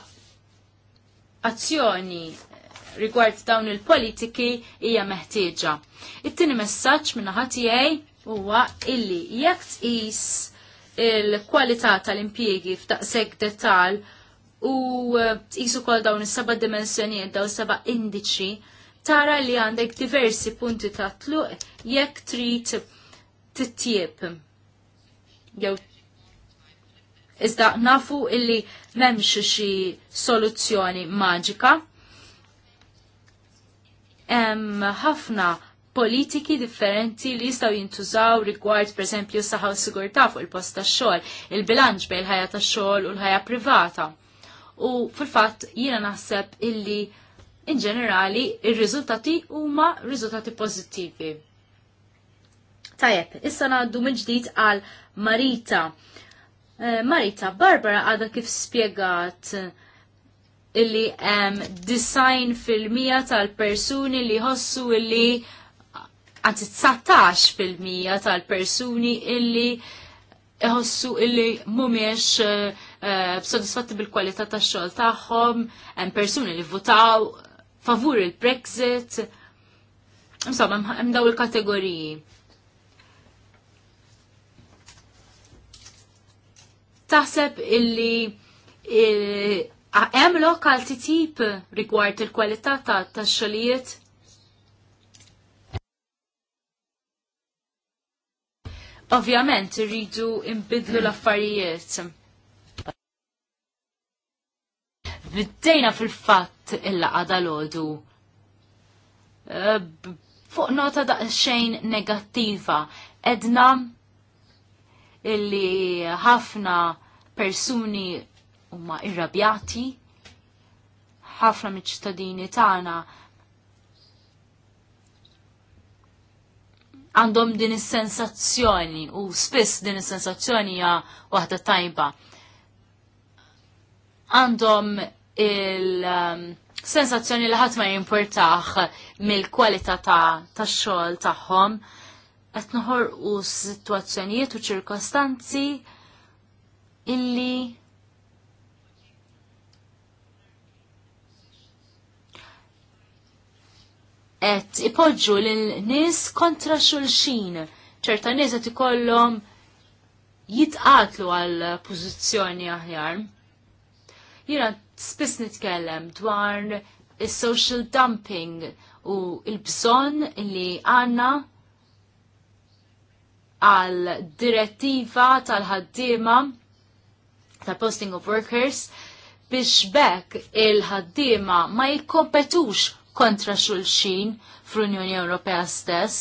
azzjoni rigward dawn il-politiki hija meħtieġa. It-tieni messaġġ minn tiegħi huwa illi jekk tqis il-kwalità tal-impjiegi f'daqshekk detal u tqis ukoll dawn is-seba' dimensjonijiet daw seba' indiċi, tara li għandek diversi punti ta' tluq jekk trid tittieb. Jew iżda nafu illi memx xi soluzzjoni maġika. Hemm ħafna politiki differenti li jistaw jintużaw rigward per esempio saħaw sigurta fuq il-post ta' xogħol, il-bilanċ bejn il-ħajja ta' xogħol u l-ħajja privata. U fil-fatt jiena naħseb illi in ġenerali ir-riżultati huma riżultati pożittivi. Tajjeb, issa ngħaddu mill-ġdid għal Marita Eh, Marita Barbara għadha kif spiegat eh, illi hemm design fil-mija tal-persuni li ħossu illi għanzi 19 fil-mija tal-persuni illi iħossu illi mumiex uh, b'sodisfatti bil-kwalità tax-xogħol tagħhom, hemm persuni li votaw favur il-Brexit. Insomma, hemm daw il-kategoriji. taħseb illi eh, hemm lokal tip rigward il-kwalità tax-xogħlijiet? Ovvjament irridu imbidlu l-affarijiet. Biddejna fil-fatt il-laqa l ħodu eh, fuq nota daqsxejn negattiva edna illi ħafna persuni huma irrabjati, ħafna miċ-ċittadini tagħna għandhom din is-sensazzjoni u spiss din is-sensazzjoni hija waħda tajba. Għandhom il-sensazzjoni li ħadd ma jimpurtaħ mill-kwalità ta' tax-xogħol tagħhom. Ta qed noħorqu sitwazzjonijiet u ċirkostanzi illi qed ipoġġu lil nies kontra xulxin. ċerta nies qed ikollhom jitqatlu għal pożizzjoni aħjar. Jiena spiss nitkellem dwar is-social dumping u l-bżonn li għandna għal direttiva tal-ħaddiema tal-posting of workers biex bekk il-ħaddiema ma jikkompetux kontra xulxin fl-Unjoni Ewropea stess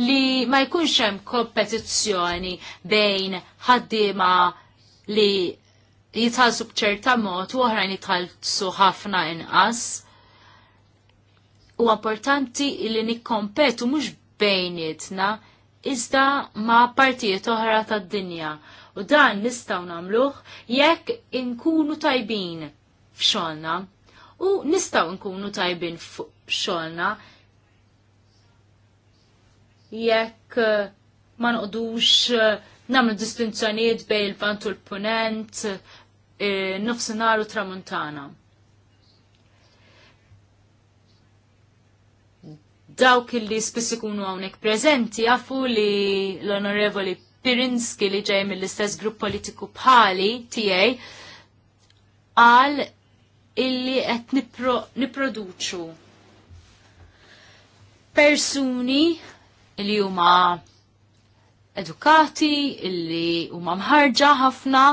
li ma jkunx hemm kompetizzjoni bejn ħaddiema li jitħallsu b'ċerta mod u oħrajn jitħallsu ħafna inqas. U importanti li nikkompetu mhux bejnietna, iżda ma' partijiet oħra tad-dinja u dan nistgħu nagħmluh jekk inkunu tajbin f'xogħolna u nistgħu nkunu tajbin f'xogħolna jekk eh, ma noqdux eh, nagħmlu distinzjonijiet bejn il-vant u l-punent, eh, nofsinhar u tramuntana. dawk illi spiss ikunu hawnhekk preżenti jafu li l-Onorevoli Pirinski li ġej mill-istess grupp politiku bħali tiegħi qal illi qed nipproduċu niproduċu persuni li huma edukati, illi huma mħarġa ħafna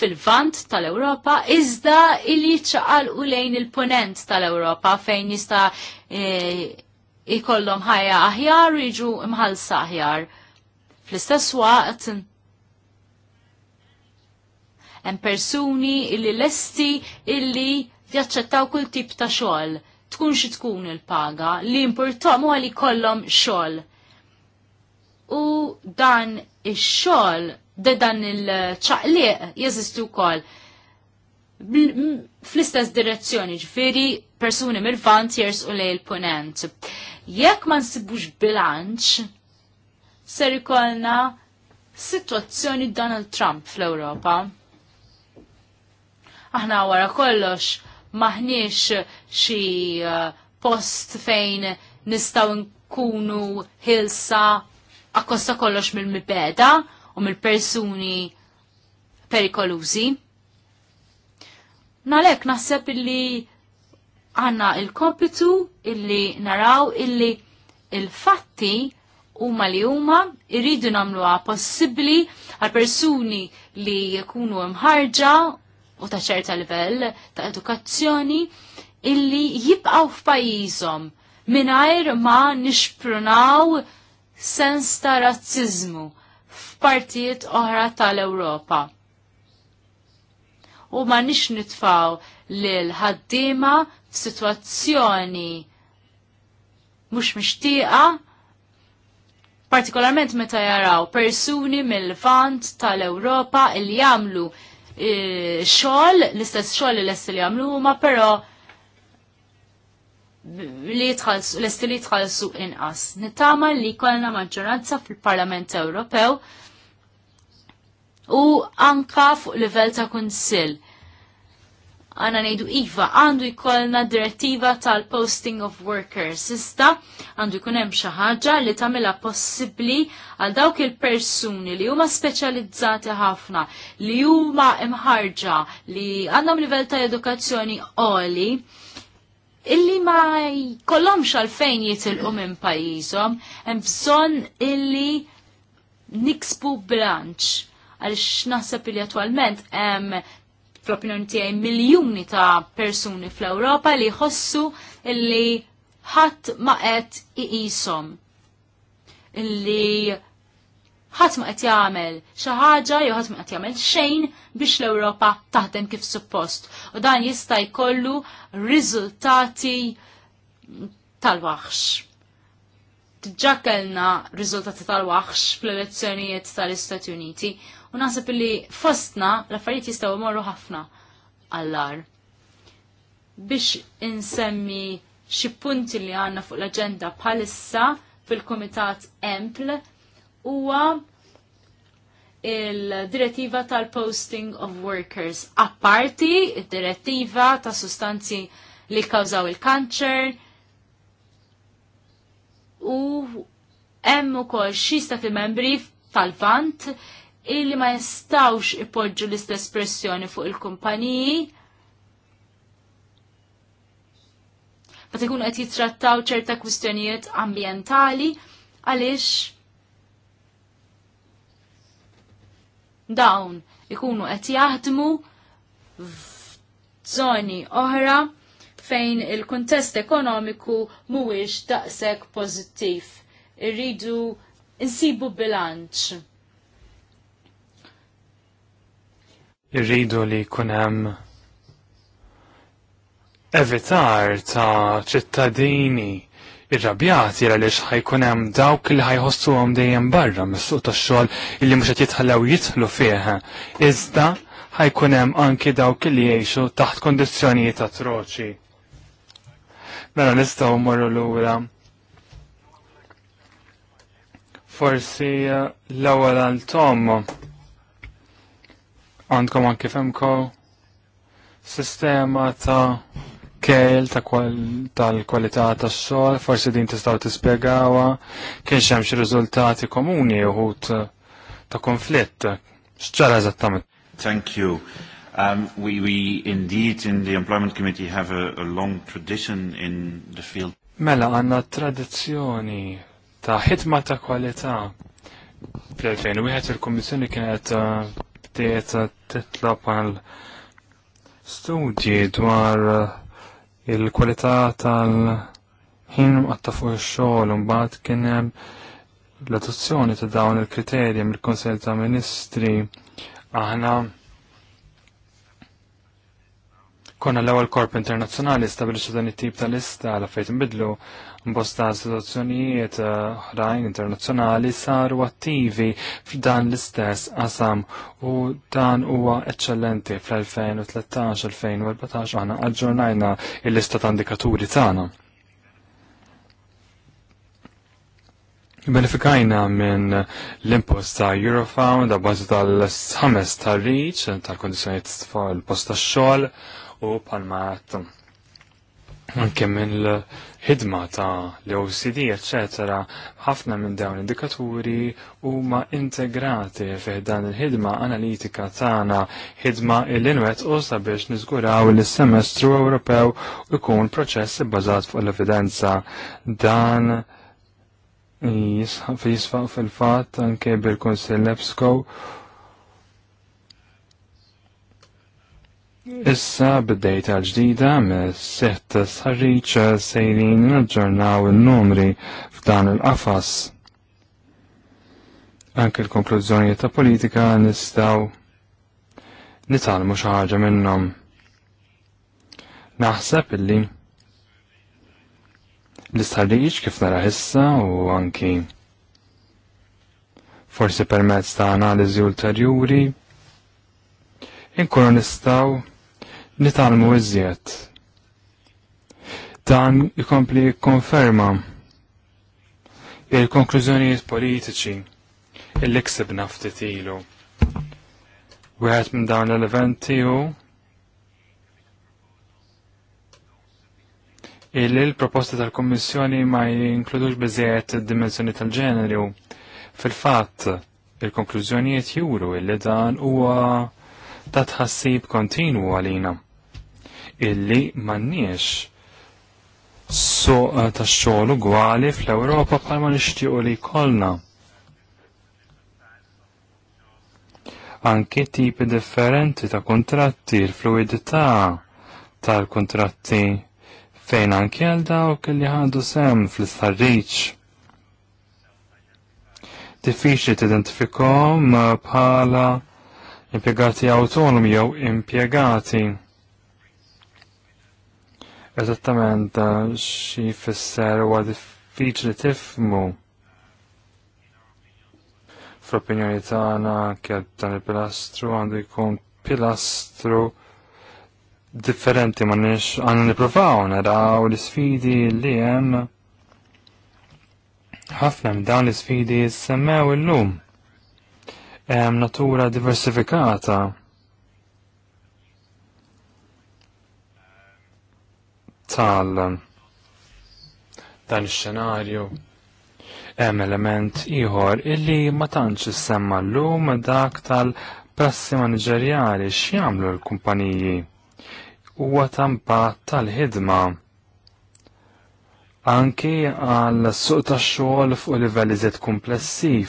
fil-vant tal-Ewropa, iżda illi ċaqal u lejn il-ponent tal-Ewropa fejn jista' e, ikollhom ħajja aħjar u jiġu imħalsa aħjar. Fl-istess waqt hemm persuni illi lesti illi jaċċettaw kull tip ta' xogħol. Tkun xi tkun il-paga li importom huwa li kollhom xogħol. U dan ix-xogħol de dan il-ċaqliq jeżistu wkoll fl-istess direzzjoni ġifieri persuni mill-vant u lej l punent Jekk ma nsibux bilanċ, ser ikolna situazzjoni Donald Trump fl-Ewropa. Aħna wara kollox maħniex xi uh, post fejn nistaw nkunu hilsa akkosta kollox mill-mibeda u mill-persuni perikolużi. Nalek naħseb li għanna il-kompitu illi naraw illi il-fatti huma li huma irridu nagħmluha possibbli għal persuni li jkunu imħarġa u ta' ċerta livell ta' edukazzjoni illi jibqgħu f'pajjiżhom mingħajr ma nixprunaw sens ta' razziżmu f'partijiet oħra tal-Ewropa. U ma nix nitfaw lil ħaddiema situazzjoni mhux mixtieqa partikolarment meta jaraw persuni mill-vant tal-Ewropa li jagħmlu e, xogħol, l-istess xogħol li lest li jagħmlu huma, però l-esti li jitħalsu inqas. Nittama li kolna maġġoranza fil-Parlament Ewropew u anka fuq livell ta' kunsil għana nejdu iva għandu jkollna direttiva tal-posting of workers. Ista għandu jkun hemm xi ħaġa li tagħmilha possibbli għal dawk il-persuni li huma speċjalizzati ħafna, li huma imħarġa, li għandhom livell ta' edukazzjoni għoli, illi ma jkollhomx għalfejn jitilqu minn pajjiżhom, hemm bżonn illi niksbu branch għalix naħseb li attualment hemm fl-opinjoni tiegħi miljuni ta' persuni fl-Ewropa li jħossu li ħadd ma qed iqishom. Illi ħadd ma qed jagħmel xi ħaġa jew ħadd ma qed jagħmel xejn biex l-Ewropa taħdem kif suppost. U dan jista' jkollu riżultati tal-waħx. Tġakkelna riżultati tal-waħx fl-elezzjonijiet tal-Istati Uniti u naħseb li fostna l-affarijiet jistgħu jmorru ħafna għallar. Biex insemmi xi punti li għandna fuq l-aġenda bħalissa fil-Kumitat Empl huwa il-direttiva tal-posting of workers, apparti il-direttiva ta' sustanzi li kawżaw il-kanċer u hemm ukoll xi stati membri tal-vant illi ma jistawx ipoġġu l-istess pressjoni fuq il-kumpaniji meta jkunu qed jittrattaw ċerta kwistjonijiet ambjentali għaliex dawn ikunu qed jaħdmu f'żoni oħra fejn il-kuntest ekonomiku mhuwiex daqshekk pożittiv. Irridu insibu bilanċ. irridu li kunem evitar ta' ċittadini irrabjati għal lix ħajkun hemm dawk li ħajħossu għom dejjem barra mis-suq ta' xogħol illi mhux qed jitħallew fieħa. fih. Iżda ħajkun hemm anki dawk li jgħixu taħt kondizjonijiet atroċi. Mela nistgħu l lura. Forsi eh, l-ewwel għal Tom għandkom anki femko sistema ta' kejl ta' tal-kwalità ta' xogħol, forsi din tistgħu tispjegawha kienx hemm xi riżultati komuni uħut ta' konflitt. X'ċara eżattament? Thank you. Um, we, we indeed in the Employment Committee have a, a long tradition in the field. Mela għanna tradizzjoni ta' ħidma ta' kwalità. Fl-2001 il-Kommissjoni kienet uh, bdiet titlob għal studji dwar eh, il-kwalità tal-ħin għatta fuq ix-xogħol u mbagħad kien hemm l-adozzjoni ta' dawn il-kriterji mill-Konsell ta' Ministri aħna Konna l-ewwel korp internazzjonali stabilixxu dan it-tip ta' lista għal fejt inbidlu mbosta situazzjonijiet eh, ħrajn internazzjonali saru attivi f'dan l-istess qasam u dan huwa eċċellenti fl-2013-2014 aħna aġġornajna il-lista ta' indikaturi tagħna. Benefikajna minn l-impost ta' Eurofound, da' tal-ħames tal reach, tal-kondizjoniet tal posta ta' xol, ta u palmat anke minn l-ħidma ta' l-OCD, etc. ħafna minn dawn indikaturi huma integrati fih dan il-ħidma analitika tagħna ħidma il inwet u sabiex niżguraw li semestru Ewropew ikun proċess bbażat fuq l-evidenza dan jisfaq fil-fatt anke bil-Kunsill EBSCO Issa bidejta ġdida mis-seħt sħarriċ sejrin jirġornaw il-numri f'dan il-qafas. Anke l-konklużjoni ta' politika nistaw nitalmu xaħġa minnom. Naħseb illi l-istħarriċ kif nara issa u anki forsi permezz ta' analiżi ulterjuri inkunu nistaw nitalmu iżjed. Dan ikompli konferma il-konklużjonijiet politiċi il-li ksibna ftit ilu. Wieħed minn dawn l-eventi hu illi l-proposti tal-Kommissjoni ma jinkludux biżejjed id-dimensjoni tal-ġeneru. Fil-fatt, il-konklużjonijiet juru illi dan huwa ta' tħassib kontinu għalina illi manniex so, ta' xogħol għali fl-Ewropa bħalma nixtiequ li jkollna. Anke tipi differenti ta' kontratti, l-fluidità tal-kontratti fejn anke għal dawk li ħadu sem fl-istarriċ. Diffiċli t-identifikom bħala impjegati autonomi jew impjegati. Eżattament eh, xi fisser huwa diffiċli tifmu. Fl-opinjoni tagħna kien dan il-pilastru għandu jkun pilastru differenti ma nix għanna niprofaw naraw l isfidi li hemm. ħafna dawn l isfidi semmew illum hemm natura diversifikata tal dan ix-xenarju hemm element ieħor illi ma tantx issemma llum dak tal-prassi maniġerjali x'jagħmlu l-kumpaniji huwa tampa tal-ħidma anki għal suq tax-xogħol fuq livelli żied komplessiv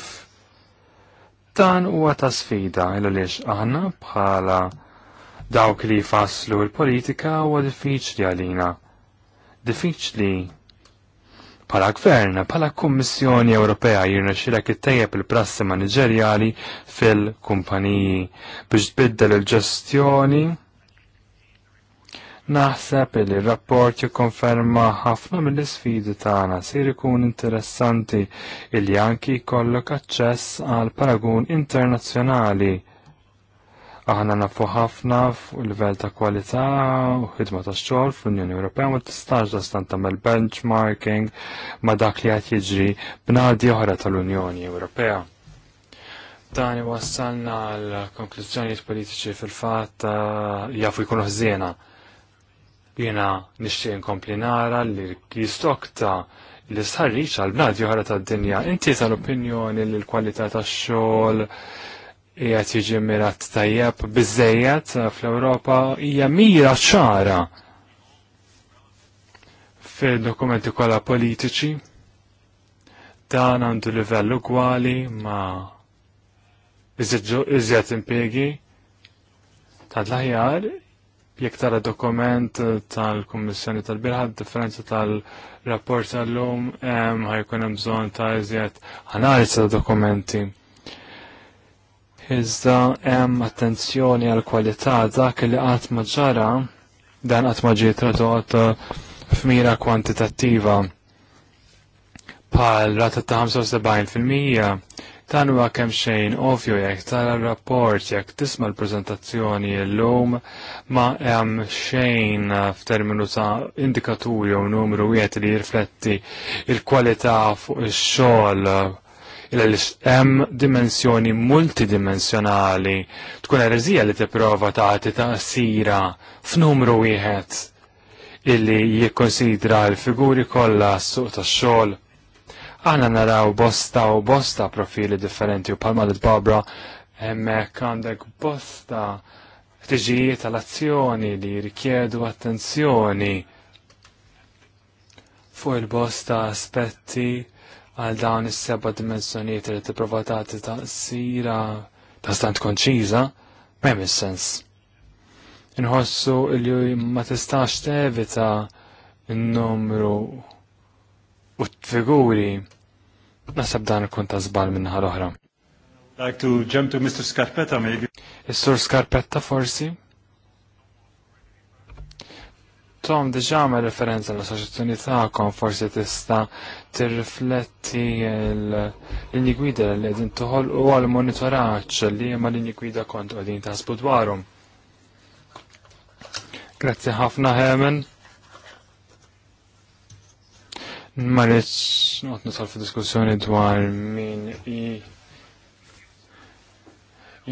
Dan huwa ta' sfida il għaliex aħna bħala dawk li jfasslu l-politika huwa diffiċli għalina. Diffiċli Pala gvern, pala Kummissjoni Ewropea jirnexxilek ittejjeb il-prassi maniġerjali fil-kumpaniji biex tbiddel il-ġestjoni Naħseb li rapport jikkonferma ħafna mill-isfidi tagħna sir ikun interessanti illi anki jkollok aċċess għal paragun internazzjonali. Aħna nafu ħafna f'livell ta' kwalità u ħidma ta' xogħol fl-Unjoni Ewropea ma tistax dastan tagħmel benchmarking ma' dak li qed jiġri b'nadi oħra tal-Unjoni Ewropea. Dan wassalna għal konklużjonijiet politiċi fil-fatt eh, jafu jkunu ħżiena Jena nixtieq inkompli nara li jistok ta' l-isħarriċ għal bnad oħra ta' dinja Inti tal-opinjoni li l-kwalità tax-xogħol qiegħed jiġi mirat tajjeb biżejjed fl-Ewropa hija mira ċara fil-dokumenti kollha politiċi dan għandu livell ugwali ma' iżjed impjegi tal-aħjar jekk tara dokument tal-Kummissjoni tal birħad differenza tal-rapport tal-lum, ħajkun hemm bżonn ta' iżjed analiz tal dokumenti. Iżda hemm attenzjoni għal kwalità dak li qatt ma ġara dan qatt ma ġie tradot f'mira kwantitattiva bħal rata ta' 75% Dan huwa kemm xejn ovvju jekk tara rapport jekk tisma' l-preżentazzjoni llum ma hemm xejn f'terminu ta' indikaturi u numru wieħed li jirfletti il-kwalità fuq ix-xogħol il-għalix hemm dimensjoni multidimensjonali tkun erżija li tipprova tagħti taqsira f'numru wieħed illi jikkonsidra l-figuri kollha s-suq tax-xogħol Aħna naraw bosta u bosta profili differenti u palma dit Barbara hemmhekk għandek bosta ħtiġijiet tal-azzjoni li rikjedu attenzjoni fuq il-bosta aspetti għal dawn is-seba' dimensjoniet li tipprova tagħti taqsira ta' stant konċiża m'hemm sens Inħossu li ma tistax tevita n-numru u t-figuri nasab dan kun ta' żball minnaħa l-oħra. Like to jump to Mr. Scarpetta maybe. Is-Sur Scarpetta forsi? Tom, diġa għamil referenza l-assoċazzjoni ta'kom forsi tista tirrifletti l-linji gwida li għedin toħol u għal-monitoraċ li ma l-linji gwida kont għedin ta' dwarum. Grazzi ħafna, Hemen. Ma rridx noqgħod nisal fi diskussjoni dwar min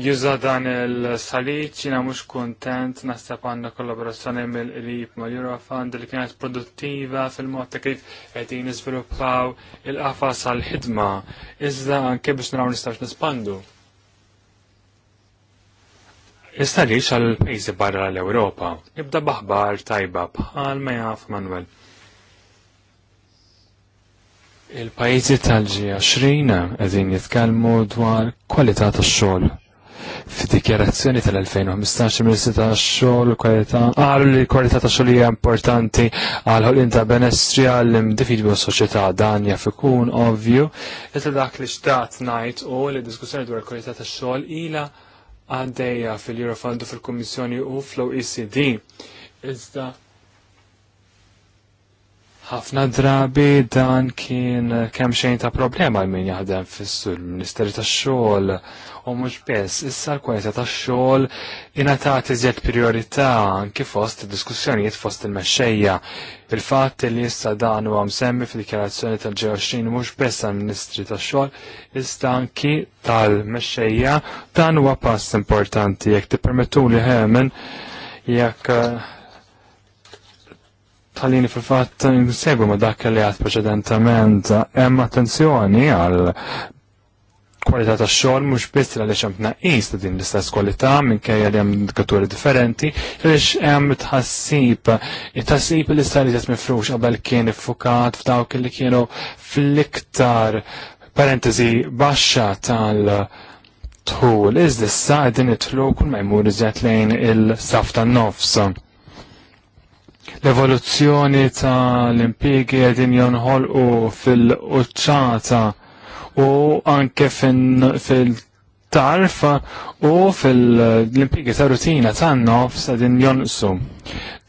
juża dan il-salit, jiena mhux kuntent naħseb għandna kollaborazzjoni mill-qrib mal Eurofund li kienet produttiva fil-mod ta' kif qegħdin niżviluppaw il-qafas għall-ħidma, iżda anke biex naraw nistax nispandu. Istarix għal pejzi barra l-Europa, ibda baħbar tajba bħal ma jaf Manuel. Il-pajizi tal-G20 għedin jitkalmu dwar kwalità tax-xogħol. Fid-dikjarazzjoni tal-2015 Ministru ta' xogħol kwalità qalu li l-kwalità tax-xogħol hija importanti għal ħolin ta' benestri għal individwi soċjetà dan jaf ikun ovvju. Iżda dak li xtaqt ngħid u li diskussjoni dwar kwalità tax-xogħol ilha għaddejja fil-Eurofund fil-Kummissjoni u fl-OECD. Iżda ħafna drabi dan kien kemm xejn ta' problema għal min jaħdem fis-sur Ministeri tax-xogħol u mhux biss issa l-kwalità tax-xogħol ingħatat iżjed priorità anke fost id-diskussjonijiet fost il-mexxejja. Il-fatt li issa dan huwa msemmi fil-dikjarazzjoni tal-G20 mhux biss għall-Ministri tax-xogħol issa anki tal-mexxejja dan huwa pass importanti jekk tippermettuli ħemen jekk Għalini fil-fat segwi ma dak li għat preċedentament, hemm attenzjoni għal kwalità ta' xogħol mhux biss li hemm tnaqqis ta' din l-istess kwalità minkejja li hemm indikaturi differenti, għaliex hemm tħassib, it-tħassib li sta li mifrux qabel kien iffukat f'dawk li kienu fl-iktar parentesi baxxa tal- tħul, iżda din qegħdin tlu kull ma jmur iżjed lejn il-saf tan-nofs. L-evoluzzjoni ta' l-impiegi għedin u fil-uċċata u anke fil-tarf u fil-impiegi ta' rutina ta' nofs għedin jonqsu.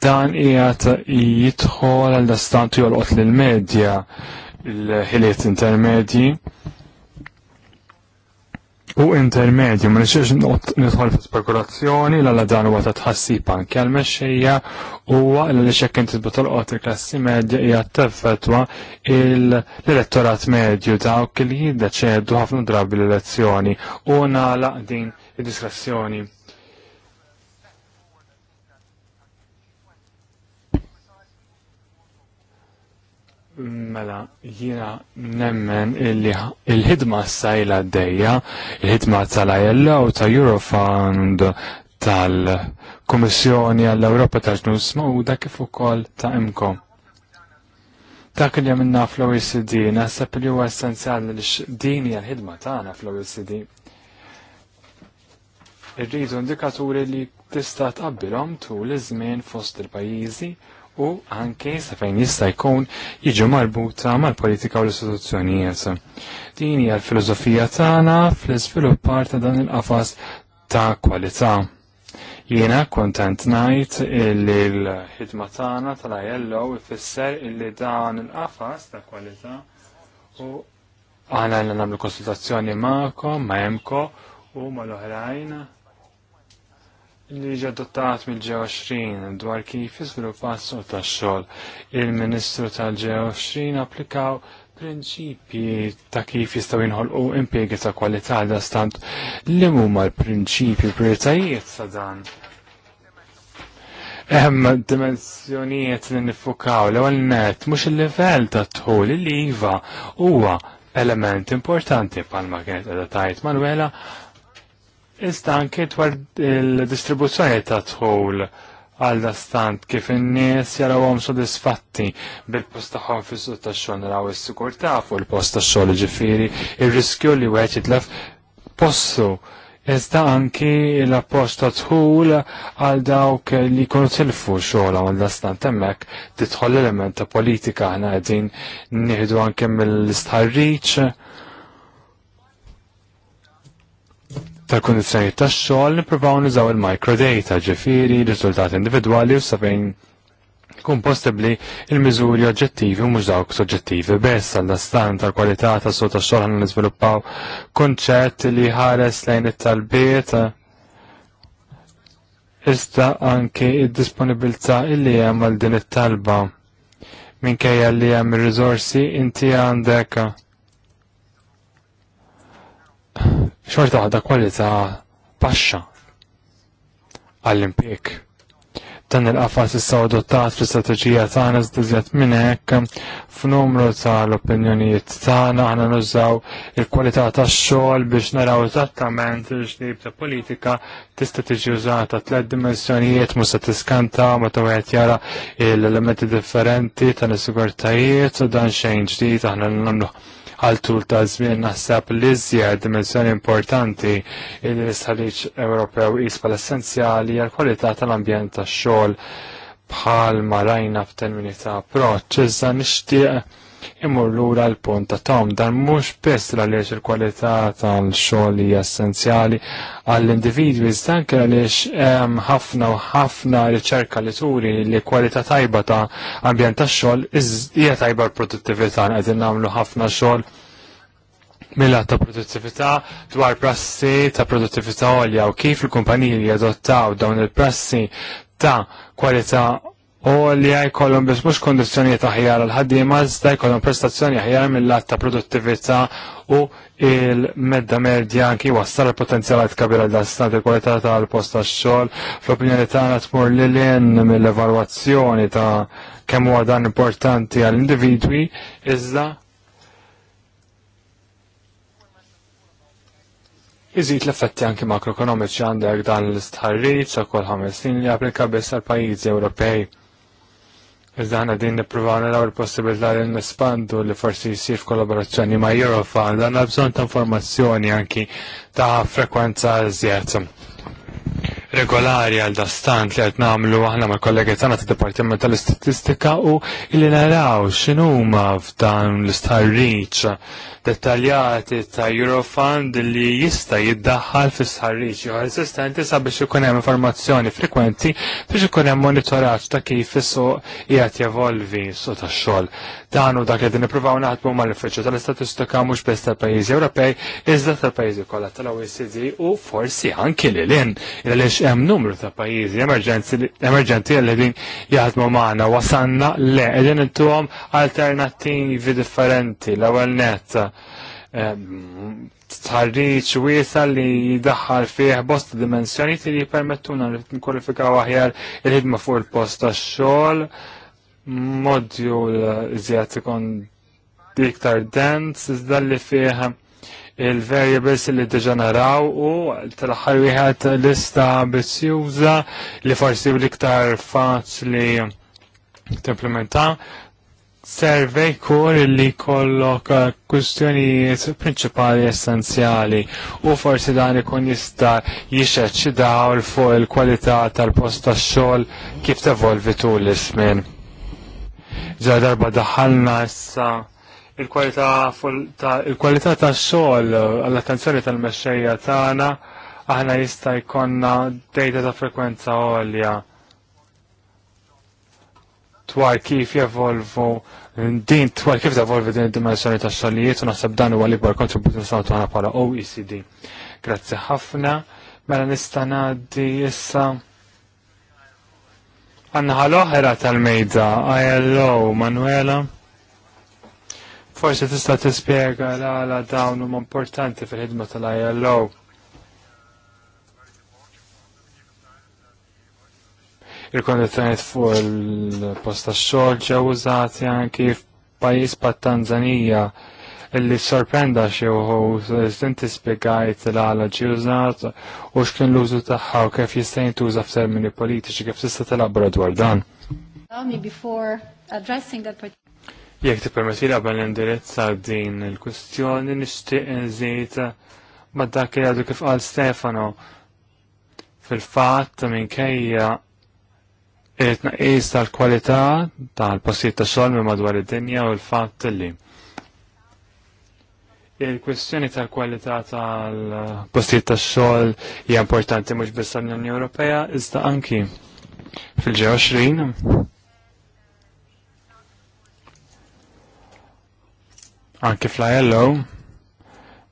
Dan ijat jitħol għal-dastantu jolqot l-medja il-ħiliet intermedji u intermedju, ma nixiex nidħol fi spekulazzjoni l dan huwa ta' tħassib anke għal mexxejja huwa li xekk inti tolqot il-klassi medja hija teffetwa l-elettorat medju dawk li jiddeċedu ħafna drabi l-elezzjoni u nagħlaq din id-diskrazzjoni. Mela, jiena nemmen il-ħidma s-sajla d-dejja, il-ħidma tal-ILO, ta' Eurofund, tal-Komissjoni għall-Europa tal-ġnus mawda kif ukoll ta' imkom. Dak li għamilna fl-OECD, naħseb li huwa essenzjali li din hija l-ħidma tagħna fl-OECD. Irridu indikaturi li tista' tqabbilhom tul iż-żmien fost il-pajjiżi u anke sa fejn jista' jkun jiġu marbuta mal-politika u l-istituzzjonijiet. Din hija l-filosofija tagħna fl-iżviluppar ta' dan il-qafas ta' kwalità. Jiena kontent ngħid li l-ħidma tagħna tal-ajello ifisser illi dan il-qafas ta' kwalità u għana l-namlu konsultazzjoni ma'kom, ma' jemko u ma' l-oħrajn li ġa adottat mill-G20 dwar kif iżviluppat s tax tax-xogħol. Il-Ministru tal-G20 applikaw prinċipji ta' kif jistgħu jinħolqu impjegi ta' kwalità da stant li huma l-prinċipji prioritajiet sa' dan. Hemm dimensjonijiet li nifukaw l-ewwel net mhux il-livell ta' tħul li iva huwa element importanti palma kienet qiegħda tajt Manuela Iżda anke dwar il-distribuzzjoni ta' tħol għal stant kif in-nies jarawhom sodisfatti bil-post tagħhom fis-suq tax-xogħol naraw is-sigurtà fuq il-post tax-xogħol ġifieri ir-riskju li wieħed jitlef postu Iżda anki l-appoġġ ta' tħul għal dawk li jkunu tilfu xogħol għal stant hemmhekk tidħol element ta' politika aħna qegħdin nieħdu anke mill-istħarriċ tal-kondizjoni tax-xogħol nippruvaw niżaw il-microdata, ġifieri, riżultati individwali u sabejn kun possibbli il-miżuri oġġettivi u mhux dawk soġġettivi biss għal stan tal-kwalità tas-sol tax-xogħol ħanna niżviluppaw kunċett li ħares lejn it-talbiet Ista anke id-disponibilità illi hemm għal din it-talba minkejja li hemm ir-riżorsi inti għandek xorta għadda kwalità baxxa għall-impjek. Dan il-qafas issa adottat fl-istrateġija tagħna żdiżjat minn hekk f'numru tal-opinjonijiet tagħna aħna nużaw il-kwalità tax-xogħol biex naraw il ġnib ta' politika tista' tiġi użata tliet dimensjonijiet mhux se tiskanta meta wieħed jara l-elementi differenti ta' sigurtajiet u dan xejn ġdid aħna nagħmlu għal tul ta' żmien naħseb li żjed dimensjoni importanti li l-istħalliġ Ewropew jisba l essenzjali għal kwalità tal-ambjent tax-xogħol bħal marajna f'termini ta' approċċ iżda nixtieq imur lura l-punt ta' tom dan mhux biss għaliex il-kwalità tal-xogħol hija essenzjali għall-individwi iżda anke għaliex ehm, ħafna u ħafna riċerka li turi li kwalità tajba ta' ambjent tax-xogħol hija tajba l-produttività għedin nagħmlu ħafna xogħol mela ta' produttività dwar prassi ta' produttività għolja u kif il-kumpaniji jadottaw dawn il-prassi ta' kwalità u li jkollhom biss mhux kondizzjonijiet aħjar għal ħaddiema iżda jkollhom prestazzjoni aħjar mill-att ta' produttività u il-medda medja anki wassar il-potenzjalat kabira da' stant il-kwalità tal l tax-xogħol fl-opinjoni tagħna tmur lilien mill-evalwazzjoni ta' kemm huwa dan importanti għall-individwi iżda Iżid l-effetti anki makroekonomiċi għandek dan l-istħarriċ sa' kol ħames snin li applika biss għal pajjiżi Ewropej Iżda ħana din nippruvaw naraw il-possibilità li nispandu li forsi jsir f'kollaborazzjoni ma' Eurofund, għandna bżonn ta' informazzjoni anki ta' frekwenza iżjed regolari għal dastant li għed namlu għahna ma' kollegi tagħna ta' Dipartiment tal-Istatistika u illi naraw x'inhuma f'dan l-istarriċ dettaljati ta' Eurofund li jista' jiddaħħal fis-sħarriġ jew resistenti sabiex ikun hemm informazzjoni frekwenti biex ikun hemm monitoraġġ ta' kif is-suq qiegħed jevolvi suq tax-xogħol. Dan u dak li din nippruvaw naħdmu mal-uffiċċju tal-istatistika mhux biss tal-pajjiżi Ewropej, iżda tal-pajjiżi kollha tal-OECD u forsi anki lil hinn għaliex hemm numru ta' pajjiżi emerġenti li din jaħdmu magħna wasanna le qegħdin intuhom alternattivi differenti l-ewwel net tħarri wiesa li daħħal fih bost dimensjoni li jipermettuna li nkwalifika aħjar il-ħidma fuq il-post ta' xogħol modju iżjed ikun iktar dens iżda li fih il-variables li deġeneraw u tal-aħħar wieħed lista ambizjuża li forsi l-iktar faċli t-implementa survey kor li kollok eh, kustjonijiet prinċipali essenzjali u forsi dan ikun jista' jixed xi dawl fuq il-kwalità tal-post tax-xogħol kif tevolvi tul ismin. Ġa darba daħalna issa il-kwalità il-kwalità tax-xogħol għall-attenzjoni tal-mexxejja tagħna aħna jista' jkollna dejta ta' frekwenza għolja dwar kif jevolvu din dwar kif jevolvu din id-dimensjoni ta' xogħlijiet u naħseb dan huwa l-ikbar kontribut nistgħu tagħna bħala OECD. Grazzi ħafna. Mela nista' ngħaddi issa għandna ħal-oħra tal-mejda ILO Manuela. Forsi tista' tispjega l-għala dawn huma importanti fil-ħidma tal-ILO il kondizjoniet fuq il-post tax-xogħol ġew użati anki f'pajjiż bat tanzanija illi sorprenda xi wħud inti spjegajt l-għala ġi użat u x'kien l-użu tagħha u kif jista' jintuża f'termini politiċi kif tista' telabra dwar dan. Jek ti permetti li għabel indirizza din il-kustjoni nishtiq nżid ma dak li għadu kif qal Stefano fil-fatt minn kejja tnaqis tal-kwalità tal-postijiet ta' xogħol minn madwar id-dinja u l-fatt li il-kwestjoni tal-kwalità tal-postijiet ta' xogħol hija importanti mhux biss tal-Unjoni Ewropea iżda anki fil-G20 anki fl-ILO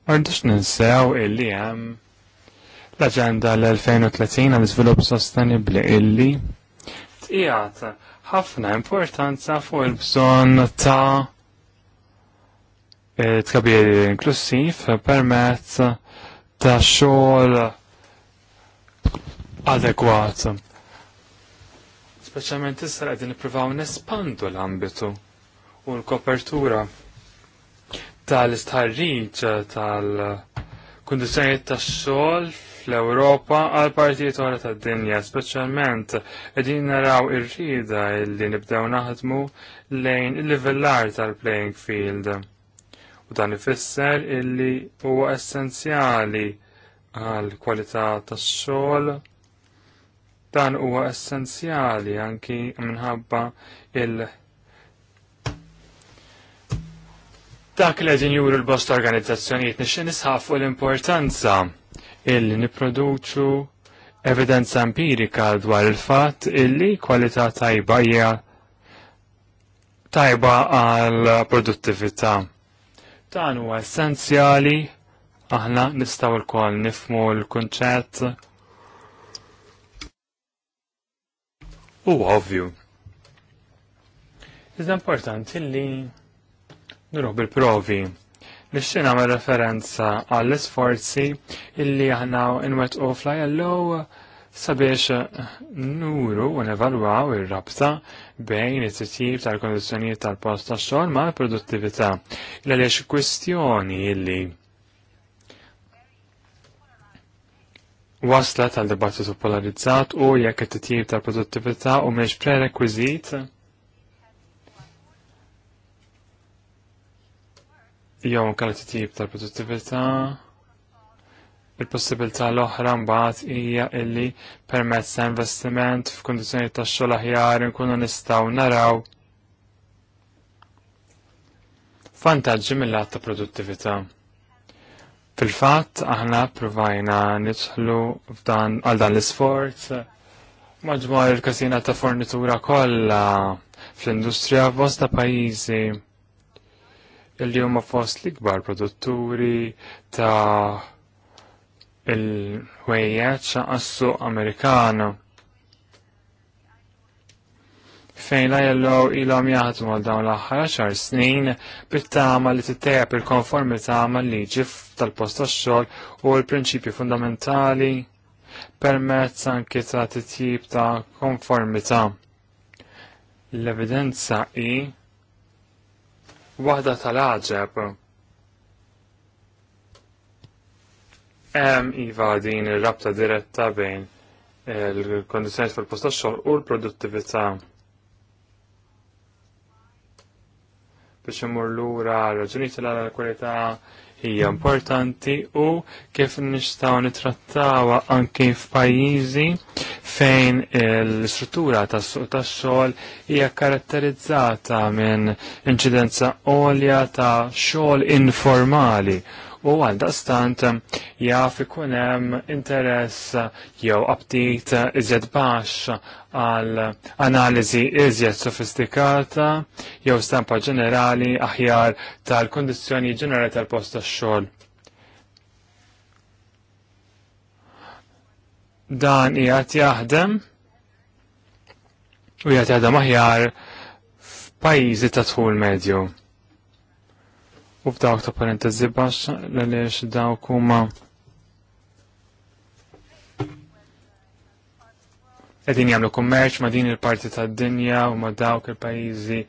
Għardux ninsew illi hemm l-Aġenda l-2030 għal-Iżvilupp Sostenibbli illi qiegħed ħafna importanza fuq il-bżonn ta' e, tkabir inklusiv permezz ta' xogħol adekwat. Speċjalment issa qegħdin nippruvaw nespandu l-ambitu u l-kopertura tal-istħarriġ tal-kundizzjonijiet tax-xogħol fl-Ewropa għal partijiet oħra tad-dinja, speċjalment qegħdin naraw ir-rida li nibdew naħdmu lejn il-livellar tal-playing field. U dan ifisser illi huwa essenzjali għal kwalità tax-xogħol dan huwa essenzjali anki minħabba il- dak li għedin juru l-bost organizzazzjoniet nixin nisħafu l-importanza illi niproduċu evidenza empirika dwar il-fatt illi kwalità tajba hija tajba għal produttività. Dan huwa essenzjali aħna nistgħu lkoll nifmu l-kunċett u ovvju. Iżda importanti li nruħ bil-provi biex nagħmel referenza għall isforzi illi aħna u fl-ILO sabiex eh, nuru u nevalwaw ir-rabta bejn it-titjib tal-kondizzjonijiet tal-post tax-xogħol ma' produttività. Il għaliex kwistjoni illi waslet għal dibattitu polarizzat u jekk it-titjib tal-produttività u mhix prerekwiżit jew anke tip tal-produttività. Il-possibilità l-oħra mbagħad hija illi permezz ta' investiment f'kundizzjoni tax-xogħol aħjar inkunu nistgħu naraw vantaġġi mill-att ta' produttività. Fil-fatt aħna provajna nidħlu f'dan għal dan l-isforz maġmor il-kasina ta' fornitura kollha fl-industrija bosta pajjiżi Illi huma fost l-ikbar produtturi ta' il-ħwejjeċ assu Amerikanu. Fejn la jellow ilhom jaħdmu għal dawn l-aħħar xar snin bit-tama li tittejjeb il-konformità mal-liġi tal-post tax-xogħol u l-prinċipji fundamentali permezz anke ta' titjib ta' konformità. L-evidenza hi waħda tal-ħagġeb. Hemm iva din ir-rabta diretta bejn il-kondizjoni eh, fil posta xogħol u l-produttività. Biex imur lura raġunijiet tal-kwalità hija importanti u kif nistgħu nitrattawha anke f'pajjiżi fejn l-istruttura tas-suq tax-xogħol hija karatterizzata minn inċidenza għolja ta' xogħol informali u għaldaqstant jaf ikun hemm interess jew aptit iżjed baxx għal analiżi iżjed sofistikata jew stampa ġenerali aħjar tal kondizjoni ġenerali tal posta xol. xogħol Dan qiegħed jaħdem u jgħat jaħdem aħjar f'pajjiżi ta' tħul medju u f'dawk ta' parentesi l għaliex dawk huma qegħdin jagħmlu kummerċ ma' din il-parti tad-dinja u ma' dawk il-pajjiżi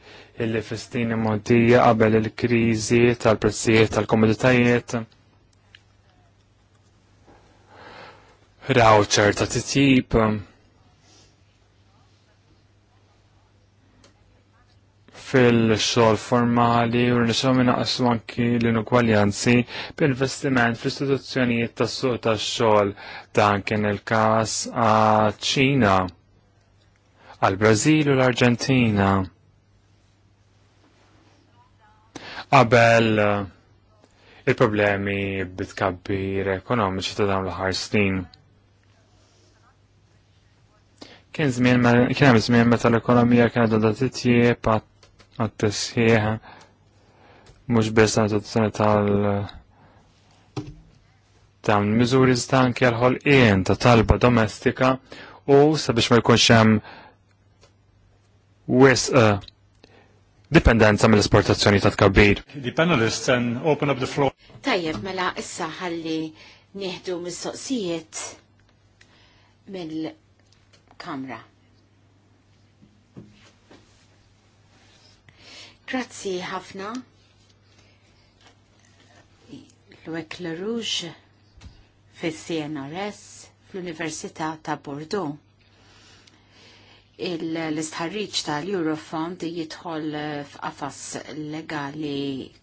illi fistini moddija qabel il-kriżi tal-prezzijiet tal-komoditajiet. Raw ċerta titjib. -tip. fil-xol formali u rnexaw minna qasmu anki l-inugwaljanzi bil-vestiment fil-istituzzjonijiet tas suq tax xol dan kien il-kas ċina għal-Brazil u l-Arġentina. Qabel eh, il-problemi bitkabbir ekonomiċi ta' dawn l-ħar snin kien żmien kien hemm meta l-ekonomija kienet għadha għat għat-tisħieħ mux bess għal tal- tam mizuri stanki għal ien ta' talba domestika u sabiex ma jkunx hemm wis eh, dipendenza mill-esportazzjoni ta' tkabbir. The panelists and open up the floor. Tajjeb mela issa ħalli nieħdu mistoqsijiet mill-kamra. Grazzi ħafna. Luek Rouge, fi cnrs fl-Università ta' Bordeaux. L-istħarriċ tal-Eurofond jidħol f'qafas legali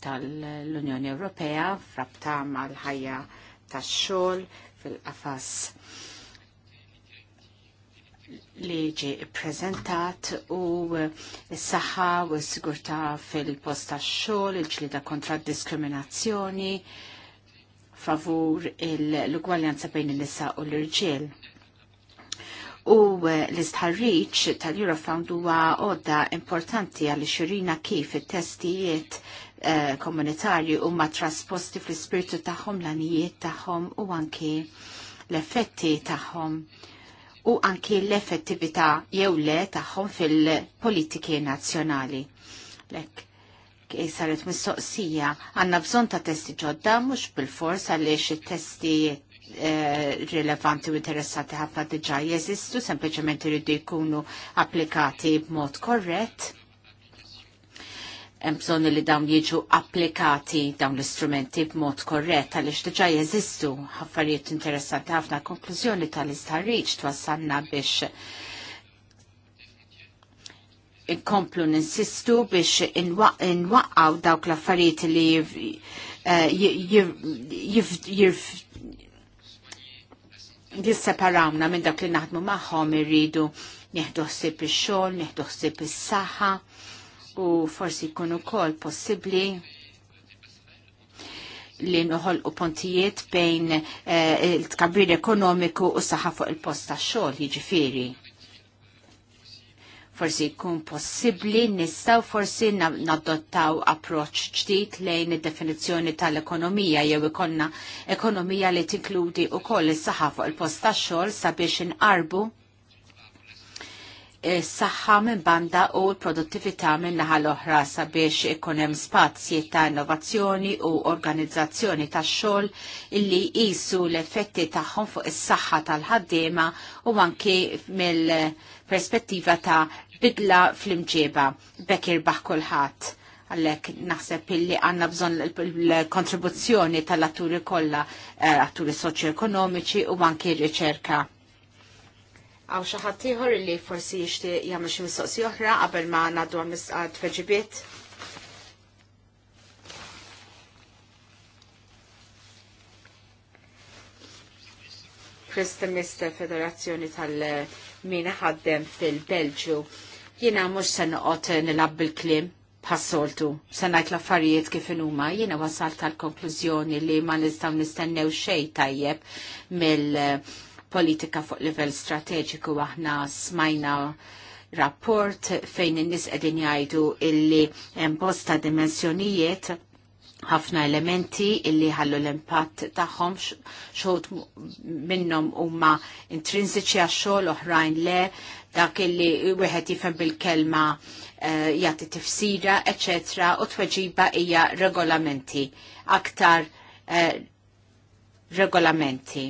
tal-Unjoni Ewropea f'rabta mal-ħajja tax-xogħol fil-qafas li ġi prezentat u s-saħħa u s-sigurta fil-posta xol, il-ġlida kontra diskriminazzjoni, favur l-ugwaljanza bejn il-nisa u l-irġiel. U eh, l-istħarriċ tal-Eurofound huwa għodda importanti għal xirina kif it-testijiet eh, komunitarji huma trasposti fl-ispirtu tagħhom, l-anijiet tagħhom u anki l-effetti tagħhom u anki l-effettività jew le tagħhom fil-politiki nazzjonali. Lek, saret mistoqsija, għanna bżon ta' testi ġodda, mux bil-fors għaliex il-testi eh, rilevanti u interessati ħafna diġa jeżistu, sempliciment irridu jkunu applikati b'mod korrett hemm bżonn li dawn jiġu applikati dawn l-istrumenti b'mod korrett għaliex diġà jeżistu affarijiet interessanti ħafna konklużjoni tal-istarriċ twassalna biex inkomplu ninsistu biex inwaqqaw dawk l-affarijiet li eh, jisseparawna minn dak li naħdmu magħhom irridu nieħdu ħsib ix-xogħol, nieħdu ħsib is-saħħa u forsi jkun ukoll possibbli li nħol u pontijiet bejn eh, il-tkabbir ekonomiku u saħħa fuq il posta ta' xogħol jiġifieri. Forsi jkun possibbli nistaw forsi nadottaw approċċ ġdid lejn id-definizzjoni tal-ekonomija jew ikonna ekonomija li tinkludi wkoll is-saħħa fuq il posta ta' xogħol sabiex inqarbu saħħa minn banda u l-produttività minn naħa l-oħra sabiex ikun hemm spazji ta' innovazzjoni u organizzazzjoni ta' xogħol illi jisu l-effetti tagħhom fuq is-saħħa tal-ħaddiema u anke mill-perspettiva ta' bidla fl-imġieba bekk irbaħ kulħadd għallek naħseb illi għanna bżon l-kontribuzzjoni tal-atturi kolla, eh, atturi soċjoekonomiċi u anki riċerka. Għaw xaħatiħor tiħor li forsi jishti jgħamil xie mistoqsi oħra qabel ma naddu għam misqad feġibiet. Krista Mista Federazzjoni tal-mina ħaddem fil-Belġu. Jina mux se nil nilab bil-klim passoltu, se għajt l-affarijiet kif inuma, Jina wasalt tal-konklużjoni li ma nistaw nistennew xej tajjeb mill- politika fuq livell strateġiku aħna smajna rapport fejn in-nies qegħdin jgħidu illi hemm bosta dimensjonijiet ħafna elementi illi ħallu l-impatt tagħhom xogħod minnhom huma intrinsiċi għax-xogħol oħrajn le dak illi wieħed jifhem bil-kelma eh, jagħti tifsira, eċetera, u tweġiba hija regolamenti, aktar eh, regolamenti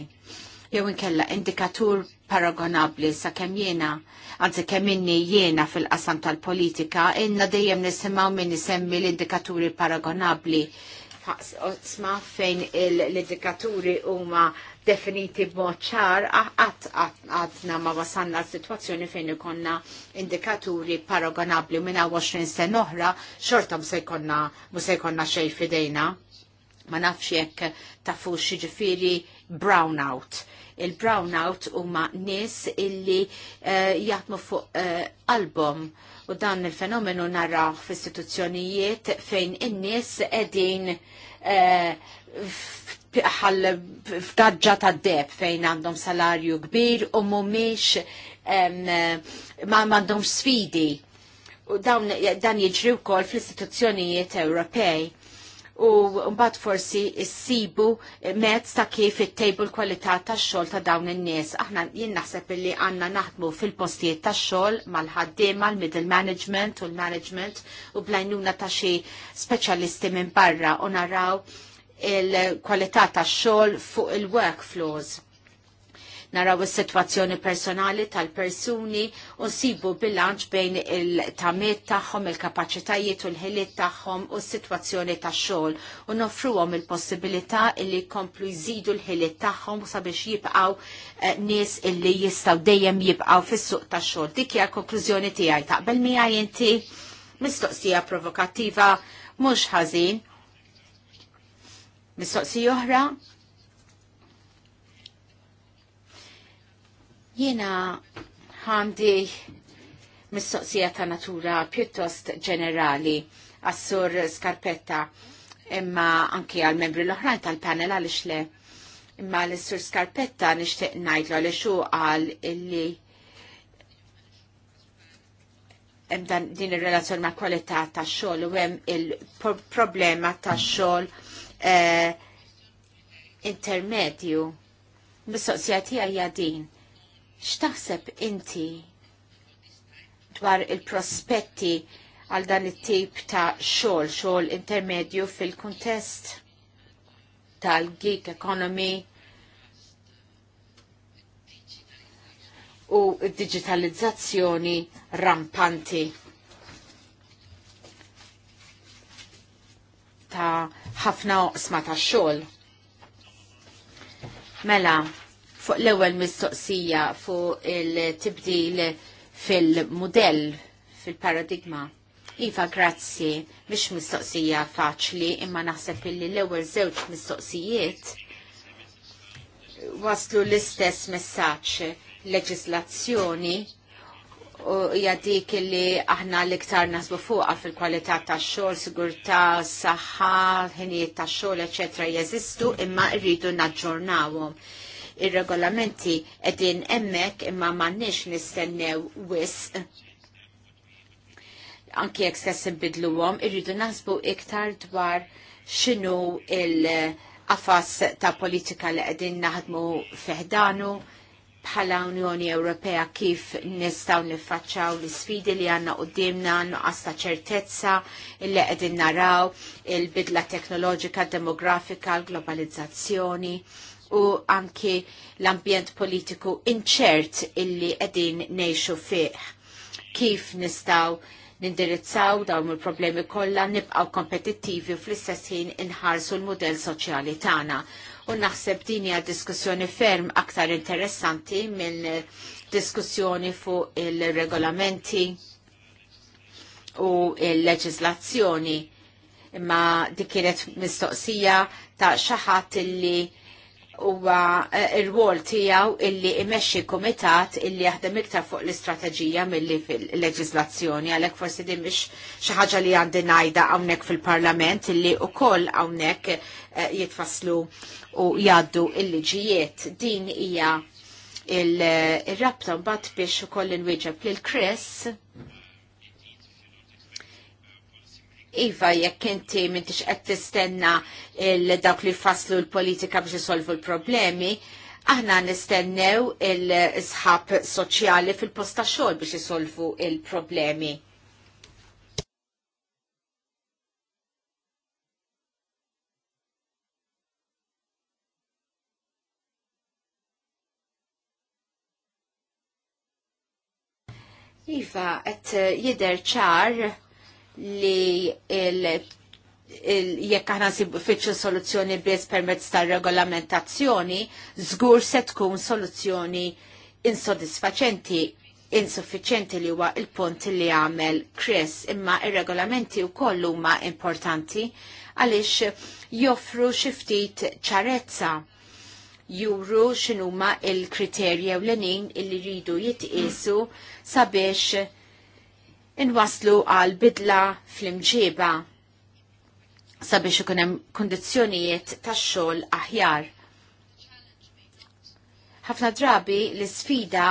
jew inkella indikatur paragonabli sa kemm jiena, anzi kemm inni jiena fil-qasam tal-politika, inna dejjem nisimgħu min nisemmi l-indikaturi paragonabli sma fejn l-indikaturi huma definiti b'mod ċar għat għadna ma wasanna l-situazzjoni fejn ikonna indikaturi paragonabli minna 20 sen oħra xorta msejkonna msejkonna xej fidejna ma nafx jekk tafu xieġifiri brownout il-brownout huma nies illi uh, jaħdmu fuq uh, album u dan il-fenomenu naraw fl-istituzzjonijiet fejn in-nies qegħdin bħal eh, f'daġġa ta' deb fejn għandhom salarju kbir u mumiex ma għandhom sfidi. U dawn, dan jiġri wkoll fl-istituzzjonijiet Ewropej u mbagħad forsi issibu mezz ta' kif it l-kwalità tax-xogħol ta' dawn in-nies. Aħna jien naħseb li għandna naħdmu fil-postijiet tax-xogħol mal-ħaddiema, l-middle management u l-management u blajnuna ta' xi speċjalisti minn barra u naraw il-kwalità tax-xogħol fuq il-workflows naraw is-sitwazzjoni personali tal-persuni u sibu bilanċ bejn il-tamiet tagħhom, il-kapaċitajiet u l-ħiliet tagħhom u s-sitwazzjoni tax-xogħol u nofruhom il-possibilità li jkomplu jżidu l-ħiliet tagħhom sabiex jibqgħu eh, nies illi jistgħu dejjem jibqgħu fis-suq tax-xogħol. Dik hija l-konklużjoni tiegħi taqbel miegħi inti mistoqsija provokattiva mhux ħażin. Mistoqsija oħra Jena għandi mistoqsija ta' natura pjuttost ġenerali għassur Skarpetta imma anki għal membri l-oħrajn tal-panel għal le. Imma l-sur Skarpetta nishtiq najdlu għal xu għal illi dan din il-relazzjoni ma' kwalità ta' xogħol u hemm il-problema ta' xogħol eh, intermedju. Mistoqsija tiegħi din X'taħseb inti dwar il-prospetti għal dan it-tip ta' xogħol, xogħol intermedju fil-kuntest tal-gig economy u digitalizzazzjoni rampanti ta' ħafna oqsma ta' xogħol. Mela, fuq l-ewwel mistoqsija fuq il-tibdil fil-modell fil-paradigma. Iva, grazzi, mhix mistoqsija faċli, imma naħseb illi l-ewwel żewġ mistoqsijiet waslu l-istess messaġġ leġislazzjoni u hija dik li aħna l-iktar nasbu fuqha fil-kwalità tax-xogħol, sigurtà, saħħa, ħinijiet tax-xogħol, eċetera jeżistu imma rridu naġġornawhom ir-regolamenti edin emmek imma mannix nistennew wis anki jek stess għom, irridu nasbu iktar dwar x'inhu il-qafas ta' politika li qegħdin naħdmu fiħdanu bħala Unjoni Ewropea kif nistaw niffaċċaw l sfidi li għanna u dimna ta' ċertezza illi qegħdin naraw il-bidla teknoloġika, demografika, l-globalizzazzjoni u anki l-ambjent politiku inċert illi qegħdin ngħixu fih. Kif nistgħu nindirizzaw dawn il-problemi kollha nibqgħu kompetittivi u fl-istess ħin inħarsu l-mudell soċjali tagħna. U naħseb din hija diskussjoni ferm aktar interessanti minn diskussjoni fuq il-regolamenti u il-leġislazzjoni imma dik kienet mistoqsija ta' xi ħadd illi huwa eh, il wol tiegħu illi imexxi kumitat illi jaħdem iktar fuq l-istrateġija milli fil-leġislazzjoni għalhekk forsi din mhix xi ħaġa li għandi ngħidha hawnhekk fil-Parlament illi wkoll hawnhekk eh, jitfasslu u jgħaddu il-liġijiet. Din hija eh, il-rabta mbagħad biex ukoll inwieġeb lill-kris. Iva, jekk inti m'intix qed tistenna il-dawk li faslu l-politika biex isolvu l-problemi, aħna nistennew il-sħab soċjali fil-posta xogħol biex isolvu il-problemi. Iva, qed jidher ċar li jekk aħna nsibu fitxu soluzzjoni biss permezz ta' regolamentazzjoni, żgur se tkun soluzzjoni insodisfaċenti, insuffiċenti li huwa il-punt li għamel Chris, imma ir-regolamenti wkoll huma importanti għaliex joffru xi ftit ċarezza juru x'inhuma il-kriterja u l-nin il-li rridu jitqisu sabiex inwaslu għal bidla fl-imġiba sabiex ikun hemm kundizzjonijiet tax-xogħol aħjar. Ħafna drabi l-isfida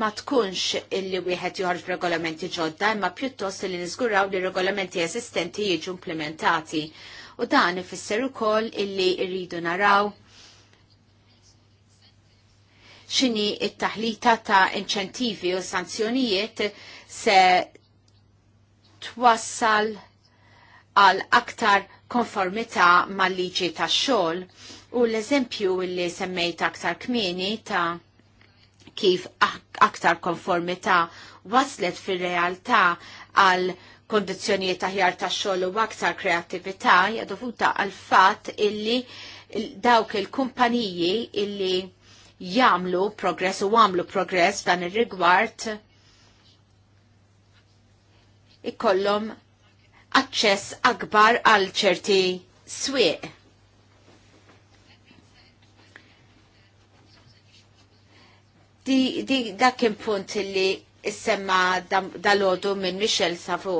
ma tkunx illi wieħed joħorġ regolamenti ġodda, imma pjuttost li niżguraw li regolamenti eżistenti jiġu implementati. U dan ifisser ukoll illi rridu naraw xini it-taħlita ta' inċentivi u sanzjonijiet se twassal għal aktar konformità mal-liġi ta' xogħol u l-eżempju li semmejt aktar kmieni ta' kif aktar konformità waslet fir-realtà għal kondizjonijiet aħjar ta' xogħol u aktar kreattività jadovuta għal fatt illi dawk il-kumpaniji illi jagħmlu progress u għamlu progress dan ir-rigward ikollhom aċċess akbar għal ċerti swieq. Di, di dak punt li issemma dal-ħodu minn Michel Savo.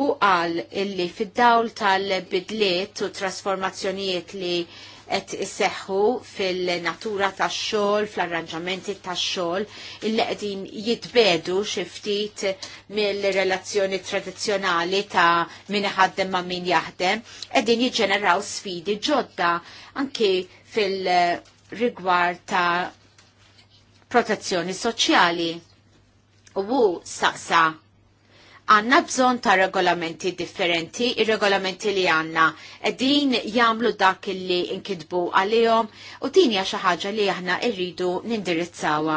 U qal illi fid-dawl tal-bidliet u trasformazzjonijiet li qed isseħħu fil-natura tax-xogħol, fl-arranġamenti tax-xogħol, illi qegħdin jitbedu xi ftit mill-relazzjoni tradizzjonali ta' min iħaddem ma' min jaħdem, qegħdin jiġġeneraw sfidi ġodda anki fil-rigward ta' protezzjoni soċjali. U wu għanna bżon ta' regolamenti differenti, ir-regolamenti li għanna din jamlu dak li inkidbu għalihom u din hija xi ħaġa li aħna rridu nindirizzawa.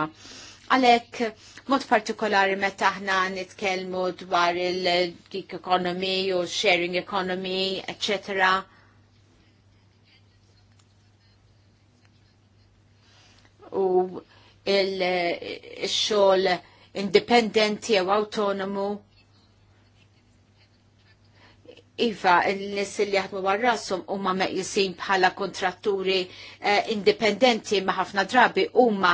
Għalhekk mod partikolari meta aħna nitkellmu dwar il-gig economy u sharing economy, etc. U il-xogħol indipendenti jew autonomu Iva, n-nis li jaħdmu warrasum huma meqjusin bħala kontratturi uh, indipendenti ma ħafna drabi huma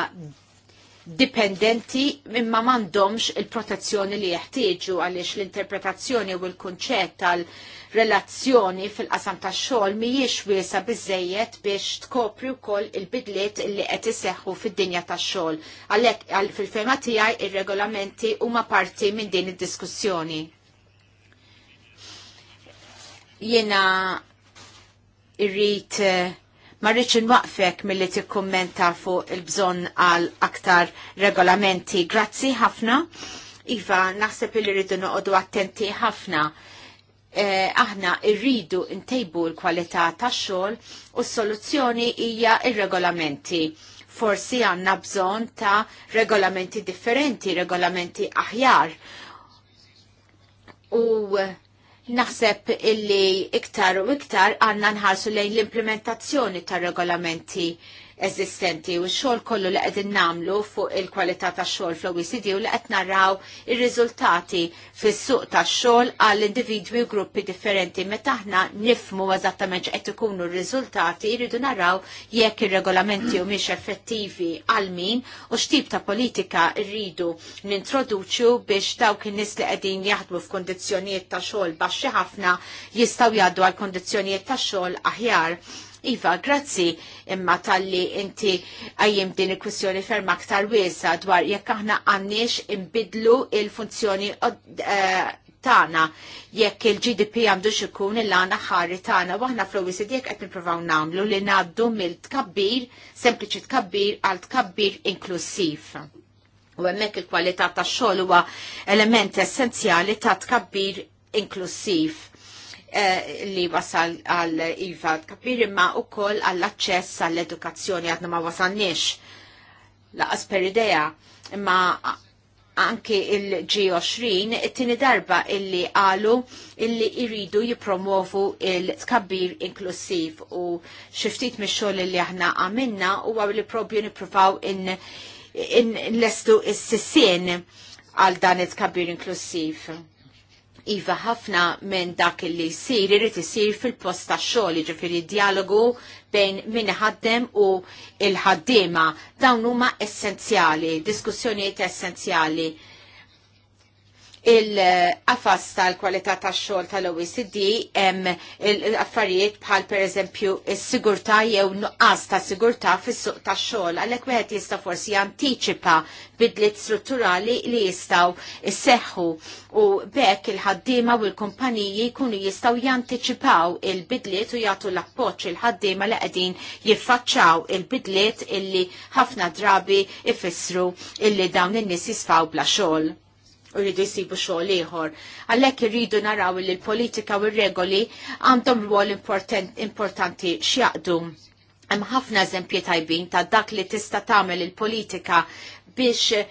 dipendenti imma mandomx il-protezzjoni li jeħtieġu għaliex l-interpretazzjoni u l-kunċett tal-relazzjoni fil-qasam tax xogħol mhijiex wiesa biżejjed biex tkopri wkoll il-bidliet li qed iseħħu fid-dinja tax xogħol. Għalhekk fil-fema tiegħi ir-regolamenti huma parti minn din id-diskussjoni. Jena irrit eh, ma mill-li milli tikkummenta fuq il-bżonn għal aktar regolamenti. Grazzi ħafna. Iva, naħseb li rridu noqogħdu attenti ħafna. Eh, aħna irridu ntejbu l-kwalità tax-xogħol u s-soluzzjoni hija ir-regolamenti. Forsi għandna bżonn ta' regolamenti differenti, regolamenti aħjar. U Naħseb illi iktar u iktar għanna nħarsu lejn l-implementazzjoni tar regolamenti eżistenti u x-xogħol kollu li qegħdin nagħmlu fuq il-kwalità tax-xogħol fl-OECD u li qed narraw il riżultati fis-suq tax-xogħol għall individwi u gruppi differenti meta aħna nifmu eżattament x'qed ikunu r-riżultati jridu naraw jekk ir-regolamenti mhumiex effettivi għal min u x'tip ta' politika rridu nintroduċu biex dawk in-nies li qegħdin jaħdmu f'kondizzjonijiet ta' xogħol baxxi ħafna jistgħu jgħaddu għal kondizzjonijiet ta' xogħol aħjar Iva, grazzi imma tal-li inti għajjim din il-kwistjoni ferma aktar wiesa dwar jekk aħna għanniex imbidlu il-funzjoni eh, tana jekk il-GDP għandu xikun il-għana ħarri tana waħna fl-OECD jekk għet niprofaw namlu li naddu mill-tkabbir, sempliċi tkabbir għal tkabbir inklusiv. U għemmek il-kwalità ta' xogħol huwa element essenzjali ta' tkabbir inklusiv Eh, li wasal għal Iva kapir imma u koll għall-access għall-edukazzjoni għadna ma wasalniex. Laqas per idea imma anki il-G20 it-tini darba illi għalu illi iridu jipromovu il-tkabbir inklusiv u xiftit mis-xogħol li aħna għamilna u għaw li probju nipruvaw in, lestu s-sissien għal dan it-tkabbir inklusiv Iva ħafna minn dak li jsir irrid isir fil-post ta' xogħol, jiġifieri dialogu bejn min ħaddem u l ħaddiema Dawn huma essenzjali, diskussjonijiet essenzjali il-qafas tal-kwalità tax-xogħol tal-OECD hemm l-affarijiet bħal pereżempju s-sigurtà jew nuqqas ta' sigurtà fis-suq tax-xogħol għalhekk wieħed jista' forsi jantiċipa bidliet strutturali li jistgħu sseħħu. u bekk il-ħaddiema u l-kumpaniji jkunu jistgħu jantiċipaw il-bidliet u jagħtu l-appoġġ il-ħaddiema li qegħdin jiffaċċaw il-bidliet illi ħafna drabi ifissru illi dawn in-nies jisfaw bla xogħol u jridu jsibu xogħol ieħor. Għalhekk irridu naraw li l-politika u r-regoli għandhom rwol importanti x'jaqdu. Hemm ħafna eżempji tajbin ta' dak li tista' tagħmel il-politika biex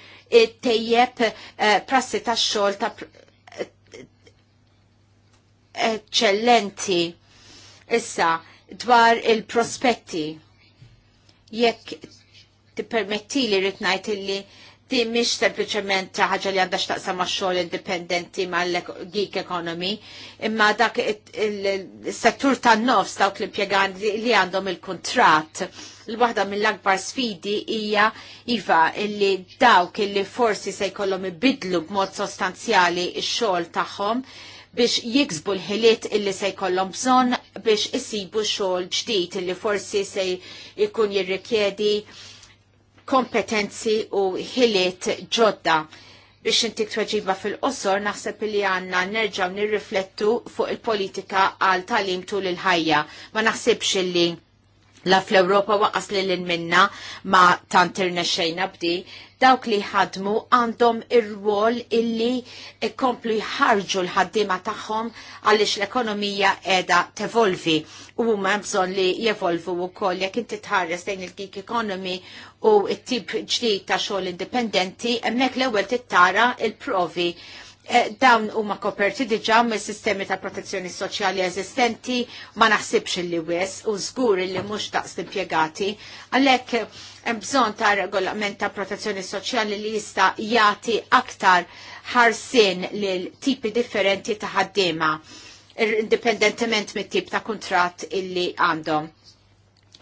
tejjeb eh, prassi tax-xogħol ta' eh, eċċellenti issa dwar il-prospetti jekk tippermetti li ngħid illi ti mish sempliciment ħaġa li għandha xtaqsa ma' xogħol indipendenti mal-gig economy, imma dak il-settur tan-nofs dawk l-impjegan li għandhom il kuntratt L-waħda mill-akbar sfidi hija iva illi dawk illi forsi se jkollhom ibidlu b'mod sostanzjali x-xogħol tagħhom biex jiksbu l-ħiliet illi se jkollhom bżonn biex isibu xogħol ġdid illi forsi se jkun jirrikjedi kompetenzi u ħiliet ġodda biex inti tweġiba fil-qosor naħseb li għanna nerġaw nirriflettu fuq il-politika għal talim tul il-ħajja. Ma naħsibx li la fl-Europa waqas li l-minna ma tantirna xejna bdi, dawk li ħadmu għandhom ir-rwol illi komplu jħarġu l-ħaddima tagħhom għaliex l-ekonomija qiegħda tevolvi u huma bżonn li jevolvu wkoll jekk inti tħares lejn il-gig economy u t-tip ġdid ta' xogħol indipendenti hemmhekk l-ewwel tittara il-provi il provi Eh, dawn huma koperti diġà mis-sistemi ta' protezzjoni soċjali eżistenti ma naħsibx li wis u żgur li mhux daqs impjegati għalhekk eh, hemm bżonn ta' regolament ta' protezzjoni soċjali li jista' jagħti aktar ħarsin lil tipi differenti ta' ħaddiema indipendentement mit-tip ta' kuntratt illi għandhom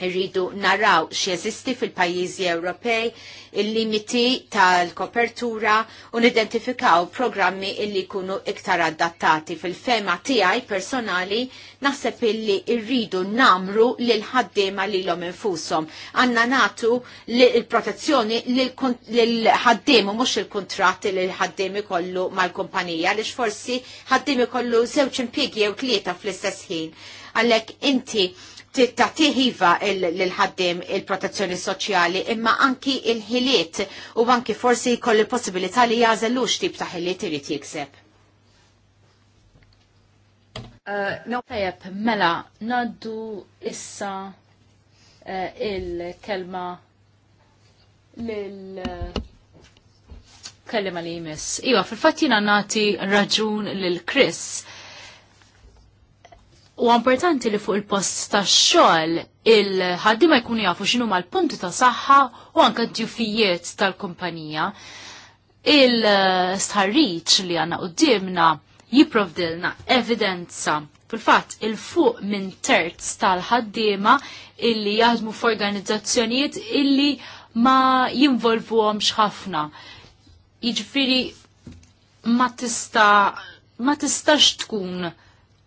irridu naraw x'jeżisti fil-pajjiżi Ewropej il-limiti tal-kopertura u nidentifikaw programmi illi jkunu iktar adattati fil-fema tiegħi personali naħseb illi rridu namru lil ħaddiema lilhom infushom. Għandna natu l-protezzjoni lil ħaddiemu mhux il kuntratti lil l-ħaddiem ikollu mal-kumpanija li forsi ħaddiem ikollu żewġ impjiegi jew tlieta fl-istess ħin. Għalhekk inti tiħiva l-ħaddim il-protezzjoni soċjali imma anki il-ħiliet u anki forsi koll il-possibilità li jażellux tip ta' ħiliet irid jikseb. Uh, no, tajab, mela, naddu issa uh, il-kelma lil uh, kellima li jmiss. Iwa, fil-fat jina nati raġun lil Chris U importanti li fuq il-post ta' xogħol il ma jkunu jafu x'inhu mal-punti ta' saħħa u anke d-djufijiet tal-kumpanija. Il-starriċ li għanna dimna jipprovdilna evidenza fil-fatt il-fuq minn terz tal-ħaddima illi jaħdmu f'organizzazzjonijiet illi ma jinvolvuhomx ħafna. Jiġifieri ma tista' ma tistax tkun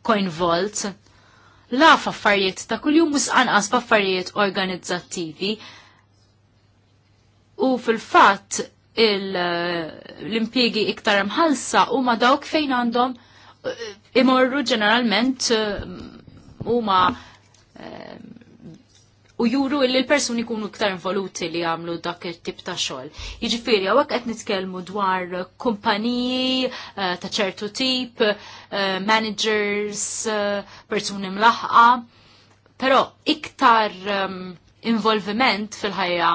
koinvolt la f'affarijiet ta' kuljum mhux anqas f'affarijiet organizzattivi. U fil-fatt l eh, impiegi iktar mħalsa u ma dawk fejn għandhom eh, imorru ġeneralment eh, huma u juru illi l-persuni kunu ktar involuti li għamlu dak il-tip ta' xogħol. Jiġifieri hawnhekk qed nitkellmu dwar kumpaniji uh, ta' ċertu tip, uh, managers, uh, persuni mlaħqa, però iktar um, involviment fil-ħajja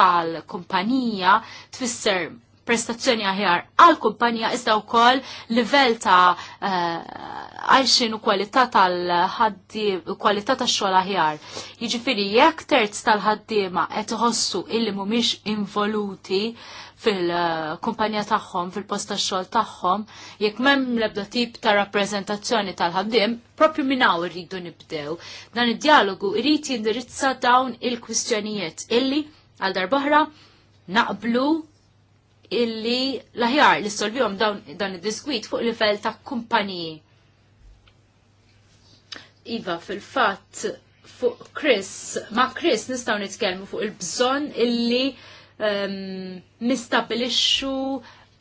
tal-kumpanija tfisser prestazzjoni aħjar għal kumpanija iżda wkoll livell ta' eh, għalxin u kwalità tal-ħaddi kwalità tax-xogħol aħjar. Jiġifieri jekk terz tal-ħaddiema qed iħossu illi mhumiex involuti fil-kumpanija tagħhom, fil-post tax-xogħol tagħhom, jekk m'hemm l-ebda tip ta' rappreżentazzjoni tal-ħaddiem, propju minn hawn irridu nibdew. Dan id-dialogu irid jindirizza dawn il-kwistjonijiet illi għal darbohra naqblu illi l-aħjar li solvihom dan id-diskwit fuq livell ta' kumpaniji. Iva, fil-fatt, fuq Chris, ma' Chris nistaw nitkellmu fuq il-bżon illi ehm, nistabilixxu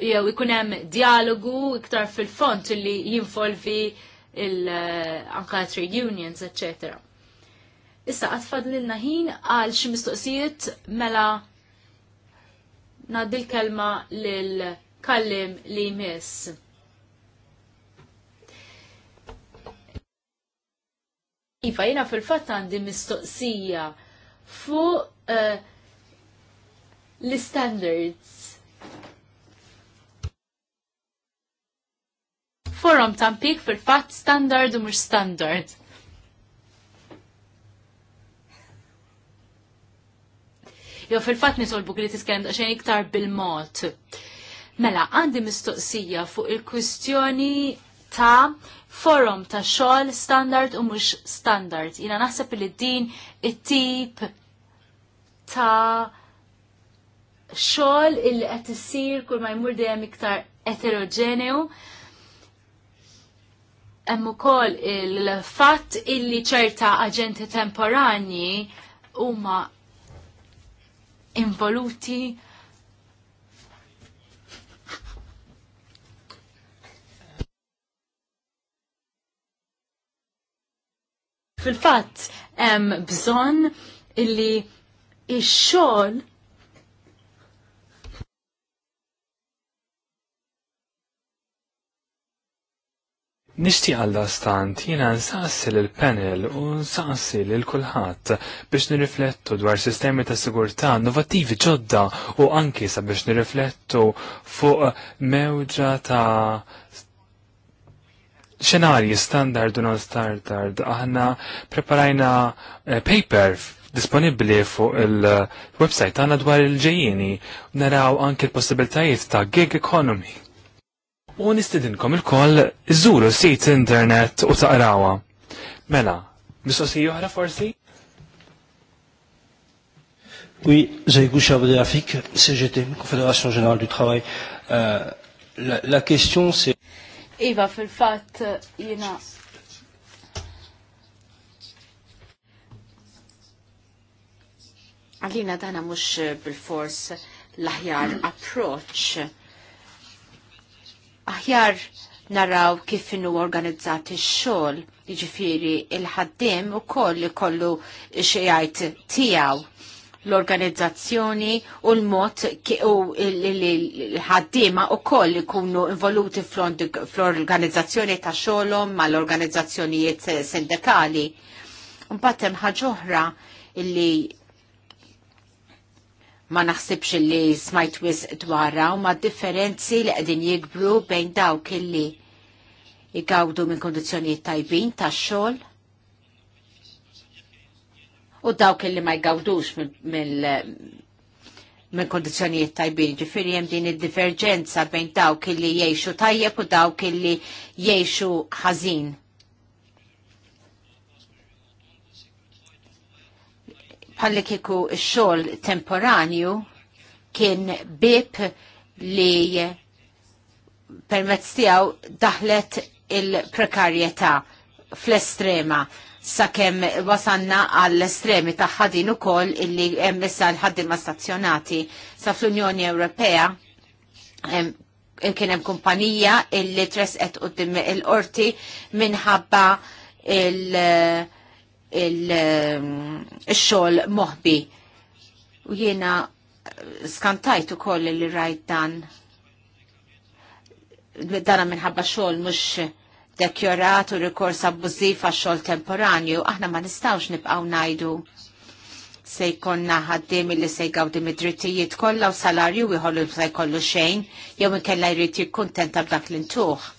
jew ikun hemm dialogu iktar fil-font illi jinvolvi eh, anka trade unions, eccetera. Issa għatfad l ħin għal xi mistoqsijiet mela Naddi l-kelma lil kallim li jmiss. Iva, jina fil-fat għandi mistoqsija fuq uh, eh, l-standards. Forum tampik fil-fat standard u mux standard. jew fil-fatt nisolbu li tiskellem xejn iktar bil-mod. Mela, għandi mistoqsija fuq il kustjoni ta' forum ta' xogħol standard u mhux standard. Jina naħseb li din it-tip ta' xogħol il qed isir kull ma jmur dejjem iktar eterogeneu. Hemm ukoll il-fatt illi ċerta aġenti temporanji huma involuti Fil-fatt, hemm bżonn illi ix-xogħol Nishti għalda stant jina nsaqsi l-panel u nsaqsi l-kulħat biex nirriflettu dwar sistemi ta' sigurta' innovativi ġodda u anki sabiex nirriflettu fuq mewġa ta' xenarji standard u non-standard. Aħna preparajna eh, paper disponibli fuq il-website għana dwar il-ġejjini naraw anki l-possibilitajiet ta' gig economy u nistidinkom il-koll iżuru sit internet u taqrawa. Mela, mistoqsi oħra forsi? Oui, Zaïgou Chabdrafik, CGT, Confédération Générale du Travail. Euh, la, la question c'est... Iva, fil-fat, jina Alina dana mux bil-fors l-ħjar approach aħjar naraw kif inu organizzat il xogħol jiġifieri il-ħaddiem ukoll li kollu jgħid tiegħu l-organizzazzjoni u l-mod u l-ħaddima u koll ikunu involuti fl-organizzazzjoni ta' xolom ma l-organizzazzjonijiet sindikali. patem ħagġuħra illi ma naħsibx li smajt wis dwarra u ma differenzi li qegħdin jikbru bejn dawk illi jgawdu minn kondizjoni tajbin tax-xogħol u dawk illi ma jgawdux mill minn kondizjoni tajbin, ġifiri jem din id-diverġenza bejn dawk illi jiexu tajjeb u dawk illi jiexu ħażin. bħalli kieku xogħol temporanju kien bib li permezz tiegħu daħlet il-prekarjetà fl-estrema sakemm wasanna għall-estremi ta' ħadin ukoll illi hemm issa l ma' stazzjonati sa fl-Unjoni Ewropea kien hemm kumpanija illi tresqet quddiem il-qorti minħabba il-, -il Ehm, il-xol moħbi. U jiena eh, skantajtu koll li rajt dan dana minħabba xol mux dekjorat u rikors abbużiv għax xol temporanju, aħna ma nistawx nibqaw najdu se jkonna ħaddim li se jgawdim id drittijiet kollha u salarju u jħollu se jkollu xejn jew inkella jrid jikkuntenta b'dak l-intuħ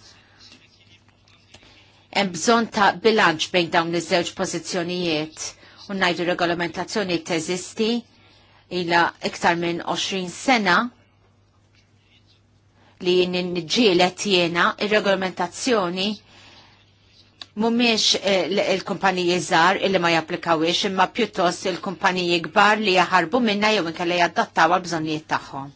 Hemm bżonn ta' bilanċ bejn dawn iż-żewġ pożizzjonijiet u ngħidu regolamentazzjoni teżisti ilha iktar minn 20 sena li nġielet jiena ir-regolamentazzjoni mumiex eh, il-kumpaniji żgħar illi ma japplikawiex imma pjuttost il-kumpaniji kbar li jaħarbu minna jew inkella jaddattaw għal bżonnijiet tagħhom.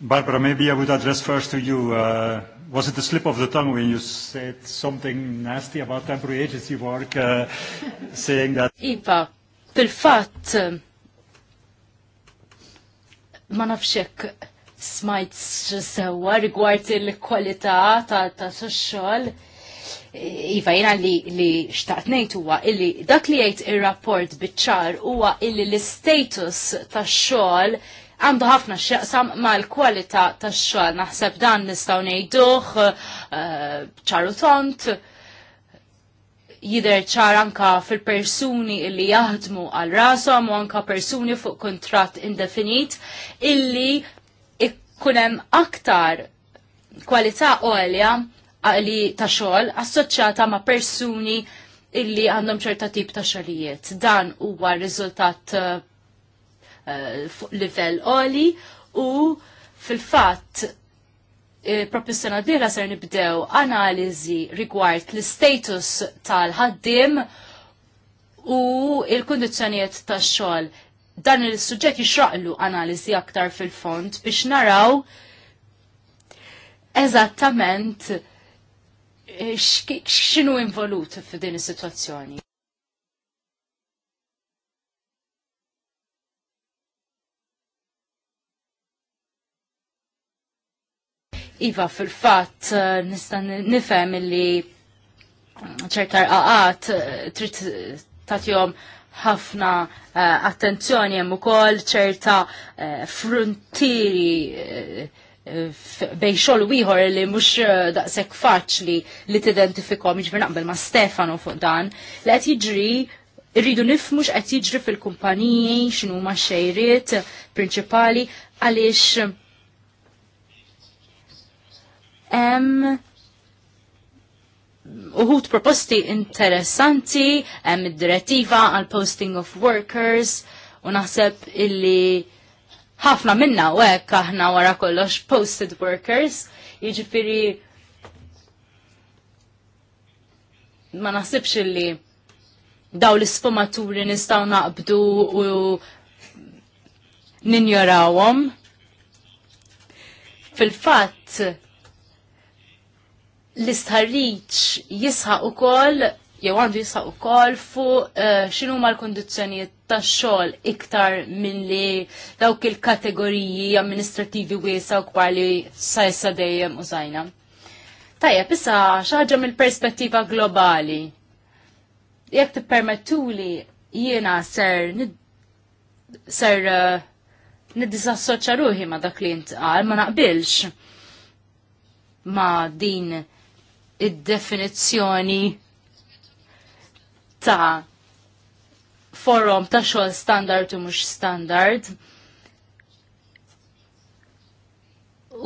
Barbara, maybe I would address first to you uh, was it a slip of the tongue when you said something nasty about temporary agency work, uh, saying that... Iva, fil-fat, ma nafxek smajt sewa rigward il-kwalità ta' ta' xogħol. Iva, jina li, li xtaqt nejt huwa illi dak li jgħid ir-rapport biċ-ċar huwa illi l-istatus ta' xogħol għandu ħafna x'jaqsam mal-kwalità tax-xogħol. Naħseb dan nistgħu ngħiduh eh, ċaru tont jider ċar anka fil-persuni illi jaħdmu għal rasom u anka persuni fuq kontrat indefinit illi ikkunem aktar kwalità għolja għalli ta' xogħol assoċjata ma' persuni illi għandhom ċerta tip ta' xogħlijiet. Dan huwa r-riżultat eh, Eh, fuq livell oli u fil-fatt eh, propju sena diħla ser nibdew analizi rigward l-status tal-ħaddim u il-kondizjoniet tax-xogħol. Dan il-suġġett jixraqlu analizi aktar fil-fond biex naraw eżattament eh, x'inhu involut f'din is-sitwazzjoni. Iva fil-fatt eh, nista' nifhem illi ċerta rqaqat eh, trid tagħtihom ħafna eh, attenzjoni hemm ukoll ċerta frontieri bej xogħol wieħor li mhux daqshekk faċli li tidentifikhom jiġri naqbel ma' Stefano fuq dan li qed jiġri rridu nifmu x'qed jiġri fil-kumpaniji x'inhuma ma xejriet prinċipali għaliex hemm uħut proposti interessanti, hemm id-direttiva għal posting of workers, u naħseb illi ħafna minna u hekk aħna wara kollox posted workers, jiġifieri ma naħsibx illi daw l-sfumaturi nistgħu naqbdu u ninjorawhom. Fil-fatt, l-istħarriċ jisħaq ukoll jew għandu jisħaq ukoll fuq uh, eh, x'inhu l-kondizzjonijiet tax-xogħol iktar minn li dawk il-kategoriji amministrativi wiesa u kbar li sa issa dejjem zajna. Tajja issa xaġa mill-perspettiva globali. Jekk tippermettuli jiena ser nid ser eh, nid-disassoċa ruħi ma dak li jintqal ma naqbilx ma din id-definizzjoni ta' forum ta' xogħol standard u mhux standard.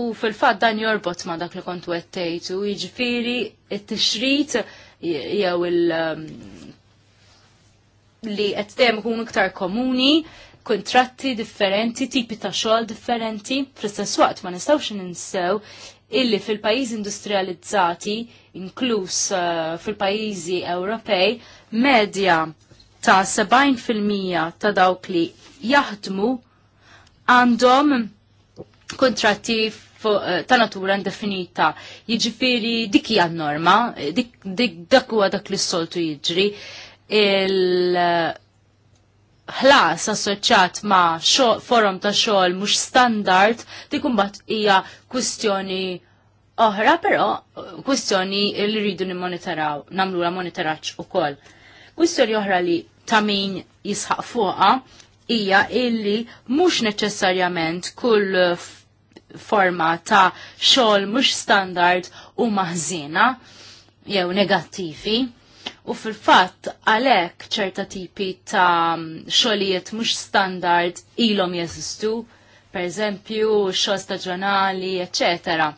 U fil-fatt dan jorbot ma' dak li kontu qed u jiġifieri t-tixrid jew il um, li qed dejjem iktar komuni, kontratti differenti, tipi ta' xogħol differenti, fl-istess waqt ma nistgħux ninsew illi fil-pajjiżi industrializzati, inkluż eh, fil-pajjiżi Ewropej, medja ta' 70% ta' dawk li jaħdmu għandhom kontratti eh, ta' natura indefinita. Jiġifieri dik hija norma, eh, dik dak huwa dak li s-soltu jiġri. Il- ħlas assoċjat ma' forum ta' xogħol mhux standard dik imbagħad hija kwistjoni oħra, però kwistjoni li rridu nimmonitaraw, nagħmluha monitoraġġ ukoll. Kwistjoni oħra li ta' min jisħaq fuqha hija illi mhux neċessarjament kull forma ta' xogħol mhux standard u maħżina jew negattivi U fil-fatt għalhekk ċerta tipi ta' mm, xogħlijiet mhux standard ilhom jeżistu, pereżempju xogħol staġjonali, eccetera.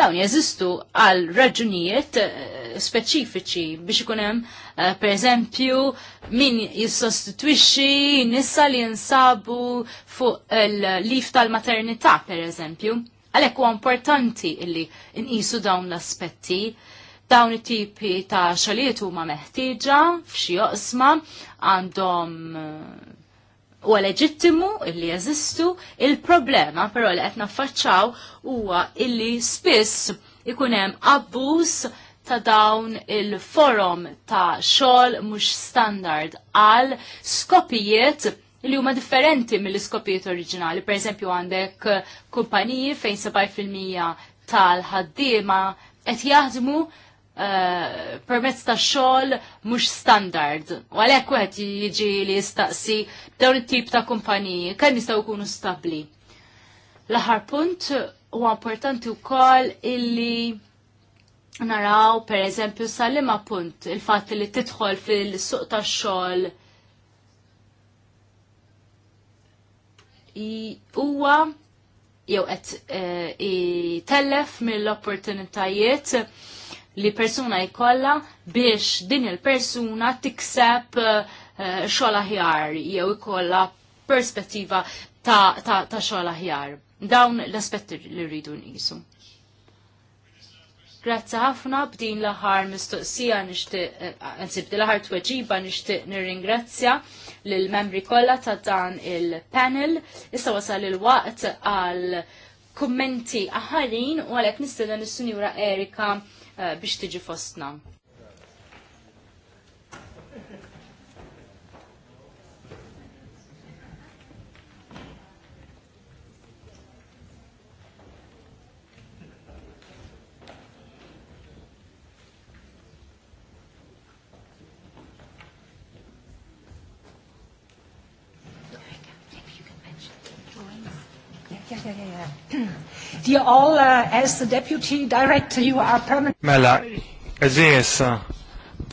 Dawn jeżistu għal raġunijiet eh, speċifiċi biex ikun hemm eh, pereżempju min jissostitwixxi nisa li jinsabu fuq il-lif tal-maternità pereżempju. Għalhekk huwa importanti illi nqisu dawn l-aspetti Dawn it-tipi ta' xogħlijiet huma meħtieġa f'xi oqsma għandhom eh, u leġittimu illi jeżistu, il-problema però li qed naffaċċaw huwa illi spiss ikun hemm abbuż ta' dawn il-forum ta' xogħol mhux standard għal skopijiet li huma differenti mill-iskopijiet oriġinali. Per eżempju għandek eh, kumpaniji fejn 70% tal-ħaddiema qed jaħdmu Eh, permezz ta' xogħol mhux standard. U għalhekk wieħed jiġi li jistaqsi dawn it-tip ta' kumpaniji kemm jistgħu jkunu stabbli. L-aħħar punt huwa importanti wkoll illi naraw pereżempju sal-liema punt il-fatt li tidħol fil-suq tax-xogħol huwa jew qed eh, tellef mill-opportunitajiet li persuna jkollha biex din il-persuna tikseb eh, eh, xola ħjar jew ikollha perspettiva ta', ta, ta xogħol aħjar. Dawn l-aspetti li rridu nqisu. Grazzi ħafna b'din l-aħħar mistoqsija nixtieq għansib eh, din l-aħħar tweġiba nixtieq nirringrazzja l membri kollha ta' dan il-panel. Issa wasal il-waqt għal kummenti aħarin u għalhekk nistieden nissuni sinjura Erika Eh, biex tiġi fostna. Yeah, yeah, yeah. Dear all, uh, as the deputy director, you are permanent. Mela, eżis,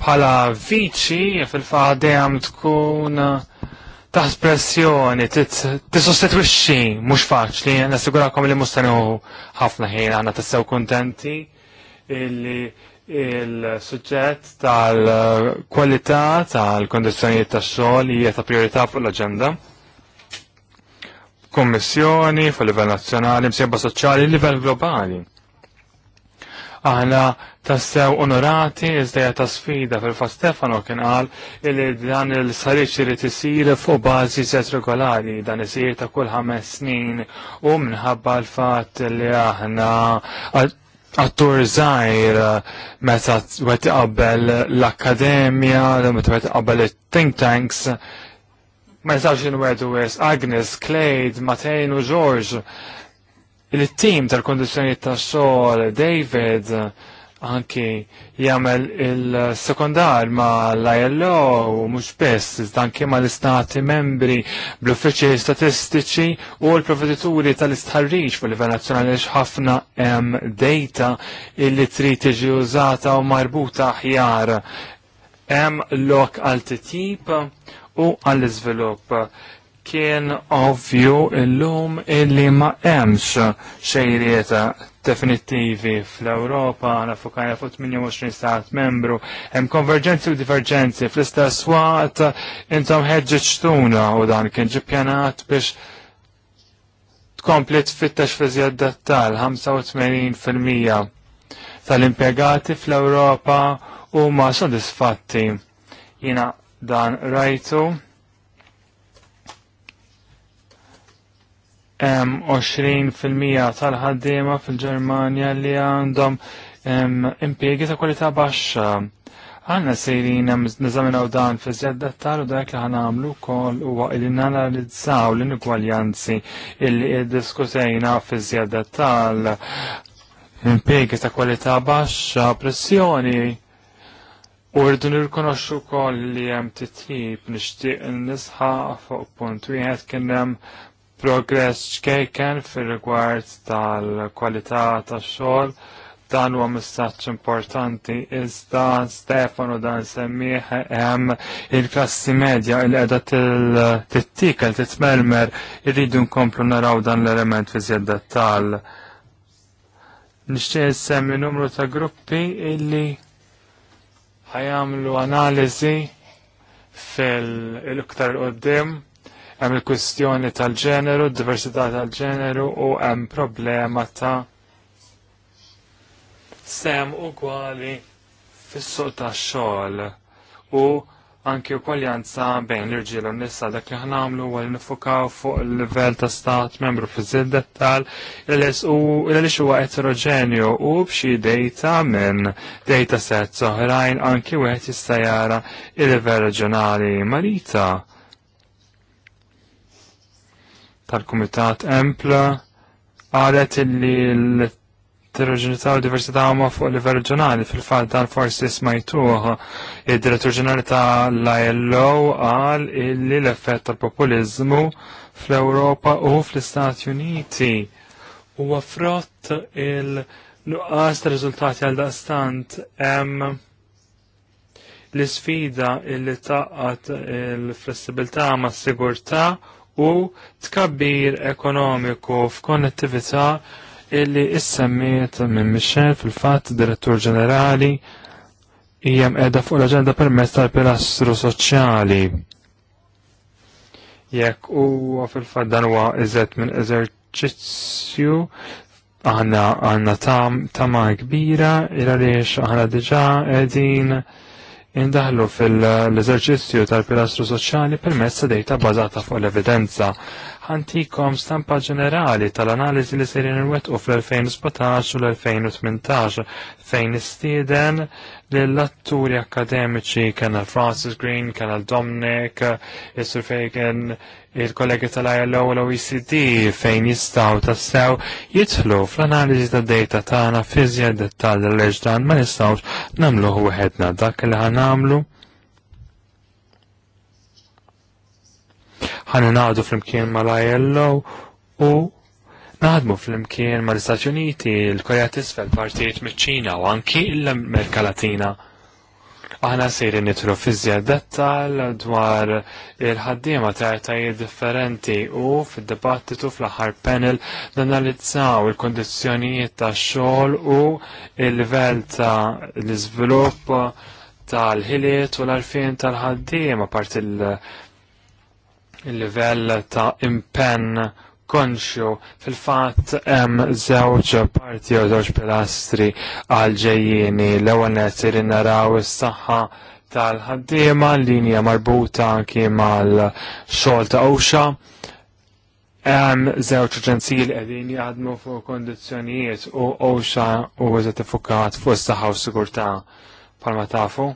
bħala vici fil fadem tkun uh, ta' pressjoni, t-sostitwixxi, mux faċli, nassigurakom li mustanu ħafna ħin, għanna tassew kontenti illi il-suġġett tal-kwalità tal kondizjoni tax-xogħol hija ta' priorità fuq l-aġenda kummissjoni fil livell nazzjonali, msejba soċjali, livell globali. Aħna tassew onorati iżdejja ta' sfida fil-fa Stefano kien qal dan il-sariċ irid isir fuq bażi set regolari dan isir ta' kull ħames snin u minħabba l-fatt li aħna għattur zaħir meta wet l-akademja, meta wet qabel it-think tanks, ma jistawx inwedu wis Agnes, Clade, Matejn u George, il-tim tal-kondizjoniet ta' xogħol, David, anki jagħmel il-sekondar ma' l-ILO u mhux biss, danki ma' l-istati membri bl-uffiċċji statistiċi u l provedituri tal-istħarriġ fuq livell nazjonali ħafna hemm data illi trid tiġi użata u marbuta aħjar hemm lok għal titjib u għall izvilup Kien ovvju illum illi ma hemmx xejrieta definittivi fl-Ewropa, għana fukajna fuq 28 stat membru, hemm konverġenzi u divergenzi fl-istess waqt intom tuna u dan kien ġipjanat biex tkompli tfittex fi zjadda tal-85% tal-impjegati fl-Ewropa u ma sodisfatti. Jina dan rajtu. Em 20% tal-ħaddiema fil-Ġermanja li għandhom impjegi ta' kwalità baxxa. Għanna sejrin nizaminaw dan fi zjedda tal u dak li ħanamlu kol u li nanalizzaw l inigwaljanzi illi id-diskusejna fi zjedda tal impiegi ta' kwalità baxxa, pressjoni U rridu nirkonoxxu wkoll li hemm titjib nixtieq nisħa fuq punt wieħed kien hemm progress ċkejken fir-rigward tal-kwalità tax-xogħol dan huwa messaġġ importanti iżda Stefano dan semmieħ hemm il-klassi medja il qiegħda tittikel titmermer irridu nkomplu naraw dan l-element fi żjed tal. Nixtieq semmi numru ta' gruppi illi ħajamlu analizi fil-iktar qoddim hemm il-kwistjoni tal-ġeneru, diversità tal-ġeneru u hemm problema ta' sem ugwali fis-suq ta' xogħol u anki ukoljanza bejn l-irġiel u nissa dak li ħnamlu u li nifukaw fuq il-livell ta' stat membru fi żid dettal il-għalix huwa eterogenju u bxie data minn data set oħrajn anki wieħed jista' jara il-livell reġjonali marita tal-Kumitat Empla għalet li l-eterogenità u diversità huma fuq livell reġjonali fil fat dan forsi smajtuħ il direttur ġenerali ta' l-ILO qal illi l-effett tal-populiżmu fl-Ewropa u fl-Istati Uniti huwa frott il-nuqqas ta' riżultati għal daqstant hemm l-isfida illi taqqat il-flessibilità ma' sigurtà u tkabbir ekonomiku f'konnettività illi issemmiet minn Michel fil-fatt direttur ġenerali hija edha fuq l-aġenda permezz tal-pilastru soċjali. Jekk huwa fil-fatt dan huwa iżet minn eżerċizzju aħna għandna tama kbira ira għaliex aħna diġà qegħdin indaħlu fil-eżerċizzju tal-pilastru soċjali permezz dejta bbażata fuq l-evidenza ħantikom stampa ġenerali tal-analiżi li serin u fl-2017 u l-2018 fejn istieden lill-atturi akademiċi kena Francis Green, kena Dominic, jessur Fagan, il-kollegi tal-ILO u l-OECD fejn jistaw tassew jitħlu fl-analiżi ta' data tagħna fiżja dettal l-leġdan ma nistgħux nagħmluh għedna dak li namlu. ħana naħdu fl-imkien mal-ILO u naħdmu fl-imkien mal-Istati Uniti, l-Korea tisfel partijiet miċ-Ċina u anki l-Amerika Latina. Aħna sejri nitru fizzja dettal dwar il-ħaddiema ta' tajtajiet differenti u fil-dibattitu fl-aħħar panel l-analizzaw il-kondizjonijiet ta' xogħol u il level ta' l-iżvilupp tal-ħiliet u l-arfien tal-ħaddiema part il- il-livell ta' impenn konxju fil-fat hemm żewġ parti u żewġ pilastri għal l-ewwel qed naraw is-saħħa tal-ħaddiema linja marbuta kien mal-xogħol ta' Owxa. Hemm żewġ aġenziji li qegħdin jaħdmu fuq kondizzjonijiet u Owxa huwa eżatt fukat fuq is-saħħa u s-sigurtà palma tafu.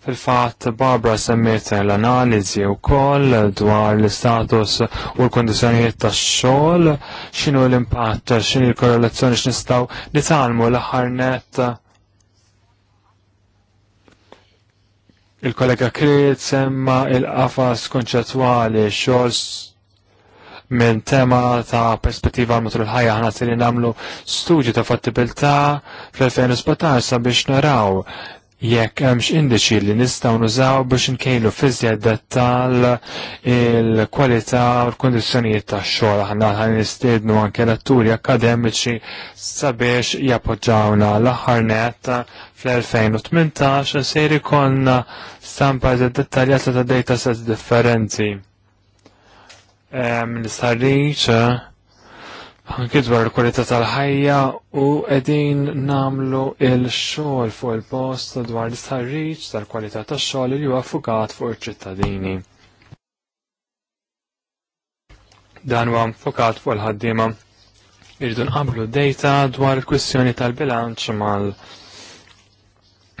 Fil-fat, Barbara semmiet l-analizi u koll dwar l-status u l-kondizjonijiet ta' xol, xinu l-impatt, xinu l-korrelazzjoni x'nistgħu nitalmu l-ħarnet il-kollega Kriet semma il-qafas konċettwali xol minn tema ta' perspettiva għal matul il-ħajja ħana t-tiri namlu studju ta' fattibilta fl-2017 sabiex naraw jekk hemmx indiċi li nistgħu nużaw biex nkejlu fiżja dettal il-kwalità u l kundizzjonijiet tax-xogħol aħna ħan nistiednu anke l-atturi akademiċi sabiex jappoġġawna l-aħħar net fl-2018 sejr ikollna stampa dettaljata ta' data sets differenti. l anki dwar il-kwalità tal-ħajja u qegħdin namlu il-xogħol fuq il-post dwar l-istħarriġ tal-kwalità tax-xogħol li huwa fukat fuq iċ-ċittadini. Dan huwa fukat fuq il-ħaddiema. Irridu nqablu data dwar il-kwistjoni tal-bilanċ mal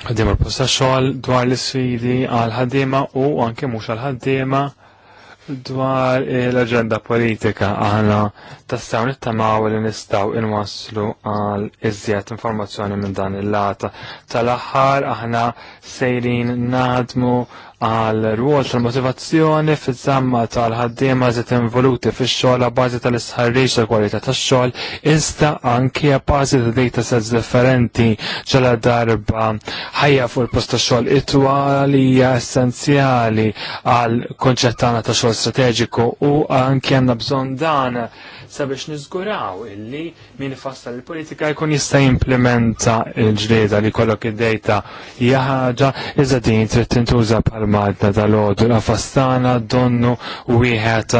ħaddiema l-posta xogħol dwar l-isfidi għal ħaddiema u anke mhux għal ħaddiema dwar eh, l-agenda politika għana tassaw nittamaw li nistaw inwaslu għal iżjed informazzjoni minn dan il-lata. Tal-aħħar aħna sejrin nadmu għal ruol tal-motivazzjoni fil zamma tal-ħaddiema zet involuti fil-xogħol bażi tal-isħarriġ tal-kwalità tax-xogħol iżda anke bażi ta' data sets differenti ġala darba ħajja fuq il-post tax-xogħol itwal hija essenzjali għal konċett tagħna ta' xogħol strateġiku u anke għandna bżonn dan sabiex niżguraw illi min ifassal il-politika jkun jista' jimplementa l-ġrieda li kollok id-data hija ħaġa iżda din trid tintuża Malta tal-ħodu l-afastana donnu u wieħed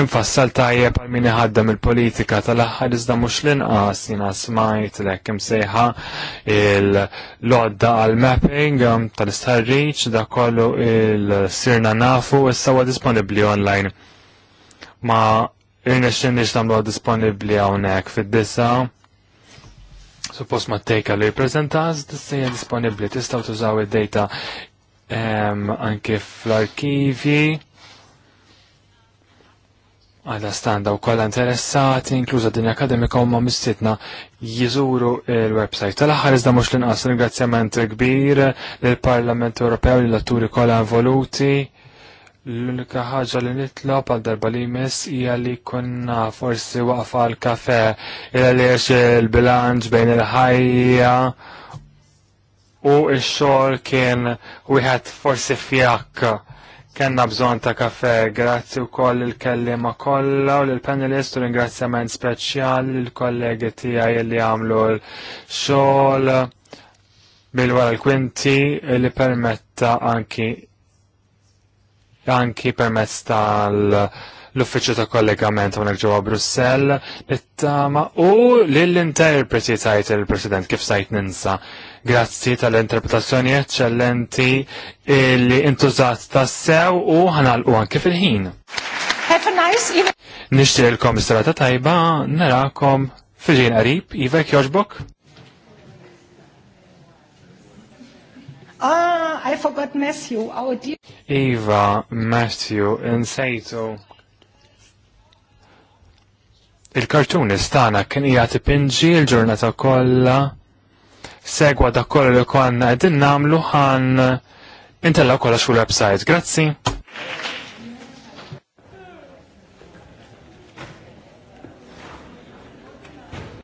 infassal tajjeb għal min iħaddem il-politika tal-aħħar iżda mhux l-inqas jina smajt lek imsejħa il-lodda għal mapping um, tal-istarriċ da kollu il-sirna nafu issa huwa disponibbli online. Ma irnexxin nix tagħmlu disponibbli hawnhekk fid-disa. Suppost ma tejka li jippreżentaż tista' disponibbli tista' tużaw id-data anke fl-arkivi għala standa u kolla interessati, inkluza din akademika u ma mistitna jizuru il-websajt. Tal-axar iżda mux l-inqas ringrazzjament kbir l-Parlament Ewropew li l-atturi kolla involuti. L-unika ħaġa li nitlob għal darba li jmiss hija li konna forsi waqfa l-kafe il għaliex il-bilanċ bejn il-ħajja u il-xol kien wieħed forsi fjak kena bżon ta' kafe, grazzi u koll il-kellima kolla u l-panelist u l-ingrazzjament speċjali l-kollegi tijaj li għamlu l-xol bil-wara l-kwinti li permetta anki anki permess tal- l-uffiċċju ta' kollegament hawnhekk ġewwa Brussell, it-tama u lill-interpreti tajt il-President kif sajt ninsa Grazzi tal-interpretazzjoni eccellenti li intużat tassew u ħanalqu anke fil-ħin. Nixtri a nice evening. serata tajba, narakom fil ġin qarib, Ivek joġbok. Ah, I forgot Matthew, our dear. Eva, Matthew, Saito. Il-kartuni stana kien hija tipinġi l-ġurnata kollha segwa dak kollu li konna qegħdin nagħmlu ħan intella kollox xul website. Grazzi.